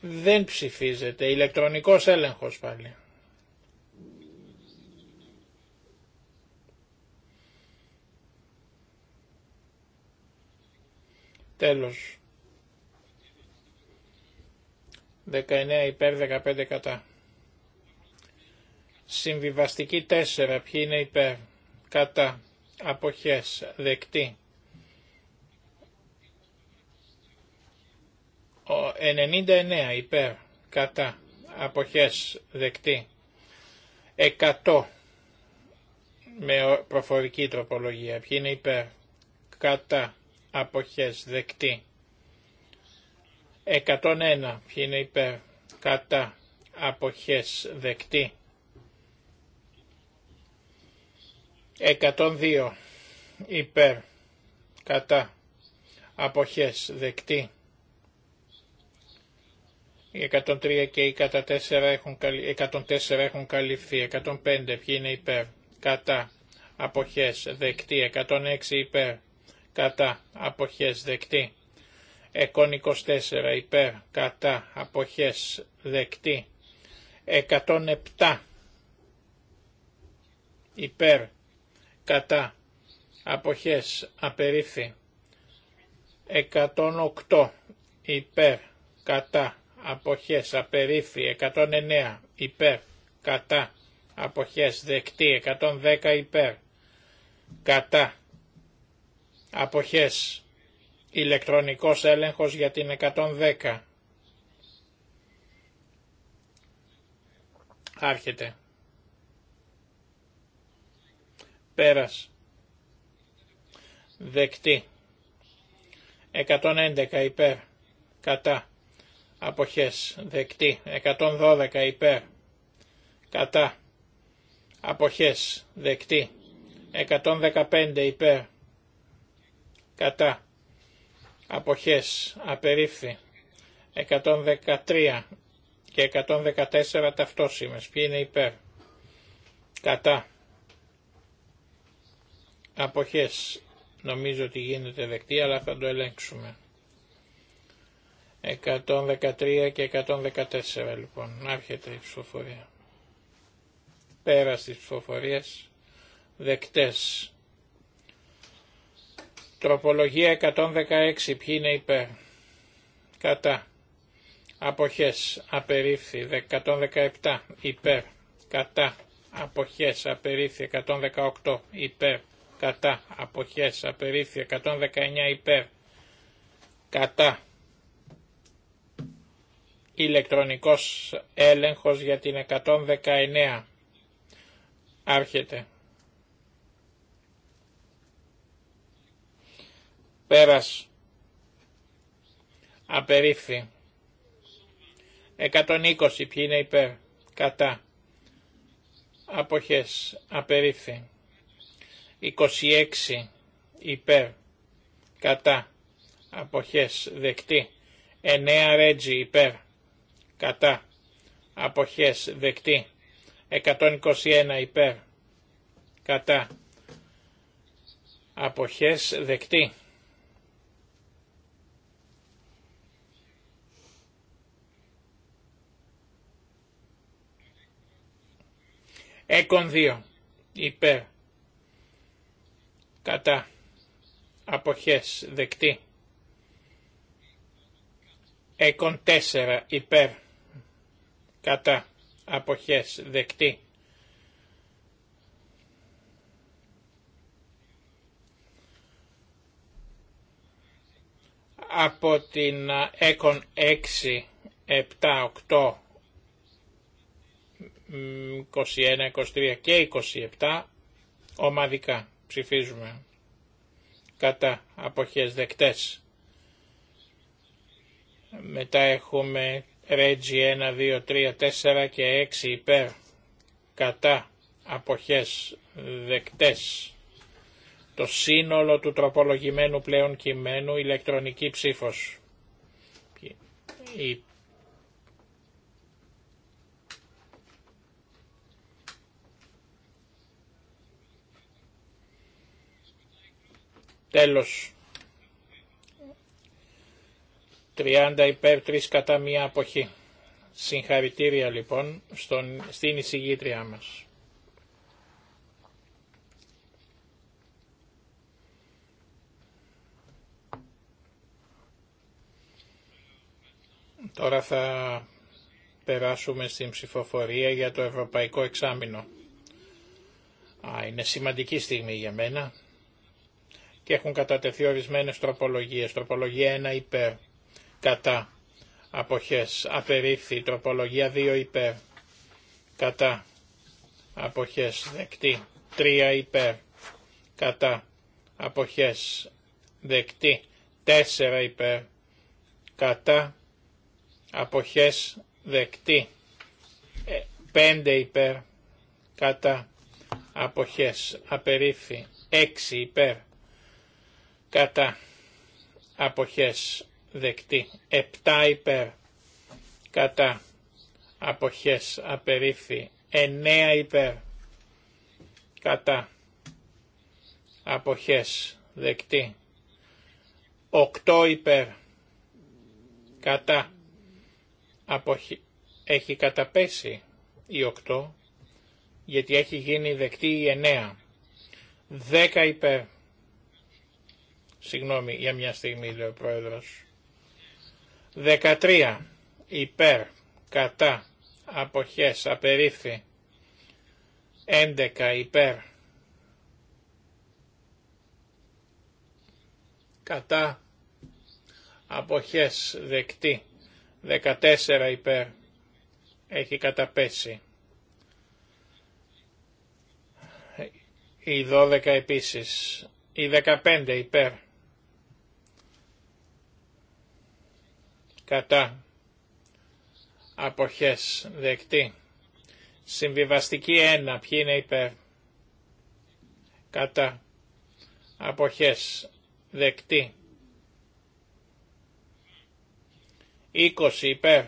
[SPEAKER 1] Δεν ψηφίζεται. Ηλεκτρονικός έλεγχος πάλι. Τέλος. 19 υπέρ 15 κατά. Συμβιβαστική 4. Ποιοι είναι υπέρ. Κατά. Αποχές. Δεκτή. Ο 99 υπέρ. Κατά. Αποχές. Δεκτή. 100 με προφορική τροπολογία. Ποιοι είναι υπέρ. Κατά. Αποχές. Δεκτή. 101. Ποιοι είναι υπέρ. Κατά. Αποχές. Δεκτή. 102 υπέρ κατά αποχές δεκτή. Οι 103 και οι 104 έχουν, 104 έχουν καλυφθεί. 105 ποιοι είναι υπέρ κατά αποχές δεκτή. 106 υπέρ κατά αποχές δεκτή. Εκόν 24 υπέρ κατά αποχές δεκτή. 107 υπέρ κατά, αποχές, απερίφη 108 υπέρ, κατά, αποχές, απερίφη 109 υπέρ, κατά, αποχές, δεκτή. 110 υπέρ, κατά, αποχές, ηλεκτρονικός έλεγχος για την 110. Άρχεται. Πέρας. Δεκτή. 111 υπέρ. Κατά. Αποχές. Δεκτή. 112 υπέρ. Κατά. Αποχές. Δεκτή. 115 υπέρ. Κατά. Αποχές. Απερίφθη. 113 και 114 ταυτόσημες. Ποιοι είναι υπέρ. Κατά. Αποχές. Νομίζω ότι γίνεται δεκτή, αλλά θα το ελέγξουμε. 113 και 114 λοιπόν. Άρχεται η ψηφοφορία. Πέρα στις ψηφοφορίες. Δεκτές. Τροπολογία 116. Ποιοι είναι υπέρ. Κατά. Αποχές. Απερίφθη. 117. Υπέρ. Κατά. Αποχές. Απερίφθη. 118. Υπέρ κατά αποχές απερίφθη 119 υπέρ κατά ηλεκτρονικός έλεγχος για την 119 άρχεται πέρας απερίφθη 120 ποιοι είναι υπέρ κατά αποχές απερίφθη 26 υπέρ κατά αποχές δεκτή 9 ρέτζι υπέρ κατά αποχές δεκτή 121 υπέρ κατά αποχές δεκτή Έκον 2 υπέρ κατά αποχές δεκτή. Έκον 4 υπέρ κατά αποχές δεκτή. Από την έκον 6, 7, 8, 21, 23 και 27 ομαδικά. Ψηφίζουμε. Κατά. Αποχές δεκτές. Μετά έχουμε Ρέτζι 1, 2, 3, 4 και 6 υπέρ. Κατά. Αποχές δεκτές. Το σύνολο του τροπολογημένου πλέον κειμένου ηλεκτρονική ψήφος. Τέλος. 30 υπέρ 3 κατά μία αποχή. Συγχαρητήρια λοιπόν στον, στην εισηγήτριά μας. Τώρα θα περάσουμε στην ψηφοφορία για το Ευρωπαϊκό Εξάμεινο. Α, είναι σημαντική στιγμή για μένα και έχουν κατατεθεί κατατεθεί ορισμένε Τροπολογία 1 υπέρ, κατά, αποχές, απερίφθη. Τροπολογία 2 υπέρ, κατά, απόχέ, δεκτή. 3 υπέρ, κατά, Αποχέ δεκτή. 4 υπέρ, κατά, αποχές, δεκτή. 5 ε, υπέρ, κατά, αποχές, απερίφθη. 6 υπέρ, κατά αποχές δεκτή 7 υπέρ κατά αποχές απερίφθη 9 υπέρ κατά αποχές δεκτή 8 υπέρ κατά αποχή έχει καταπέσει η 8 γιατί έχει γίνει δεκτή η 9 10 υπέρ Συγγνώμη για μια στιγμή λέει ο πρόεδρο. 13. Υπέρ, κατά, αποχές, απερίφθη. 11. Υπέρ. Κατά, αποχές, δεκτή. 14. Υπέρ. Έχει καταπέσει. Η 12 επίση Η 15 υπέρ. κατά αποχές δεκτή. Συμβιβαστική 1 ποιοι είναι υπέρ κατά αποχές δεκτή. 20 υπέρ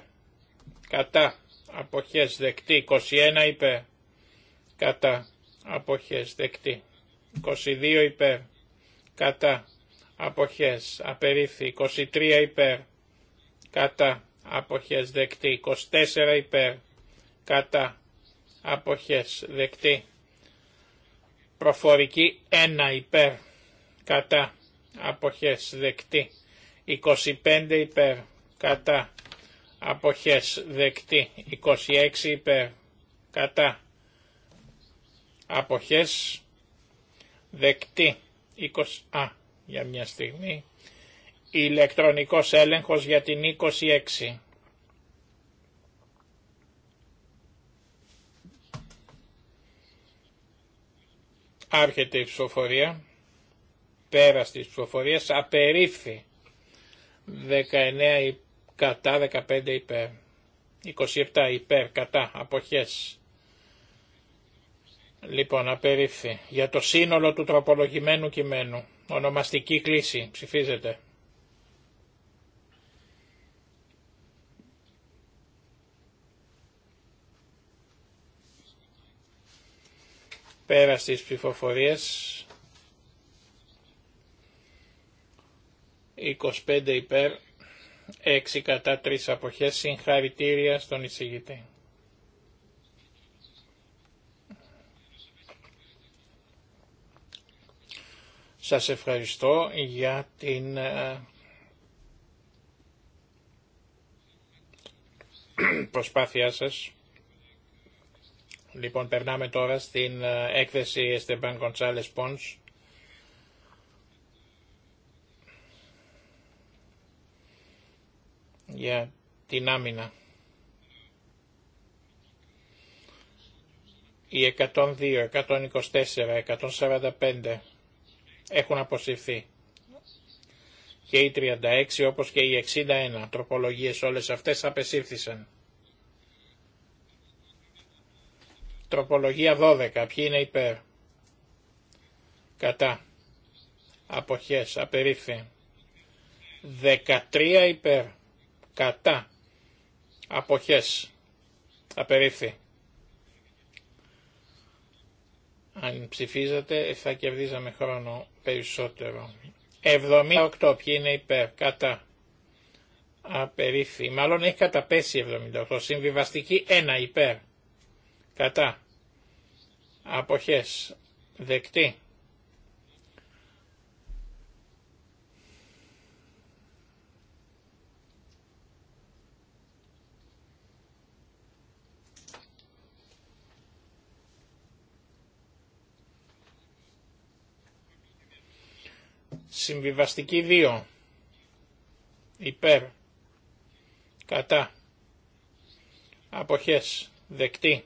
[SPEAKER 1] κατά αποχές δεκτή. 21 υπέρ κατά αποχές δεκτή. 22 υπέρ κατά αποχές απερίφθη. 23 υπέρ κατά αποχές δεκτή, 24 υπέρ κατά αποχές δεκτή, προφορική 1 υπέρ κατά αποχές δεκτή, 25 υπέρ κατά αποχές δεκτή, 26 υπέρ κατά αποχές δεκτή, 20, α, για μια στιγμή, ηλεκτρονικός έλεγχος για την 26. Άρχεται η ψηφοφορία, πέρα της ψηφοφορίας, απερίφθη 19 κατά 15 υπέρ, 27 υπέρ κατά αποχές. Λοιπόν, απερίφθη για το σύνολο του τροπολογημένου κειμένου. Ονομαστική κλίση ψηφίζεται. Πέρα στις ψηφοφορίες 25 υπέρ 6 κατά 3 αποχές συγχαρητήρια στον εισηγητή. Σας ευχαριστώ για την ε, προσπάθειά σας. Λοιπόν, περνάμε τώρα στην ε, έκθεση Esteban González Pons. Για την άμυνα. Οι 102, 124, 145 έχουν αποσυρθεί. Και οι 36 όπως και οι 61 τροπολογίες όλες αυτές απεσύρθησαν. Τροπολογία 12. Ποιοι είναι υπέρ. Κατά. Αποχές. Απερίφθη. 13 υπέρ. Κατά. Αποχές. Απερίφθη. Αν ψηφίζατε θα κερδίζαμε χρόνο περισσότερο. 78. Ποιοι είναι υπέρ. Κατά. Απερίφθη. Μάλλον έχει καταπέσει 78. Συμβιβαστική 1 υπέρ κατά, αποχές, δεκτή. Συμβιβαστική 2. Υπέρ. Κατά. Αποχές. Δεκτή.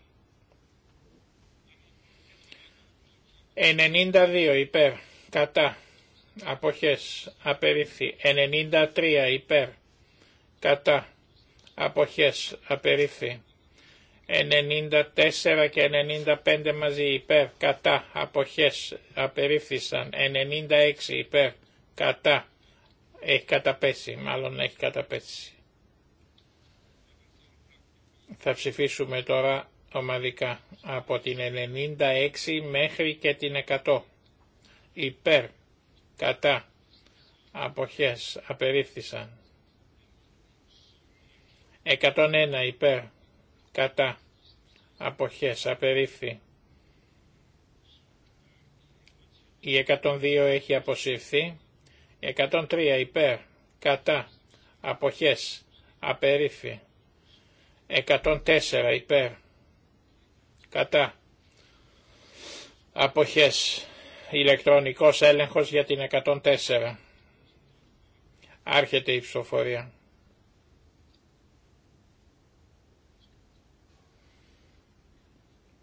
[SPEAKER 1] 92 υπέρ, κατά, αποχές, απερίφθη. 93 υπέρ, κατά, αποχές, απερίφθη. 94 και 95 μαζί υπέρ, κατά, αποχές, απερίφθησαν. 96 υπέρ, κατά, έχει καταπέσει, μάλλον έχει καταπέσει. Θα ψηφίσουμε τώρα ομαδικά από την 96 μέχρι και την 100. Υπέρ, κατά, αποχές, απερίφθησαν. 101 υπέρ, κατά, αποχές, απερίφθη. Η 102 έχει αποσυρθεί. 103 υπέρ, κατά, αποχές, απερίφθη. 104 υπέρ, Κατά. Αποχές. Ηλεκτρονικός έλεγχος για την 104. Άρχεται η ψηφοφορία.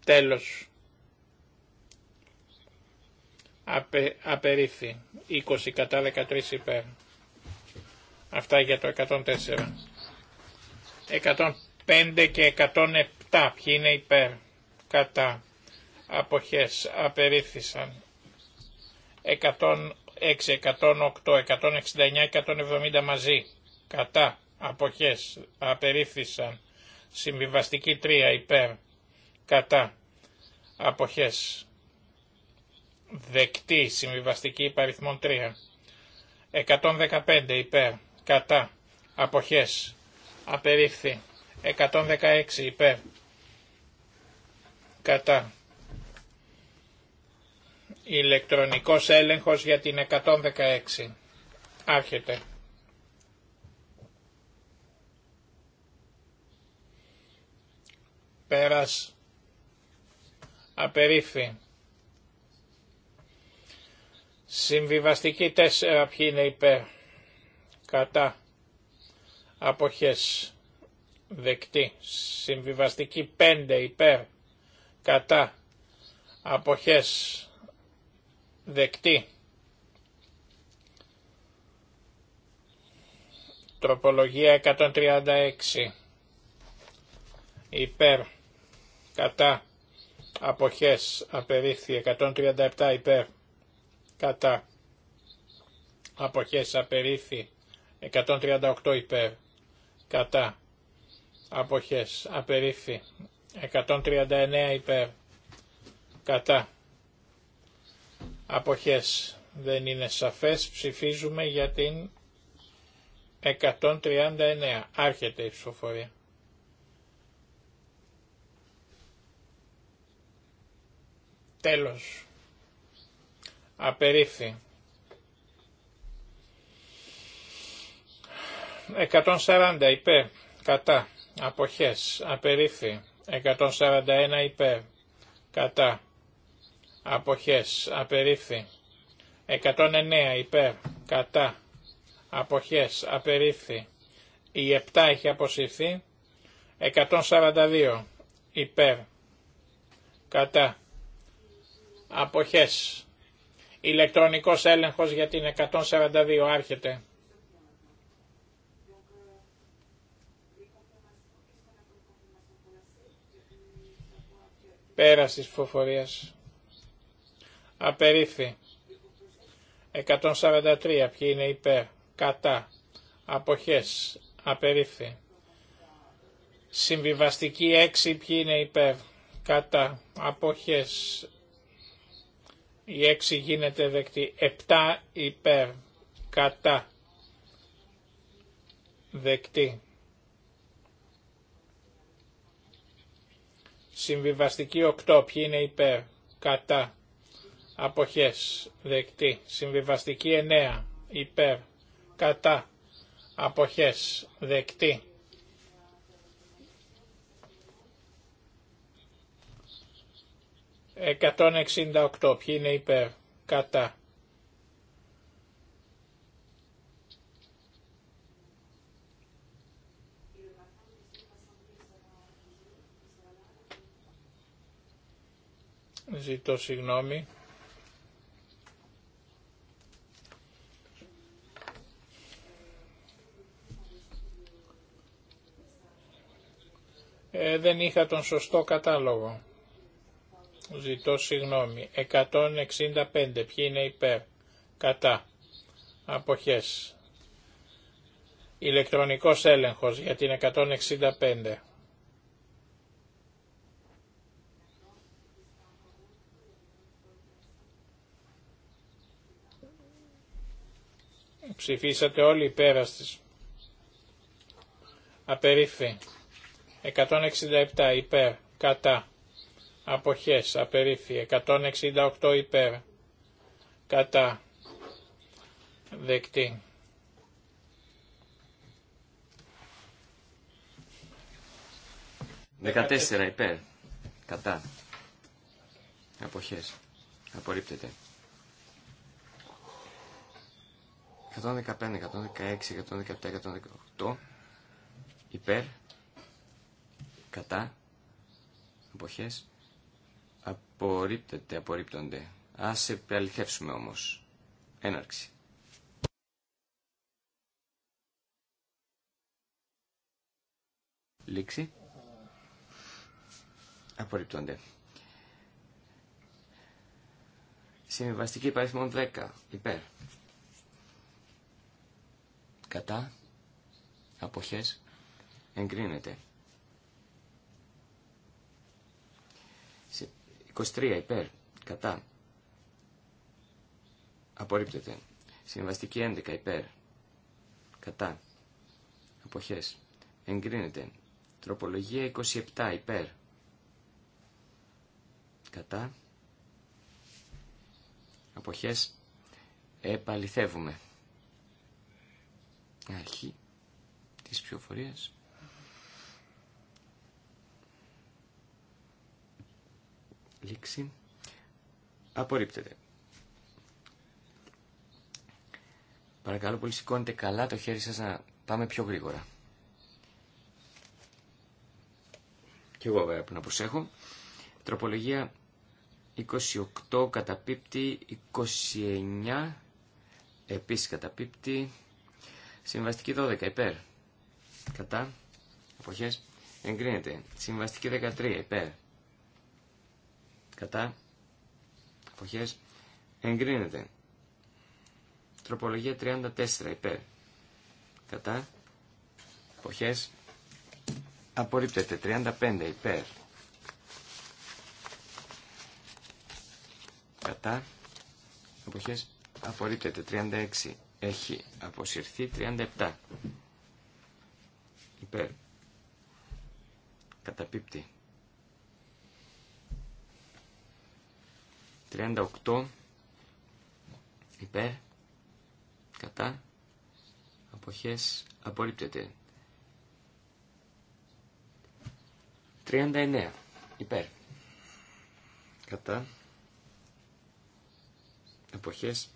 [SPEAKER 1] Τέλος. Απε, απερίφθη. 20 κατά 13 υπέρ. Αυτά για το 104. 105 και 107. Ποιοι είναι υπέρ κατά αποχές απερίφθησαν 106, 108, 169, 170 μαζί κατά αποχές απερίφθησαν συμβιβαστική 3 υπέρ κατά αποχές δεκτή συμβιβαστική υπαριθμών 3 115 υπέρ κατά αποχές απερίφθη 116 υπέρ Κατά. Ηλεκτρονικός έλεγχος για την 116. Άρχεται. Πέρας. Απερίφη. Συμβιβαστική 4. Ποιοι είναι υπέρ. Κατά. Αποχές. Δεκτή. Συμβιβαστική 5. Υπέρ κατά αποχές δεκτή τροπολογία 136 υπέρ κατά αποχές απερίφθη 137 υπέρ κατά αποχές απερίφθη 138 υπέρ κατά αποχές απερίφθη 139 υπέρ. Κατά. Αποχές. Δεν είναι σαφές. Ψηφίζουμε για την 139. Άρχεται η ψηφοφορία. Τέλος. Απερίφθη. 140 υπέρ. Κατά. Αποχές. Απερίφθη. 141 υπέρ. Κατά. Αποχές. Απερίφθη. 109 υπέρ. Κατά. Αποχές. Απερίφθη. Η 7 έχει αποσυρθεί. 142 υπέρ. Κατά. Αποχές. Ηλεκτρονικός έλεγχος για την 142 άρχεται. Πέραση τη Απερίφθη. 143. Ποιοι είναι υπέρ. Κατά. Αποχέ. Απερίφθη. Συμβιβαστική 6. Ποιοι είναι υπέρ. Κατά. Αποχέ. Η 6 γίνεται δεκτή. 7 υπέρ. Κατά. Δεκτή. Συμβιβαστική 8. Ποιοι είναι υπέρ. Κατά. Αποχές. Δεκτή. Συμβιβαστική 9. Υπέρ. Κατά. Αποχές. Δεκτή. Εκατόν εξήντα Ποιοι είναι υπέρ. Κατά. Ζητώ συγγνώμη. Ε, δεν είχα τον σωστό κατάλογο. Ζητώ συγγνώμη. 165. Ποιοι είναι υπέρ. Κατά. Αποχές. Ηλεκτρονικός έλεγχος για την 165. Ψηφίσατε όλοι οι της. Απερίφη. 167 υπέρ. Κατά. Αποχές. Απερίφη. 168 υπέρ. Κατά. Δεκτή.
[SPEAKER 2] 14 υπέρ. Κατά. Αποχές. Απορρίπτεται. 115, 116, 117, 118 υπέρ, κατά, εποχές, απορρίπτεται, απορρίπτονται. Ας επαληθεύσουμε όμως. Έναρξη. Λήξη. Απορρίπτονται. Συμβιβαστική παριθμών 10. Υπέρ κατά, αποχές, εγκρίνεται. 23 υπέρ, κατά, απορρίπτεται. Συμβαστική 11 υπέρ, κατά, αποχές, εγκρίνεται. Τροπολογία 27 υπέρ, κατά, αποχές, επαληθεύουμε αρχή της πιοφορίας. Λήξη. Απορρίπτεται. Παρακαλώ πολύ σηκώνετε καλά το χέρι σας να πάμε πιο γρήγορα. Και εγώ βέβαια που να προσέχω. Τροπολογία 28 καταπίπτει, 29 επίσης καταπίπτει. Συμβαστική 12 υπέρ. Κατά. Αποχές. Εγκρίνεται. Συμβαστική 13 υπέρ. Κατά. Αποχές. Εγκρίνεται. Τροπολογία 34 υπέρ. Κατά. Αποχές. Απορρίπτεται. 35 υπέρ. Κατά. Αποχές. Απορρίπτεται. 36 έχει αποσυρθεί 37 υπέρ καταπίπτει 38 υπέρ κατά αποχές απορρίπτεται 39 υπέρ κατά αποχές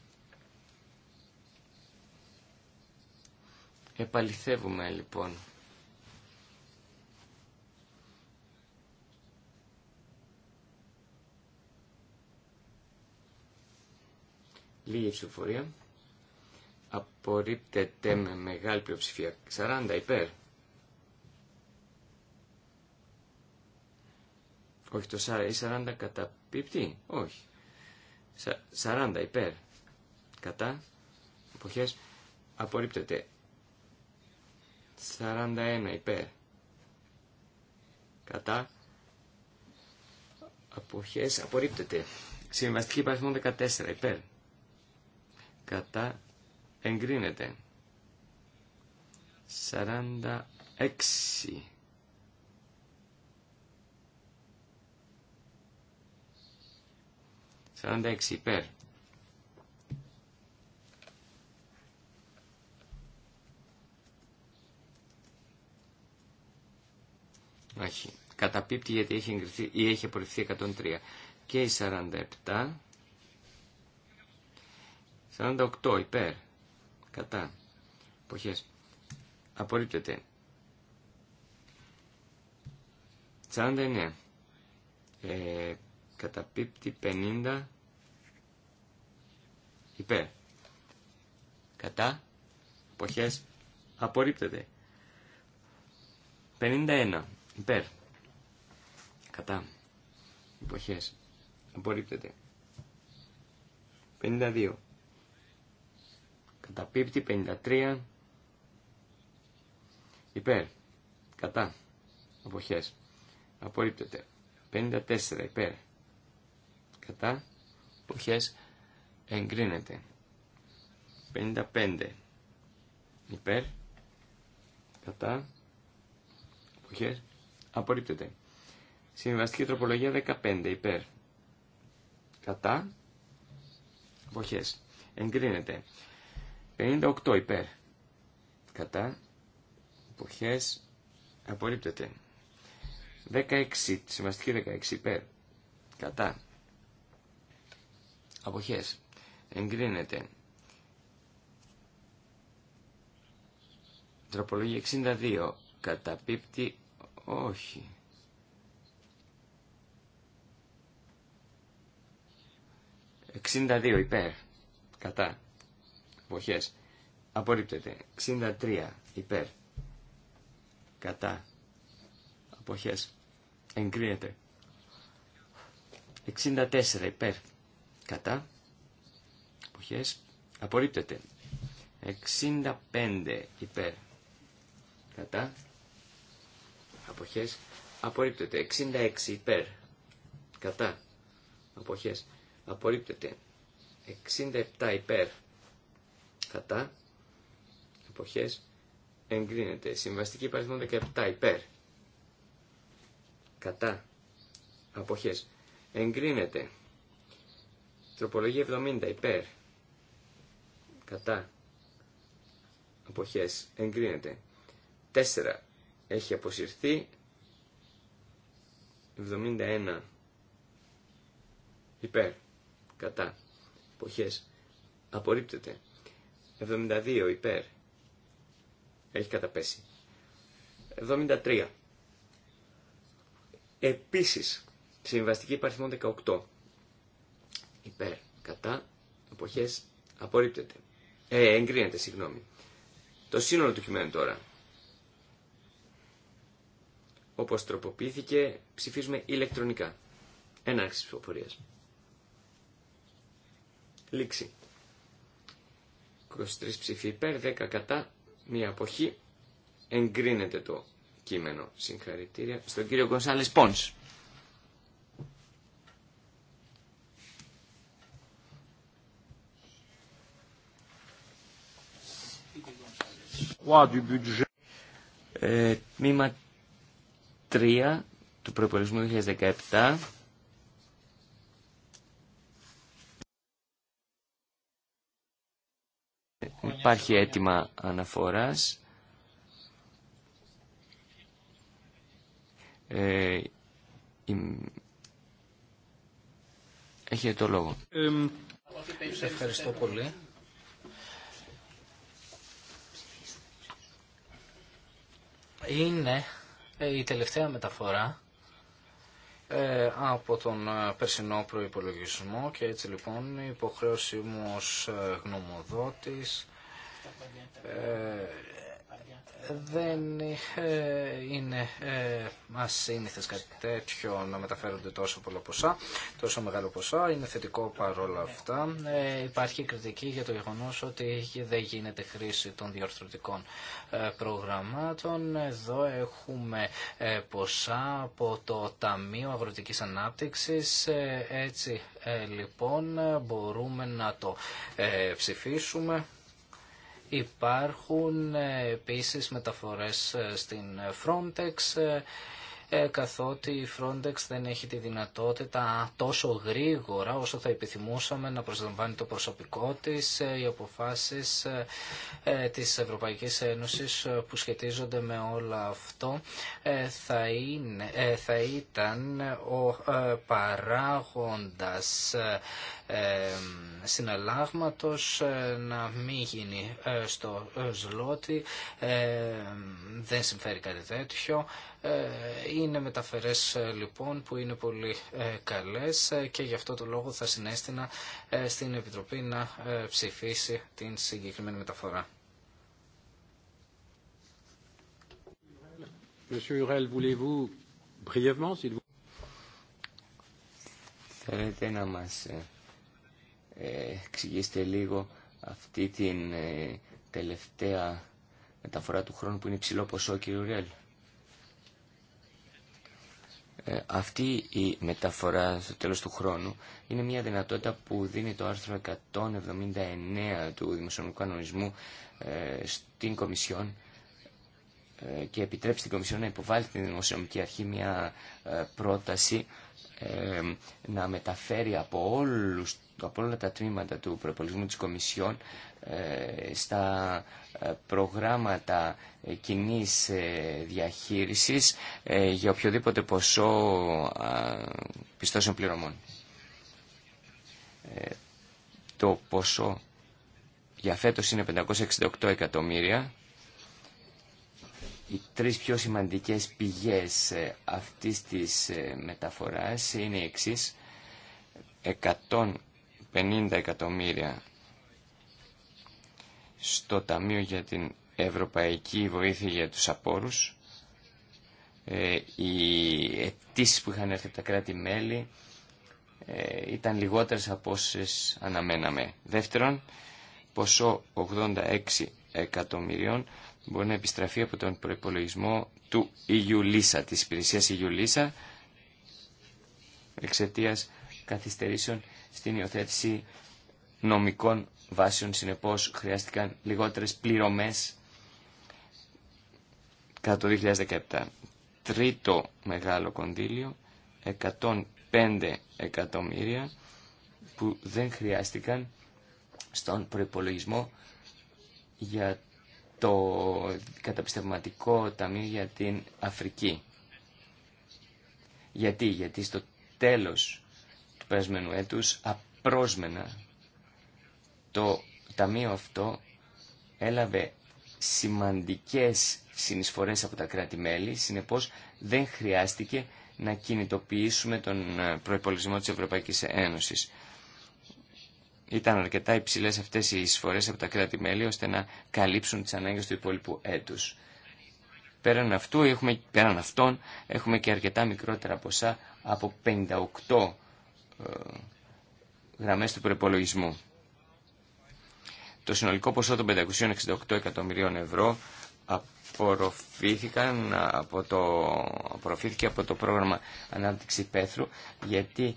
[SPEAKER 2] Επαληθεύουμε λοιπόν. Λίγη ψηφοφορία. Απορρίπτεται με μεγάλη πλειοψηφία. 40 υπέρ. Όχι το 40, η 40 Όχι. 40 υπέρ. Κατά. Εποχές. Απορρίπτεται. 41 υπέρ. Κατά. Αποχές απορρίπτεται. Συμβαστική παριθμό 14 υπέρ. Κατά. Εγκρίνεται. 46. 46 υπέρ. Όχι. Καταπίπτει γιατί έχει εγκριθεί ή έχει απορριφθεί 103. Και η 47. 48 υπέρ. Κατά. Εποχές. Απορρίπτεται. 49. Ε, καταπίπτει 50 υπέρ. Κατά. Εποχές. Απορρίπτεται. 51 Υπέρ. Κατά. Εποχές. Απορρίπτεται. 52. Καταπίπτει 53. Υπέρ. Κατά. Αποχές. Απορρίπτεται. 54. Υπέρ. Κατά. εποχές Εγκρίνεται. 55. Υπέρ. Κατά. εποχές Απορρίπτεται. Συμβαστική τροπολογία 15 υπέρ. Κατά. Αποχές. Εγκρίνεται. 58 υπέρ. Κατά. Αποχές. Απορρίπτεται. 16. Συμβαστική 16 υπέρ. Κατά. Αποχές. Εγκρίνεται. Τροπολογία 62. Καταπίπτει όχι. 62 υπέρ. Κατά. Αποχές. Απορρίπτεται. 63 υπέρ. Κατά. Αποχές. Εγκρίνεται. 64 υπέρ. Κατά. Αποχές. Απορρίπτεται. 65 υπέρ. Κατά αποχές απορρίπτεται 66 υπέρ κατά αποχές απορρίπτεται 67 υπέρ κατά αποχές εγκρίνεται συμβαστική παριθμό 17 υπέρ κατά αποχές εγκρίνεται τροπολογία 70 υπέρ κατά αποχές εγκρίνεται 4 έχει αποσυρθεί 71 υπέρ κατά εποχές απορρίπτεται 72 υπέρ έχει καταπέσει 73 επίσης συμβαστική υπαριθμό 18 υπέρ κατά εποχές απορρίπτεται ε, εγκρίνεται συγγνώμη το σύνολο του κειμένου τώρα Όπω τροποποιήθηκε, ψηφίζουμε ηλεκτρονικά. Έναρξη ψηφοφορίας. Λήξη. 23 ψηφοί υπέρ, 10 κατά, μία αποχή. Εγκρίνεται το κείμενο. Συγχαρητήρια στον κύριο Γκονσάλε Πόνς. Ε, τμήμα 3 του προπολογισμού 2017 Υπάρχει αίτημα αναφοράς. Ε, Έχετε το λόγο.
[SPEAKER 3] Ε, ευχαριστώ πολύ. Είναι ε, η τελευταία μεταφορά ε, από τον ε, περσινό προϋπολογισμό και έτσι λοιπόν η υποχρέωσή μου ως γνωμοδότης δεν ε, είναι ε, ασύνηθε κάτι τέτοιο να μεταφέρονται τόσο πολλά ποσά, τόσο μεγάλο ποσά. Είναι θετικό παρόλα αυτά. Ε, υπάρχει κριτική για το γεγονό ότι δεν γίνεται χρήση των διορθωτικών προγραμμάτων. Εδώ έχουμε ποσά από το Ταμείο Αγροτικής Ανάπτυξης. Έτσι λοιπόν μπορούμε να το ψηφίσουμε Υπάρχουν ε, επίσης μεταφορές ε, στην Frontex ε, καθότι η Frontex δεν έχει τη δυνατότητα τόσο γρήγορα όσο θα επιθυμούσαμε να προσλαμβάνει το προσωπικό της οι αποφάσεις της Ευρωπαϊκής Ένωσης που σχετίζονται με όλα αυτό θα, θα ήταν ο παράγοντας συναλλάγματος ε, να μην γίνει ε, στο ε, ζλότι δεν συμφέρει κάτι τέτοιο είναι μεταφερές λοιπόν που είναι πολύ καλές και γι' αυτό το λόγο θα συνέστηνα στην Επιτροπή να ψηφίσει την συγκεκριμένη μεταφορά.
[SPEAKER 2] Θέλετε να μας εξηγήστε λίγο αυτή την ε, τελευταία μεταφορά του χρόνου που είναι υψηλό ποσό, κύριε Ρέλ. Ε, αυτή η μεταφορά στο τέλος του χρόνου είναι μια δυνατότητα που δίνει το άρθρο 179 του Δημοσιονομικού Κανονισμού ε, στην Κομισιόν και επιτρέπει στην Κομισιόν να υποβάλει την Δημοσιονομική Αρχή μια πρόταση να μεταφέρει από όλους από όλα τα τμήματα του προπολογισμού της Κομισιόν ε, στα ε, προγράμματα ε, κοινή διαχείρισης για οποιοδήποτε ποσό πιστώσεων πληρωμών. Το ποσό για φέτος είναι 568 εκατομμύρια. Οι τρεις πιο σημαντικές πηγές αυτής της μεταφοράς είναι οι εξής. 50 εκατομμύρια στο Ταμείο για την Ευρωπαϊκή Βοήθεια για τους Απόρους. Ε, οι αιτήσει που είχαν έρθει από τα κράτη-μέλη ε, ήταν λιγότερες από όσες αναμέναμε. Δεύτερον, ποσό 86 εκατομμυρίων μπορεί να επιστραφεί από τον προϋπολογισμό του Ιουλίσα, της υπηρεσίας Ιουλίσα, εξαιτίας καθυστερήσεων στην υιοθέτηση νομικών βάσεων. Συνεπώς χρειάστηκαν λιγότερες πληρωμές κατά το 2017. Τρίτο μεγάλο κονδύλιο, 105 εκατομμύρια που δεν χρειάστηκαν στον προϋπολογισμό για το καταπιστευματικό ταμείο για την Αφρική. Γιατί, γιατί στο τέλος περασμένου έτους απρόσμενα το ταμείο αυτό έλαβε σημαντικές συνεισφορές από τα κράτη-μέλη, συνεπώς δεν χρειάστηκε να κινητοποιήσουμε τον ε, προϋπολογισμό της Ευρωπαϊκής Ένωσης. Ήταν αρκετά υψηλές αυτές οι εισφορές από τα κράτη-μέλη ώστε να καλύψουν τις ανάγκες του υπόλοιπου έτους. Πέραν, αυτού, έχουμε, πέραν αυτών έχουμε και αρκετά μικρότερα ποσά από 58 ε, γραμμές του προπολογισμού. Το συνολικό ποσό των 568 εκατομμυρίων ευρώ απορροφήθηκαν από το, απορροφήθηκε από το πρόγραμμα ανάπτυξη πέθρου γιατί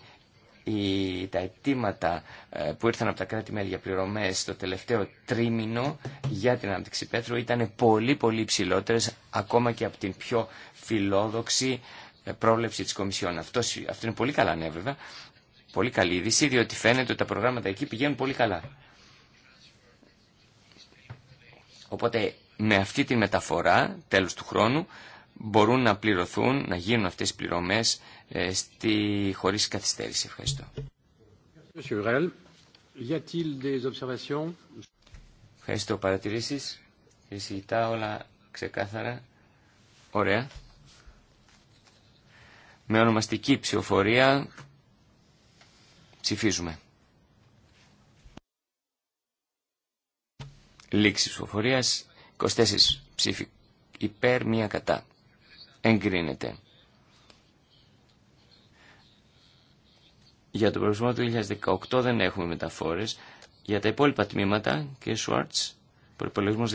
[SPEAKER 2] η, τα αιτήματα ε, που ήρθαν από τα κράτη-μέλη για πληρωμές το τελευταίο τρίμηνο για την ανάπτυξη πέθρου ήταν πολύ πολύ ψηλότερες, ακόμα και από την πιο φιλόδοξη ε, πρόβλεψη της Κομισιόν. Αυτό, αυτό είναι πολύ καλά νέα πολύ καλή είδηση, διότι φαίνεται ότι τα προγράμματα εκεί πηγαίνουν πολύ καλά. Οπότε με αυτή τη μεταφορά, τέλος του χρόνου, μπορούν να πληρωθούν, να γίνουν αυτές οι πληρωμές ε, στη, χωρίς καθυστέρηση. Ευχαριστώ. Ευχαριστώ. Παρατηρήσεις. Συζητά όλα ξεκάθαρα. Ωραία. Με ονομαστική ψηφοφορία Ψηφίζουμε. Λήξη ψηφοφορία. 24 ψήφι. υπέρ, μία κατά. Εγκρίνεται. Για το προορισμό του 2018 δεν έχουμε μεταφόρες. Για τα υπόλοιπα τμήματα, κύριε Σουάρτς, προϋπολογισμός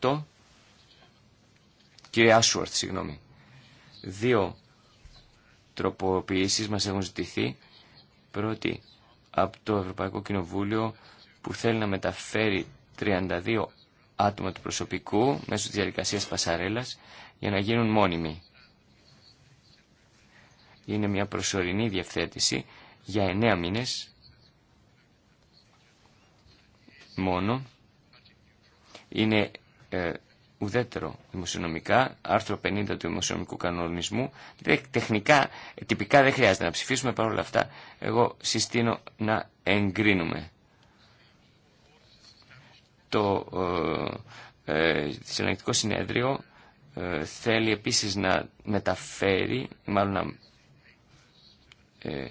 [SPEAKER 2] 2018, κύριε Άσουαρτ, συγγνώμη, δύο τροποποιήσεις μας έχουν ζητηθεί πρώτη από το Ευρωπαϊκό Κοινοβούλιο που θέλει να μεταφέρει 32 άτομα του προσωπικού μέσω της διαδικασίας Πασαρέλας για να γίνουν μόνιμοι. Είναι μια προσωρινή διευθέτηση για 9 μήνες μόνο. Είναι ε, ουδέτερο δημοσιονομικά, άρθρο 50 του δημοσιονομικού κανονισμού. Τεχνικά, τυπικά δεν χρειάζεται να ψηφίσουμε, παρόλα αυτά εγώ συστήνω να εγκρίνουμε το ε, ε, συνέδριο ε, θέλει επίσης να μεταφέρει, μάλλον να ε,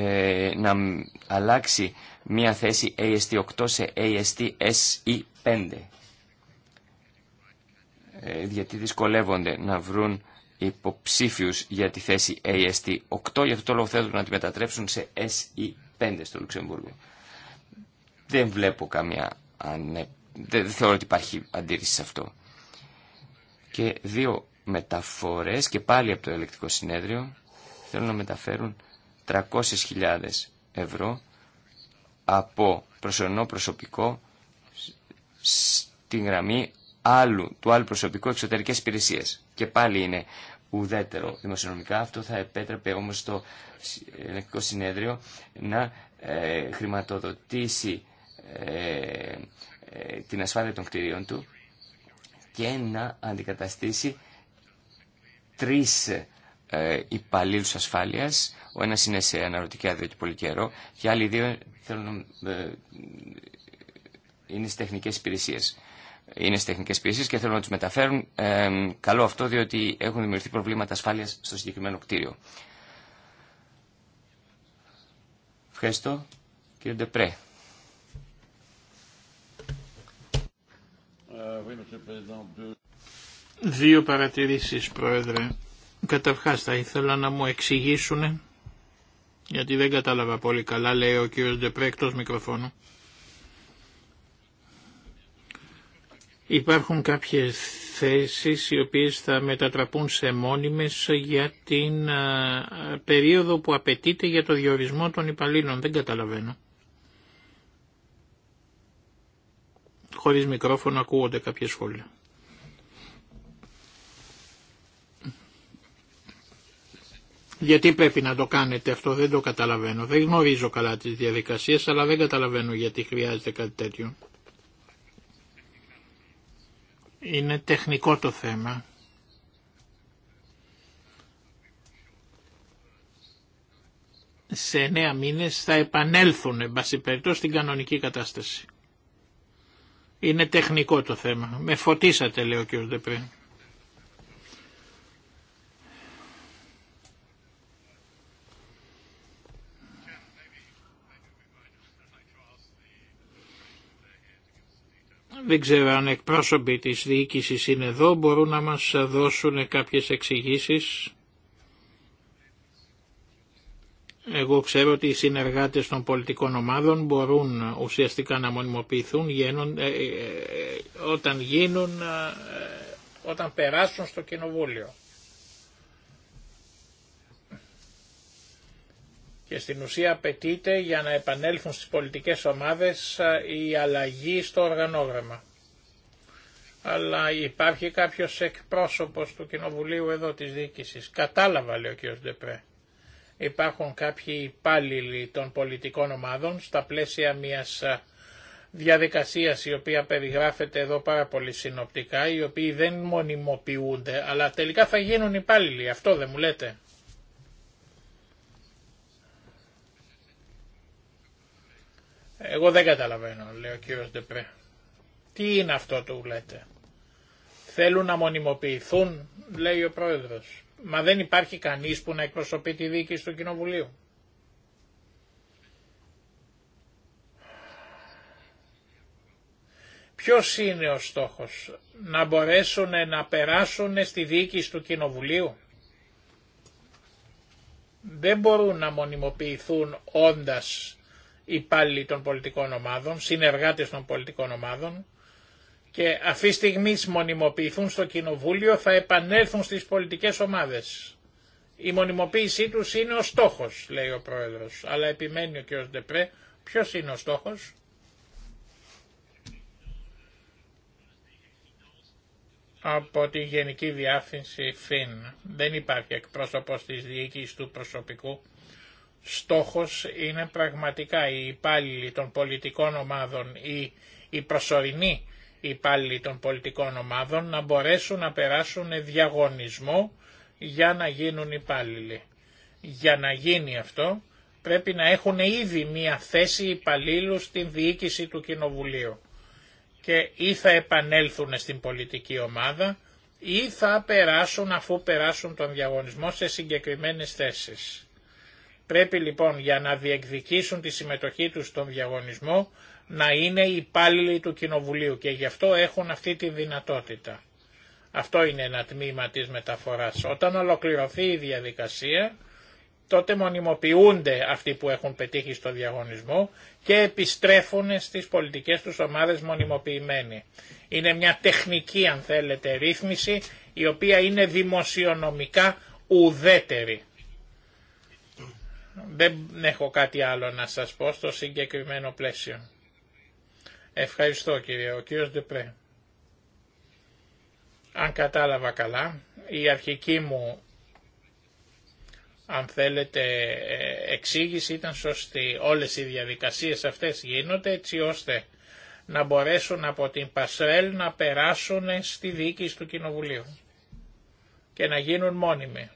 [SPEAKER 2] ε, να αλλάξει μία θέση AST8 σε AST-SE5. Ε, γιατί δυσκολεύονται να βρουν υποψήφιους για τη θέση AST8, γι' αυτό το λόγο θέλουν να τη μετατρέψουν σε SE5 στο Λουξεμβούργο. Δεν βλέπω καμία ανε... δεν θεωρώ ότι υπάρχει αντίρρηση σε αυτό. Και δύο μεταφορές και πάλι από το ελεκτικό συνέδριο θέλουν να μεταφέρουν 300.000 ευρώ από προσωρινό προσωπικό στην γραμμή άλλου, του άλλου προσωπικού εξωτερικές υπηρεσίες. Και πάλι είναι ουδέτερο δημοσιονομικά. Αυτό θα επέτρεπε όμως το Ελεκτικό Συνέδριο να ε, χρηματοδοτήσει ε, ε, την ασφάλεια των κτηρίων του και να αντικαταστήσει τρεις ε, υπαλλήλου ασφάλεια. Ο ένας είναι σε αναρωτική άδεια και πολύ καιρό και άλλοι δύο θέλουν, ε, είναι στι τεχνικέ υπηρεσίε. Είναι στι τεχνικέ υπηρεσίε και θέλουν να του μεταφέρουν. Ε, καλό αυτό διότι έχουν δημιουργηθεί προβλήματα ασφάλεια στο συγκεκριμένο κτίριο. Ευχαριστώ, κύριε Ντεπρέ.
[SPEAKER 4] Ε,
[SPEAKER 1] δύο παρατηρήσεις, Πρόεδρε. Καταρχάς θα ήθελα να μου εξηγήσουν, γιατί δεν κατάλαβα πολύ καλά, λέει ο κύριος Ντεπρέ εκτός μικροφώνου. Υπάρχουν κάποιες θέσεις οι οποίες θα μετατραπούν σε μόνιμες για την περίοδο που απαιτείται για το διορισμό των υπαλλήλων. Δεν καταλαβαίνω. Χωρίς μικρόφωνο ακούγονται κάποια σχόλια. Γιατί πρέπει να το κάνετε αυτό, δεν το καταλαβαίνω. Δεν γνωρίζω καλά τις διαδικασίες, αλλά δεν καταλαβαίνω γιατί χρειάζεται κάτι τέτοιο. Είναι τεχνικό το θέμα. Σε εννέα μήνες θα επανέλθουν, εν πάση περιπτώσει, στην κανονική κατάσταση. Είναι τεχνικό το θέμα. Με φωτίσατε, λέει ο κ. Δεπρέ. Δεν ξέρω αν εκπρόσωποι της διοίκησης είναι εδώ, μπορούν να μας δώσουν κάποιες εξηγήσεις. Εγώ ξέρω ότι οι συνεργάτες των πολιτικών ομάδων μπορούν ουσιαστικά να μονιμοποιηθούν ε, ε, ε, όταν γίνουν, όταν περάσουν στο κοινοβούλιο. Και στην ουσία απαιτείται για να επανέλθουν στις πολιτικές ομάδες η αλλαγή στο οργανόγραμμα. Αλλά υπάρχει κάποιος εκπρόσωπος του Κοινοβουλίου εδώ της διοίκησης. Κατάλαβα, λέει ο κ. Ντεπρέ. Υπάρχουν κάποιοι υπάλληλοι των πολιτικών ομάδων στα πλαίσια μιας διαδικασίας η οποία περιγράφεται εδώ πάρα πολύ συνοπτικά, οι οποίοι δεν μονιμοποιούνται, αλλά τελικά θα γίνουν υπάλληλοι, αυτό δεν μου λέτε. Εγώ δεν καταλαβαίνω, λέει ο κύριος Ντεπρέ. Τι είναι αυτό του λέτε. Θέλουν να μονιμοποιηθούν, λέει ο πρόεδρος. Μα δεν υπάρχει κανείς που να εκπροσωπεί τη διοίκηση του Κοινοβουλίου. Ποιος είναι ο στόχος, να μπορέσουν να περάσουν στη διοίκηση του Κοινοβουλίου. Δεν μπορούν να μονιμοποιηθούν όντας υπάλληλοι των πολιτικών ομάδων, συνεργάτες των πολιτικών ομάδων και αυτή στιγμή μονιμοποιηθούν στο Κοινοβούλιο θα επανέλθουν στις πολιτικές ομάδες. Η μονιμοποίησή τους είναι ο στόχος, λέει ο Πρόεδρος, αλλά επιμένει ο κ. Ντεπρέ ποιος είναι ο στόχος. από τη Γενική Διάθυνση ΦΙΝ. Δεν υπάρχει εκπρόσωπος της διοίκησης του προσωπικού στόχος είναι πραγματικά οι υπάλληλοι των πολιτικών ομάδων ή οι προσωρινοί υπάλληλοι των πολιτικών ομάδων να μπορέσουν να περάσουν διαγωνισμό για να γίνουν υπάλληλοι. Για να γίνει αυτό πρέπει να έχουν ήδη μία θέση υπαλλήλου στην διοίκηση του Κοινοβουλίου και ή θα επανέλθουν στην πολιτική ομάδα ή θα περάσουν αφού περάσουν τον διαγωνισμό σε συγκεκριμένες θέσεις. Πρέπει λοιπόν για να διεκδικήσουν τη συμμετοχή τους στον διαγωνισμό να είναι υπάλληλοι του Κοινοβουλίου και γι' αυτό έχουν αυτή τη δυνατότητα. Αυτό είναι ένα τμήμα της μεταφοράς. Όταν ολοκληρωθεί η διαδικασία, τότε μονιμοποιούνται αυτοί που έχουν πετύχει στο διαγωνισμό και επιστρέφουν στις πολιτικές τους ομάδες μονιμοποιημένοι. Είναι μια τεχνική, αν θέλετε, ρύθμιση, η οποία είναι δημοσιονομικά ουδέτερη. Δεν έχω κάτι άλλο να σας πω στο συγκεκριμένο πλαίσιο. Ευχαριστώ κύριε. Ο κύριος Ντεπρέ. Αν κατάλαβα καλά, η αρχική μου, αν θέλετε, εξήγηση ήταν σωστή. Όλες οι διαδικασίες αυτές γίνονται έτσι ώστε να μπορέσουν από την Πασρέλ να περάσουν στη δίκη του Κοινοβουλίου και να γίνουν μόνιμοι.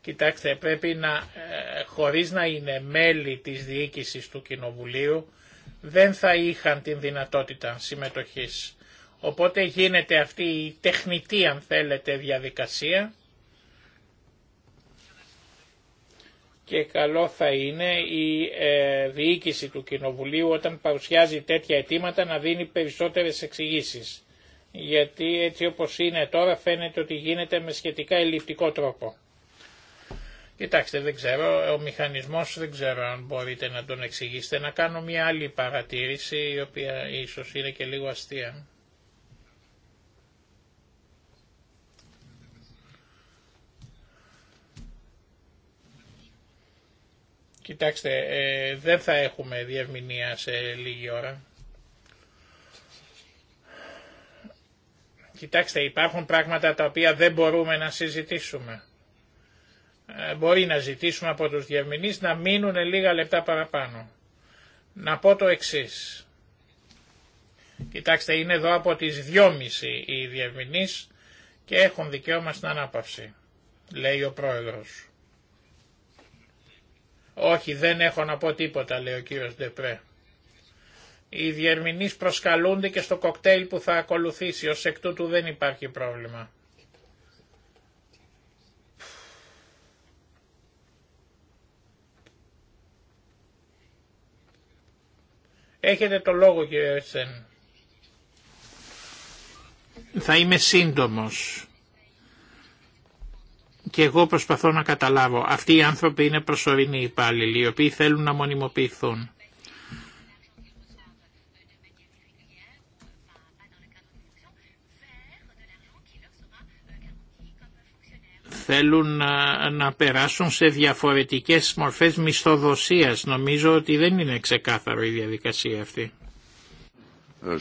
[SPEAKER 1] Κοιτάξτε, πρέπει να, ε, χωρίς να είναι μέλη της διοίκησης του Κοινοβουλίου, δεν θα είχαν την δυνατότητα συμμετοχής. Οπότε γίνεται αυτή η τεχνητή, αν θέλετε, διαδικασία και καλό θα είναι η ε, διοίκηση του Κοινοβουλίου όταν παρουσιάζει τέτοια αιτήματα να δίνει περισσότερες εξηγήσει. Γιατί έτσι όπως είναι τώρα φαίνεται ότι γίνεται με σχετικά ελλειπτικό τρόπο. Κοιτάξτε, δεν ξέρω, ο μηχανισμός δεν ξέρω αν μπορείτε να τον εξηγήσετε. Να κάνω μια άλλη παρατήρηση, η οποία ίσως είναι και λίγο αστεία. Κοιτάξτε, ε, δεν θα έχουμε διευμηνία σε λίγη ώρα. Κοιτάξτε, υπάρχουν πράγματα τα οποία δεν μπορούμε να συζητήσουμε. Ε, μπορεί να ζητήσουμε από τους διευμηνείς να μείνουν λίγα λεπτά παραπάνω. Να πω το εξής. Κοιτάξτε, είναι εδώ από τις δυόμιση οι διευμηνείς και έχουν δικαίωμα στην ανάπαυση, λέει ο πρόεδρος. Όχι, δεν έχω να πω τίποτα, λέει ο κύριος Ντεπρέ. Οι διερμηνείς προσκαλούνται και στο κοκτέιλ που θα ακολουθήσει, ως εκ τούτου δεν υπάρχει πρόβλημα. Έχετε το λόγο κύριε Ερσέν. Θα είμαι σύντομος. Και εγώ προσπαθώ να καταλάβω. Αυτοί οι άνθρωποι είναι προσωρινοί υπάλληλοι, οι οποίοι θέλουν να μονιμοποιηθούν. θέλουν να, περάσουν σε διαφορετικές μορφές μισθοδοσίας. Νομίζω ότι δεν είναι ξεκάθαρο η διαδικασία αυτή. Ε,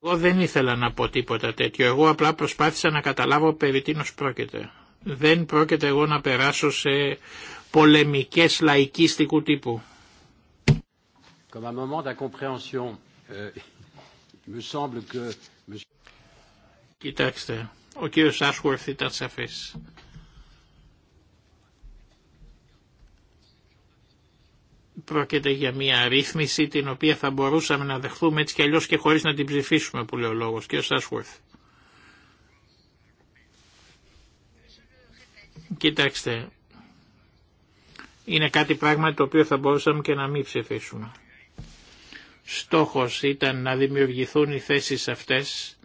[SPEAKER 1] εγώ δεν ήθελα να πω τίποτα τέτοιο. Εγώ απλά προσπάθησα να καταλάβω περί τίνος πρόκειται. Δεν πρόκειται εγώ να περάσω σε πολεμικές λαϊκίστικου τύπου.
[SPEAKER 4] Euh, Κοιτάξτε,
[SPEAKER 1] ο κύριος Σάσχουερθ ήταν σαφής. Πρόκειται για μια ρύθμιση την οποία θα μπορούσαμε να δεχθούμε έτσι κι αλλιώς και χωρίς να την ψηφίσουμε που λέει ο λόγος. Κύριος Σάσχουερθ. Κοιτάξτε, είναι κάτι πράγμα το οποίο θα μπορούσαμε και να μην ψηφίσουμε. Στόχος ήταν να δημιουργηθούν οι θέσεις αυτές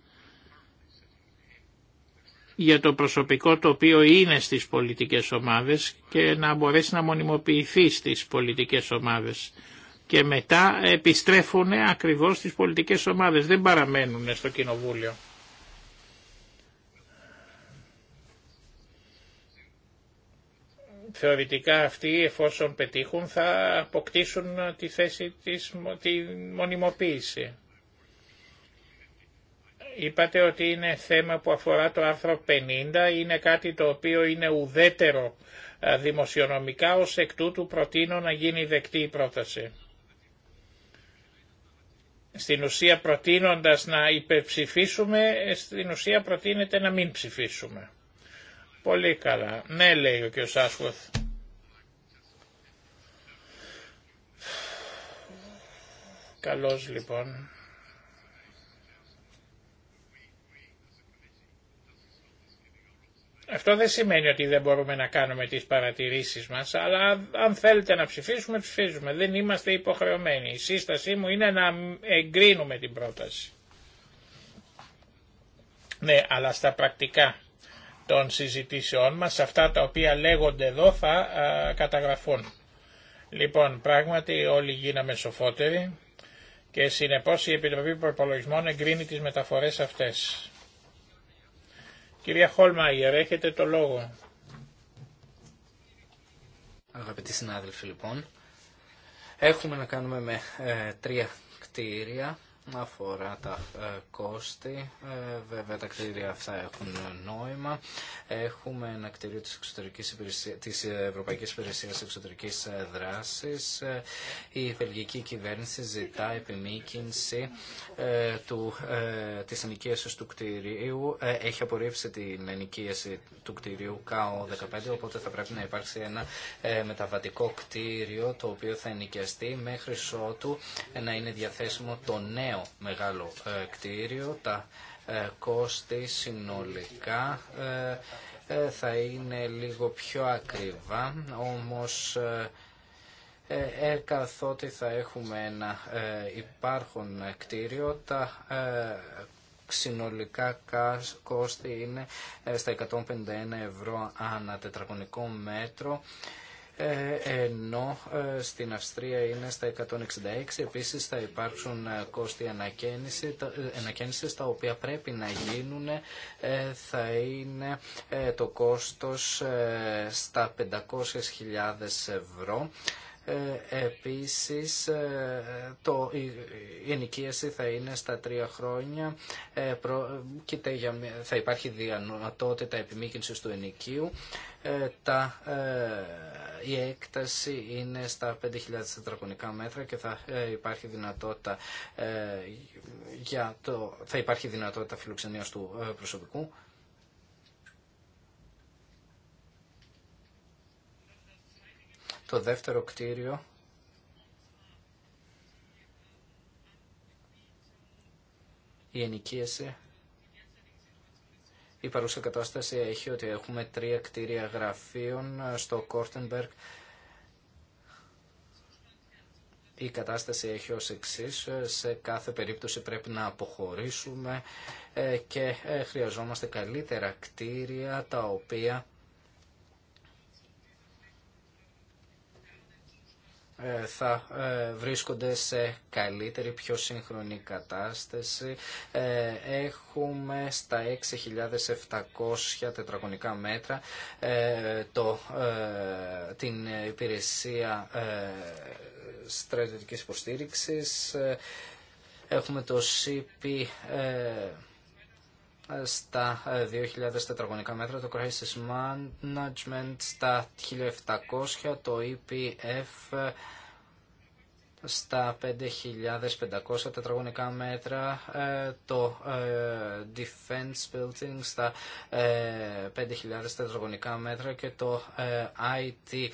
[SPEAKER 1] για το προσωπικό το οποίο είναι στις πολιτικές ομάδες και να μπορέσει να μονιμοποιηθεί στις πολιτικές ομάδες. Και μετά επιστρέφουν ακριβώς στις πολιτικές ομάδες, δεν παραμένουν στο κοινοβούλιο. θεωρητικά αυτοί εφόσον πετύχουν θα αποκτήσουν τη θέση της, τη μονιμοποίηση. Είπατε ότι είναι θέμα που αφορά το άρθρο 50, είναι κάτι το οποίο είναι ουδέτερο δημοσιονομικά, ως εκ τούτου προτείνω να γίνει δεκτή η πρόταση. Στην ουσία προτείνοντας να υπερψηφίσουμε, στην ουσία προτείνεται να μην ψηφίσουμε. Πολύ καλά. Ναι, λέει ο κ. Σάσχοθ. Καλώς λοιπόν. Αυτό δεν σημαίνει ότι δεν μπορούμε να κάνουμε τις παρατηρήσεις μας, αλλά αν θέλετε να ψηφίσουμε, ψηφίζουμε. Δεν είμαστε υποχρεωμένοι. Η σύστασή μου είναι να εγκρίνουμε την πρόταση. Ναι, αλλά στα πρακτικά των συζητήσεών μας, αυτά τα οποία λέγονται εδώ θα καταγραφούν. Λοιπόν, πράγματι όλοι γίναμε σοφότεροι και συνεπώς η Επιτροπή Προπολογισμών εγκρίνει τις μεταφορές αυτές. Κυρία Χόλμαγερ, έχετε το λόγο.
[SPEAKER 3] Αγαπητοί συνάδελφοι, λοιπόν, έχουμε να κάνουμε με ε, τρία κτίρια αφορά τα ε, κόστη. Ε, βέβαια τα κτίρια αυτά έχουν νόημα. Έχουμε ένα κτίριο της, εξωτερικής Υπηρεσία της Ευρωπαϊκής Υπηρεσίας Εξωτερικής ε, Δράσης. Η βελγική κυβέρνηση ζητά επιμήκυνση του, της ενοικίασης του κτίριου. έχει απορρίψει την ενοικίαση του κτίριου ΚΑΟ 15, οπότε θα πρέπει να υπάρξει ένα μεταβατικό κτίριο το οποίο θα ενοικιαστεί μέχρι ότου να είναι διαθέσιμο το νέο νέο μεγάλο ε, κτίριο. Τα ε, κόστη συνολικά ε, θα είναι λίγο πιο ακριβά, όμως ε, καθότι θα έχουμε ένα υπάρχον κτίριο, τα συνολικά κόστη είναι στα 151 ευρώ ανά τετραγωνικό μέτρο ε, ενώ ε, στην Αυστρία είναι στα 166. Επίσης θα υπάρξουν ε, κόστη ανακαίνιση τα οποία πρέπει να γίνουν θα είναι το κόστος στα 500.000 ευρώ. Επίσης το, η ενοικίαση θα είναι στα τρία χρόνια. θα υπάρχει δυνατότητα επιμήκυνσης του ενοικίου. τα η έκταση είναι στα 5.000 τετραγωνικά μέτρα και θα ε, υπάρχει δυνατότητα ε, για το, θα υπάρχει δυνατότητα φιλοξενίας του ε, προσωπικού. Το δεύτερο κτίριο η ενοικίαση η παρούσα κατάσταση έχει ότι έχουμε τρία κτίρια γραφείων ε, στο Κόρτενμπεργκ. Η κατάσταση έχει ως εξής, ε, σε κάθε περίπτωση πρέπει να αποχωρήσουμε ε, και χρειαζόμαστε καλύτερα κτίρια τα οποία Ε, θα ε, βρίσκονται σε καλύτερη, πιο σύγχρονη κατάσταση. Ε, έχουμε στα 6.700 τετραγωνικά μέτρα το, την υπηρεσία στρατιωτικής υποστήριξης. Έχουμε το CP στα 2.000 ε, τετραγωνικά μέτρα, το Crisis Management στα 1.700, το EPF στα 5.500 τετραγωνικά μέτρα, ε, το ε, Defense Building στα 5.000 ε, τετραγωνικά μέτρα και το IT,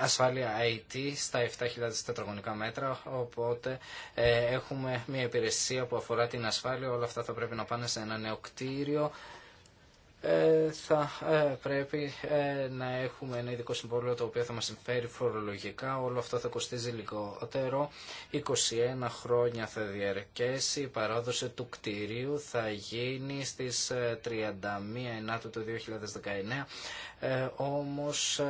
[SPEAKER 3] ασφάλεια IT στα 7.000 τετραγωνικά μέτρα. Οπότε έχουμε μια υπηρεσία που αφορά την ασφάλεια. Όλα αυτά θα πρέπει να πάνε σε ένα νέο κτίριο. Ε, θα ε, πρέπει ε, να έχουμε ένα ειδικό συμβόλαιο το οποίο θα μας συμφέρει φορολογικά. Όλο αυτό θα κοστίζει λιγότερο. 21 χρόνια θα διαρκέσει. Η παράδοση του κτηρίου θα γίνει στις 31 Ιανουαρίου του 2019. Όμως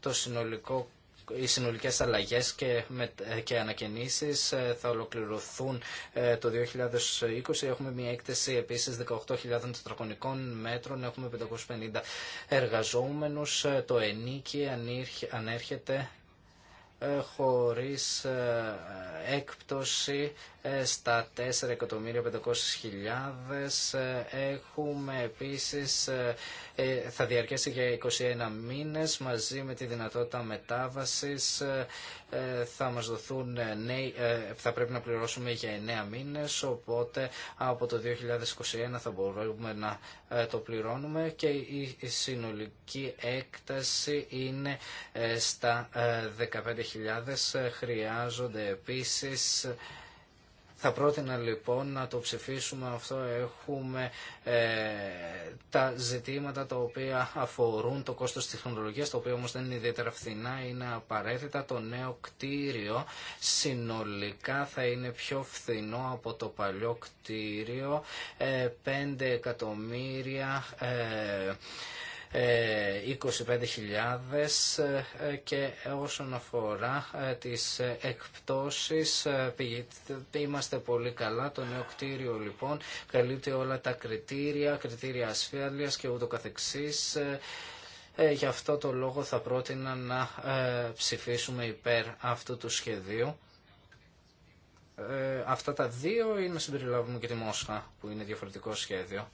[SPEAKER 3] το συνολικό οι συνολικές αλλαγές και, με, ε, και ανακαινήσεις ε, θα ολοκληρωθούν ε, το 2020. Έχουμε μια έκθεση επίσης 18.000 τετραγωνικών μέτρων, έχουμε 550 εργαζόμενους. Το ενίκη ανέρχεται χωρίς έκπτωση ε, στα 4.500.000 ε, έχουμε επίσης ε, θα διαρκέσει για 21 μήνες μαζί με τη δυνατότητα μετάβασης θα μας δοθούν θα πρέπει να πληρώσουμε για 9 μήνες οπότε από το 2021 θα μπορούμε να το πληρώνουμε και η συνολική έκταση είναι στα 15.000 χρειάζονται επίσης θα πρότεινα λοιπόν να το ψηφίσουμε αυτό. Έχουμε ε, τα ζητήματα τα οποία αφορούν το κόστος της τεχνολογίας, το οποίο όμω δεν είναι ιδιαίτερα φθηνά, είναι απαραίτητα. Το νέο κτίριο συνολικά θα είναι πιο φθηνό από το παλιό κτίριο. 5 ε, εκατομμύρια... Ε, 25.000 ε, ε, και όσον αφορά ε, τις εκπτώσεις είμαστε πολύ καλά. Το νέο κτίριο λοιπόν καλύπτει όλα τα κριτήρια, κριτήρια ασφάλειας και ούτω καθεξής. Γι' αυτό το λόγο θα πρότεινα να ψηφίσουμε υπέρ αυτού του σχεδίου. Αυτά τα δύο είναι συμπεριλάβουμε και τη Μόσχα που είναι διαφορετικό σχέδιο.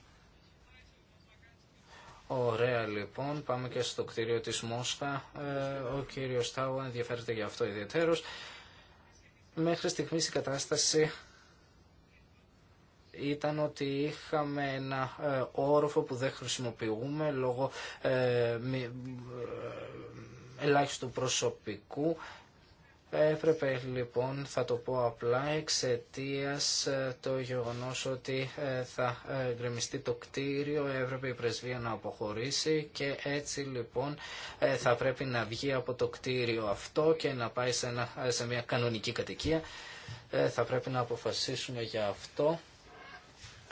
[SPEAKER 3] Ωραία λοιπόν, πάμε και στο κτίριο της Μόσχα. Ε, ο κύριος Τάου ενδιαφέρεται για αυτό ιδιαίτερος. Μέχρι στιγμής η κατάσταση ήταν ότι είχαμε ένα ε, όροφο που δεν χρησιμοποιούμε λόγω ε, ελάχιστου προσωπικού έπρεπε λοιπόν, θα το πω απλά, εξαιτία ε, το γεγονό ότι ε, θα ε, γκρεμιστεί το κτίριο, έπρεπε η πρεσβεία να αποχωρήσει και έτσι λοιπόν θα πρέπει να βγει από το κτίριο αυτό και να πάει σε, σε μια κανονική κατοικία. Θα πρέπει να αποφασίσουμε για αυτό.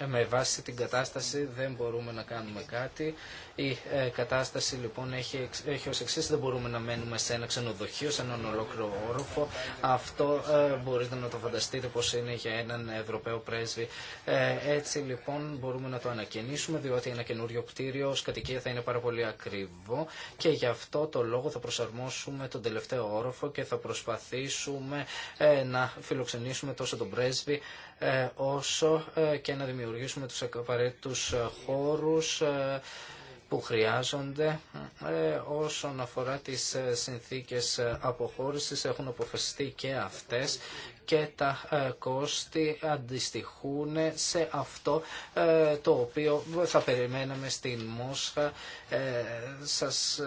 [SPEAKER 3] Ε, με βάση την κατάσταση δεν μπορούμε να κάνουμε κάτι. Η ε, κατάσταση λοιπόν έχει, έχει ως εξής, δεν μπορούμε να μένουμε σε ένα ξενοδοχείο, σε έναν ολόκληρο όροφο. Αυτό ε, μπορείτε να το φανταστείτε πως είναι για έναν Ευρωπαίο πρέσβη. έτσι λοιπόν μπορούμε να το ανακαινήσουμε, διότι ένα καινούριο κτίριο ως κατοικία θα είναι πάρα πολύ ακριβό και γι' αυτό το λόγο θα προσαρμόσουμε τον τελευταίο όροφο και θα προσπαθήσουμε να φιλοξενήσουμε τόσο τον πρέσβη όσο και να δημιουργήσουμε δημιουργήσουμε τους απαραίτητους ε, χώρους ε, που χρειάζονται ε, όσον αφορά τις ε, συνθήκες ε, αποχώρησης έχουν αποφασιστεί και αυτές και τα κόστη αντιστοιχούν σε αυτό το οποίο θα περιμέναμε στην Μόσχα. Σας,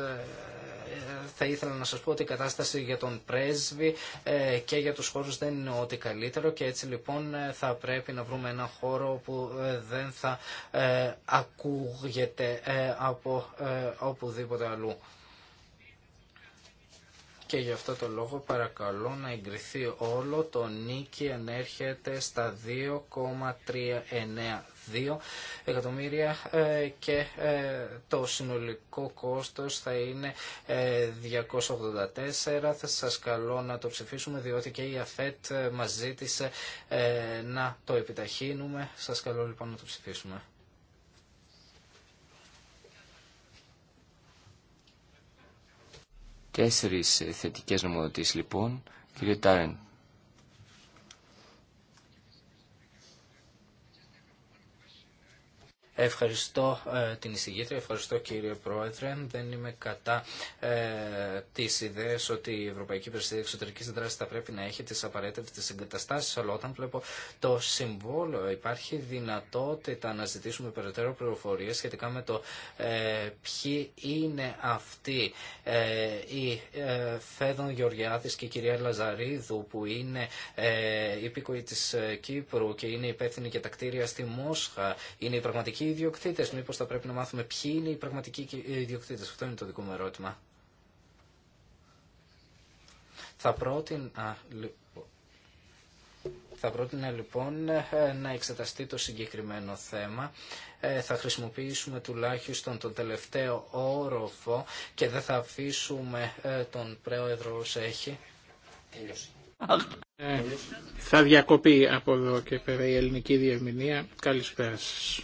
[SPEAKER 3] θα ήθελα να σας πω ότι η κατάσταση για τον πρέσβη και για τους χώρους δεν είναι ό,τι καλύτερο και έτσι λοιπόν θα πρέπει να βρούμε ένα χώρο που δεν θα ακούγεται από ε, οπουδήποτε αλλού. Και γι' αυτό το λόγο παρακαλώ να εγκριθεί όλο το νίκη ενέρχεται στα 2,392 εκατομμύρια ε, και ε, το συνολικό κόστος θα είναι 284. Θα σας καλώ να το ψηφίσουμε διότι και η ΑΦΕΤ μας ζήτησε να το επιταχύνουμε. Σας καλώ λοιπόν να το ψηφίσουμε.
[SPEAKER 2] Τέσσερις θετικές νομοδοτήσεις λοιπόν. Κύριε Τάρεν,
[SPEAKER 3] Ευχαριστώ ε, την εισηγήτρια, ευχαριστώ κύριε Πρόεδρε. Δεν είμαι κατά ε, τι ιδέε ότι η Ευρωπαϊκή Υπηρεσία Εξωτερική Δράση θα πρέπει να έχει τι απαραίτητε τι εγκαταστάσει, αλλά όταν βλέπω το συμβόλαιο υπάρχει δυνατότητα να ζητήσουμε περαιτέρω πληροφορίε σχετικά με το ε, ποιοι είναι αυτοί ε, οι ε, Φέδων Γεωργιάδης και η κυρία Λαζαρίδου που είναι ε, υπήκοοι της ε, Κύπρου και είναι υπεύθυνοι για τα κτίρια στη Μόσχα, είναι η πραγματική Μήπω Μήπως θα πρέπει να μάθουμε ποιοι είναι οι πραγματικοί ε, ιδιοκτήτε. Αυτό είναι το δικό μου ερώτημα. Θα πρότεινα, θα πρότεινα λοιπόν ε, να εξεταστεί το συγκεκριμένο θέμα. Ε, θα χρησιμοποιήσουμε τουλάχιστον τον τελευταίο όροφο και δεν θα αφήσουμε τον πρόεδρο όσο έχει.
[SPEAKER 1] θα διακοπεί από εδώ και πέρα η ελληνική διευμηνία. Καλησπέρα σας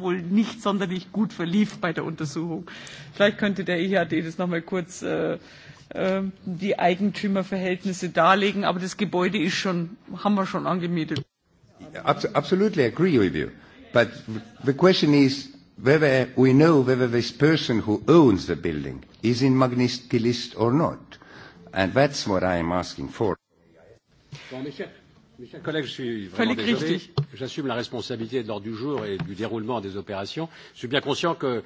[SPEAKER 2] wohl nicht sonderlich gut verlief bei der Untersuchung. Vielleicht könnte der EHD das noch mal kurz die Eigentümerverhältnisse darlegen, aber das Gebäude ist schon, haben wir schon angemietet.
[SPEAKER 4] Absolutely agree with you. But the question is whether we know whether this person who owns the building is in Magnitsky list or not. And that's what I am asking for. Mes collègues, je suis vraiment désolé. J'assume la responsabilité de l'ordre du jour et du déroulement des opérations. Je suis bien conscient que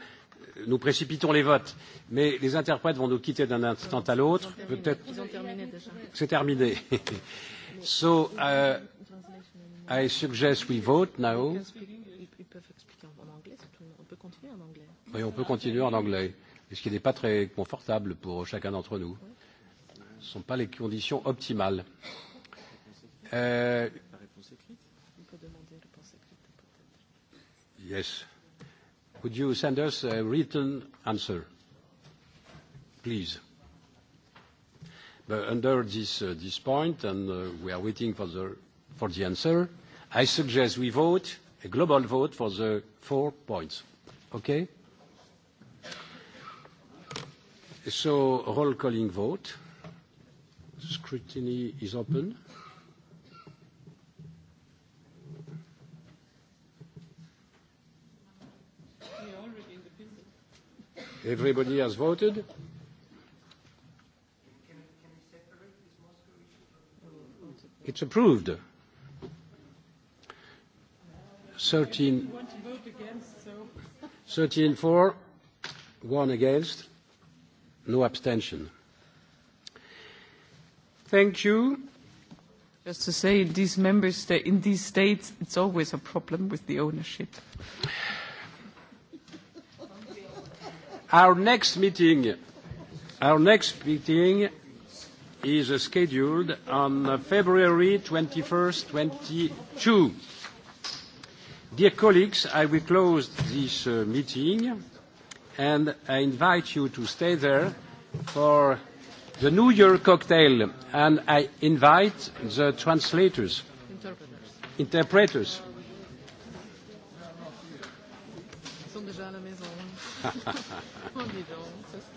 [SPEAKER 4] nous précipitons les votes, mais les interprètes vont nous quitter d'un instant à l'autre. Peut-être. C'est terminé. So, I suggest we vote now.
[SPEAKER 3] Oui, on peut continuer en
[SPEAKER 4] anglais, ce qui n'est pas très confortable pour chacun d'entre nous. Ce ne sont pas les conditions optimales
[SPEAKER 2] yes.
[SPEAKER 4] Could you send us a written answer, please? under this, this point, and we are waiting for the, for the answer, I suggest we vote, a global vote for the four points. Okay? So roll calling vote. Scrutiny is open. Everybody has voted? It's approved. 13 for, 1 against, no abstention. Thank you. Just to
[SPEAKER 3] say, these members in these states, it's always a problem with the ownership.
[SPEAKER 4] Our next meeting, is scheduled on February 21st, 22. Dear colleagues, I will close this meeting and I invite you to stay there for the New Year cocktail and I invite the translators, interpreters.
[SPEAKER 3] Oh, dis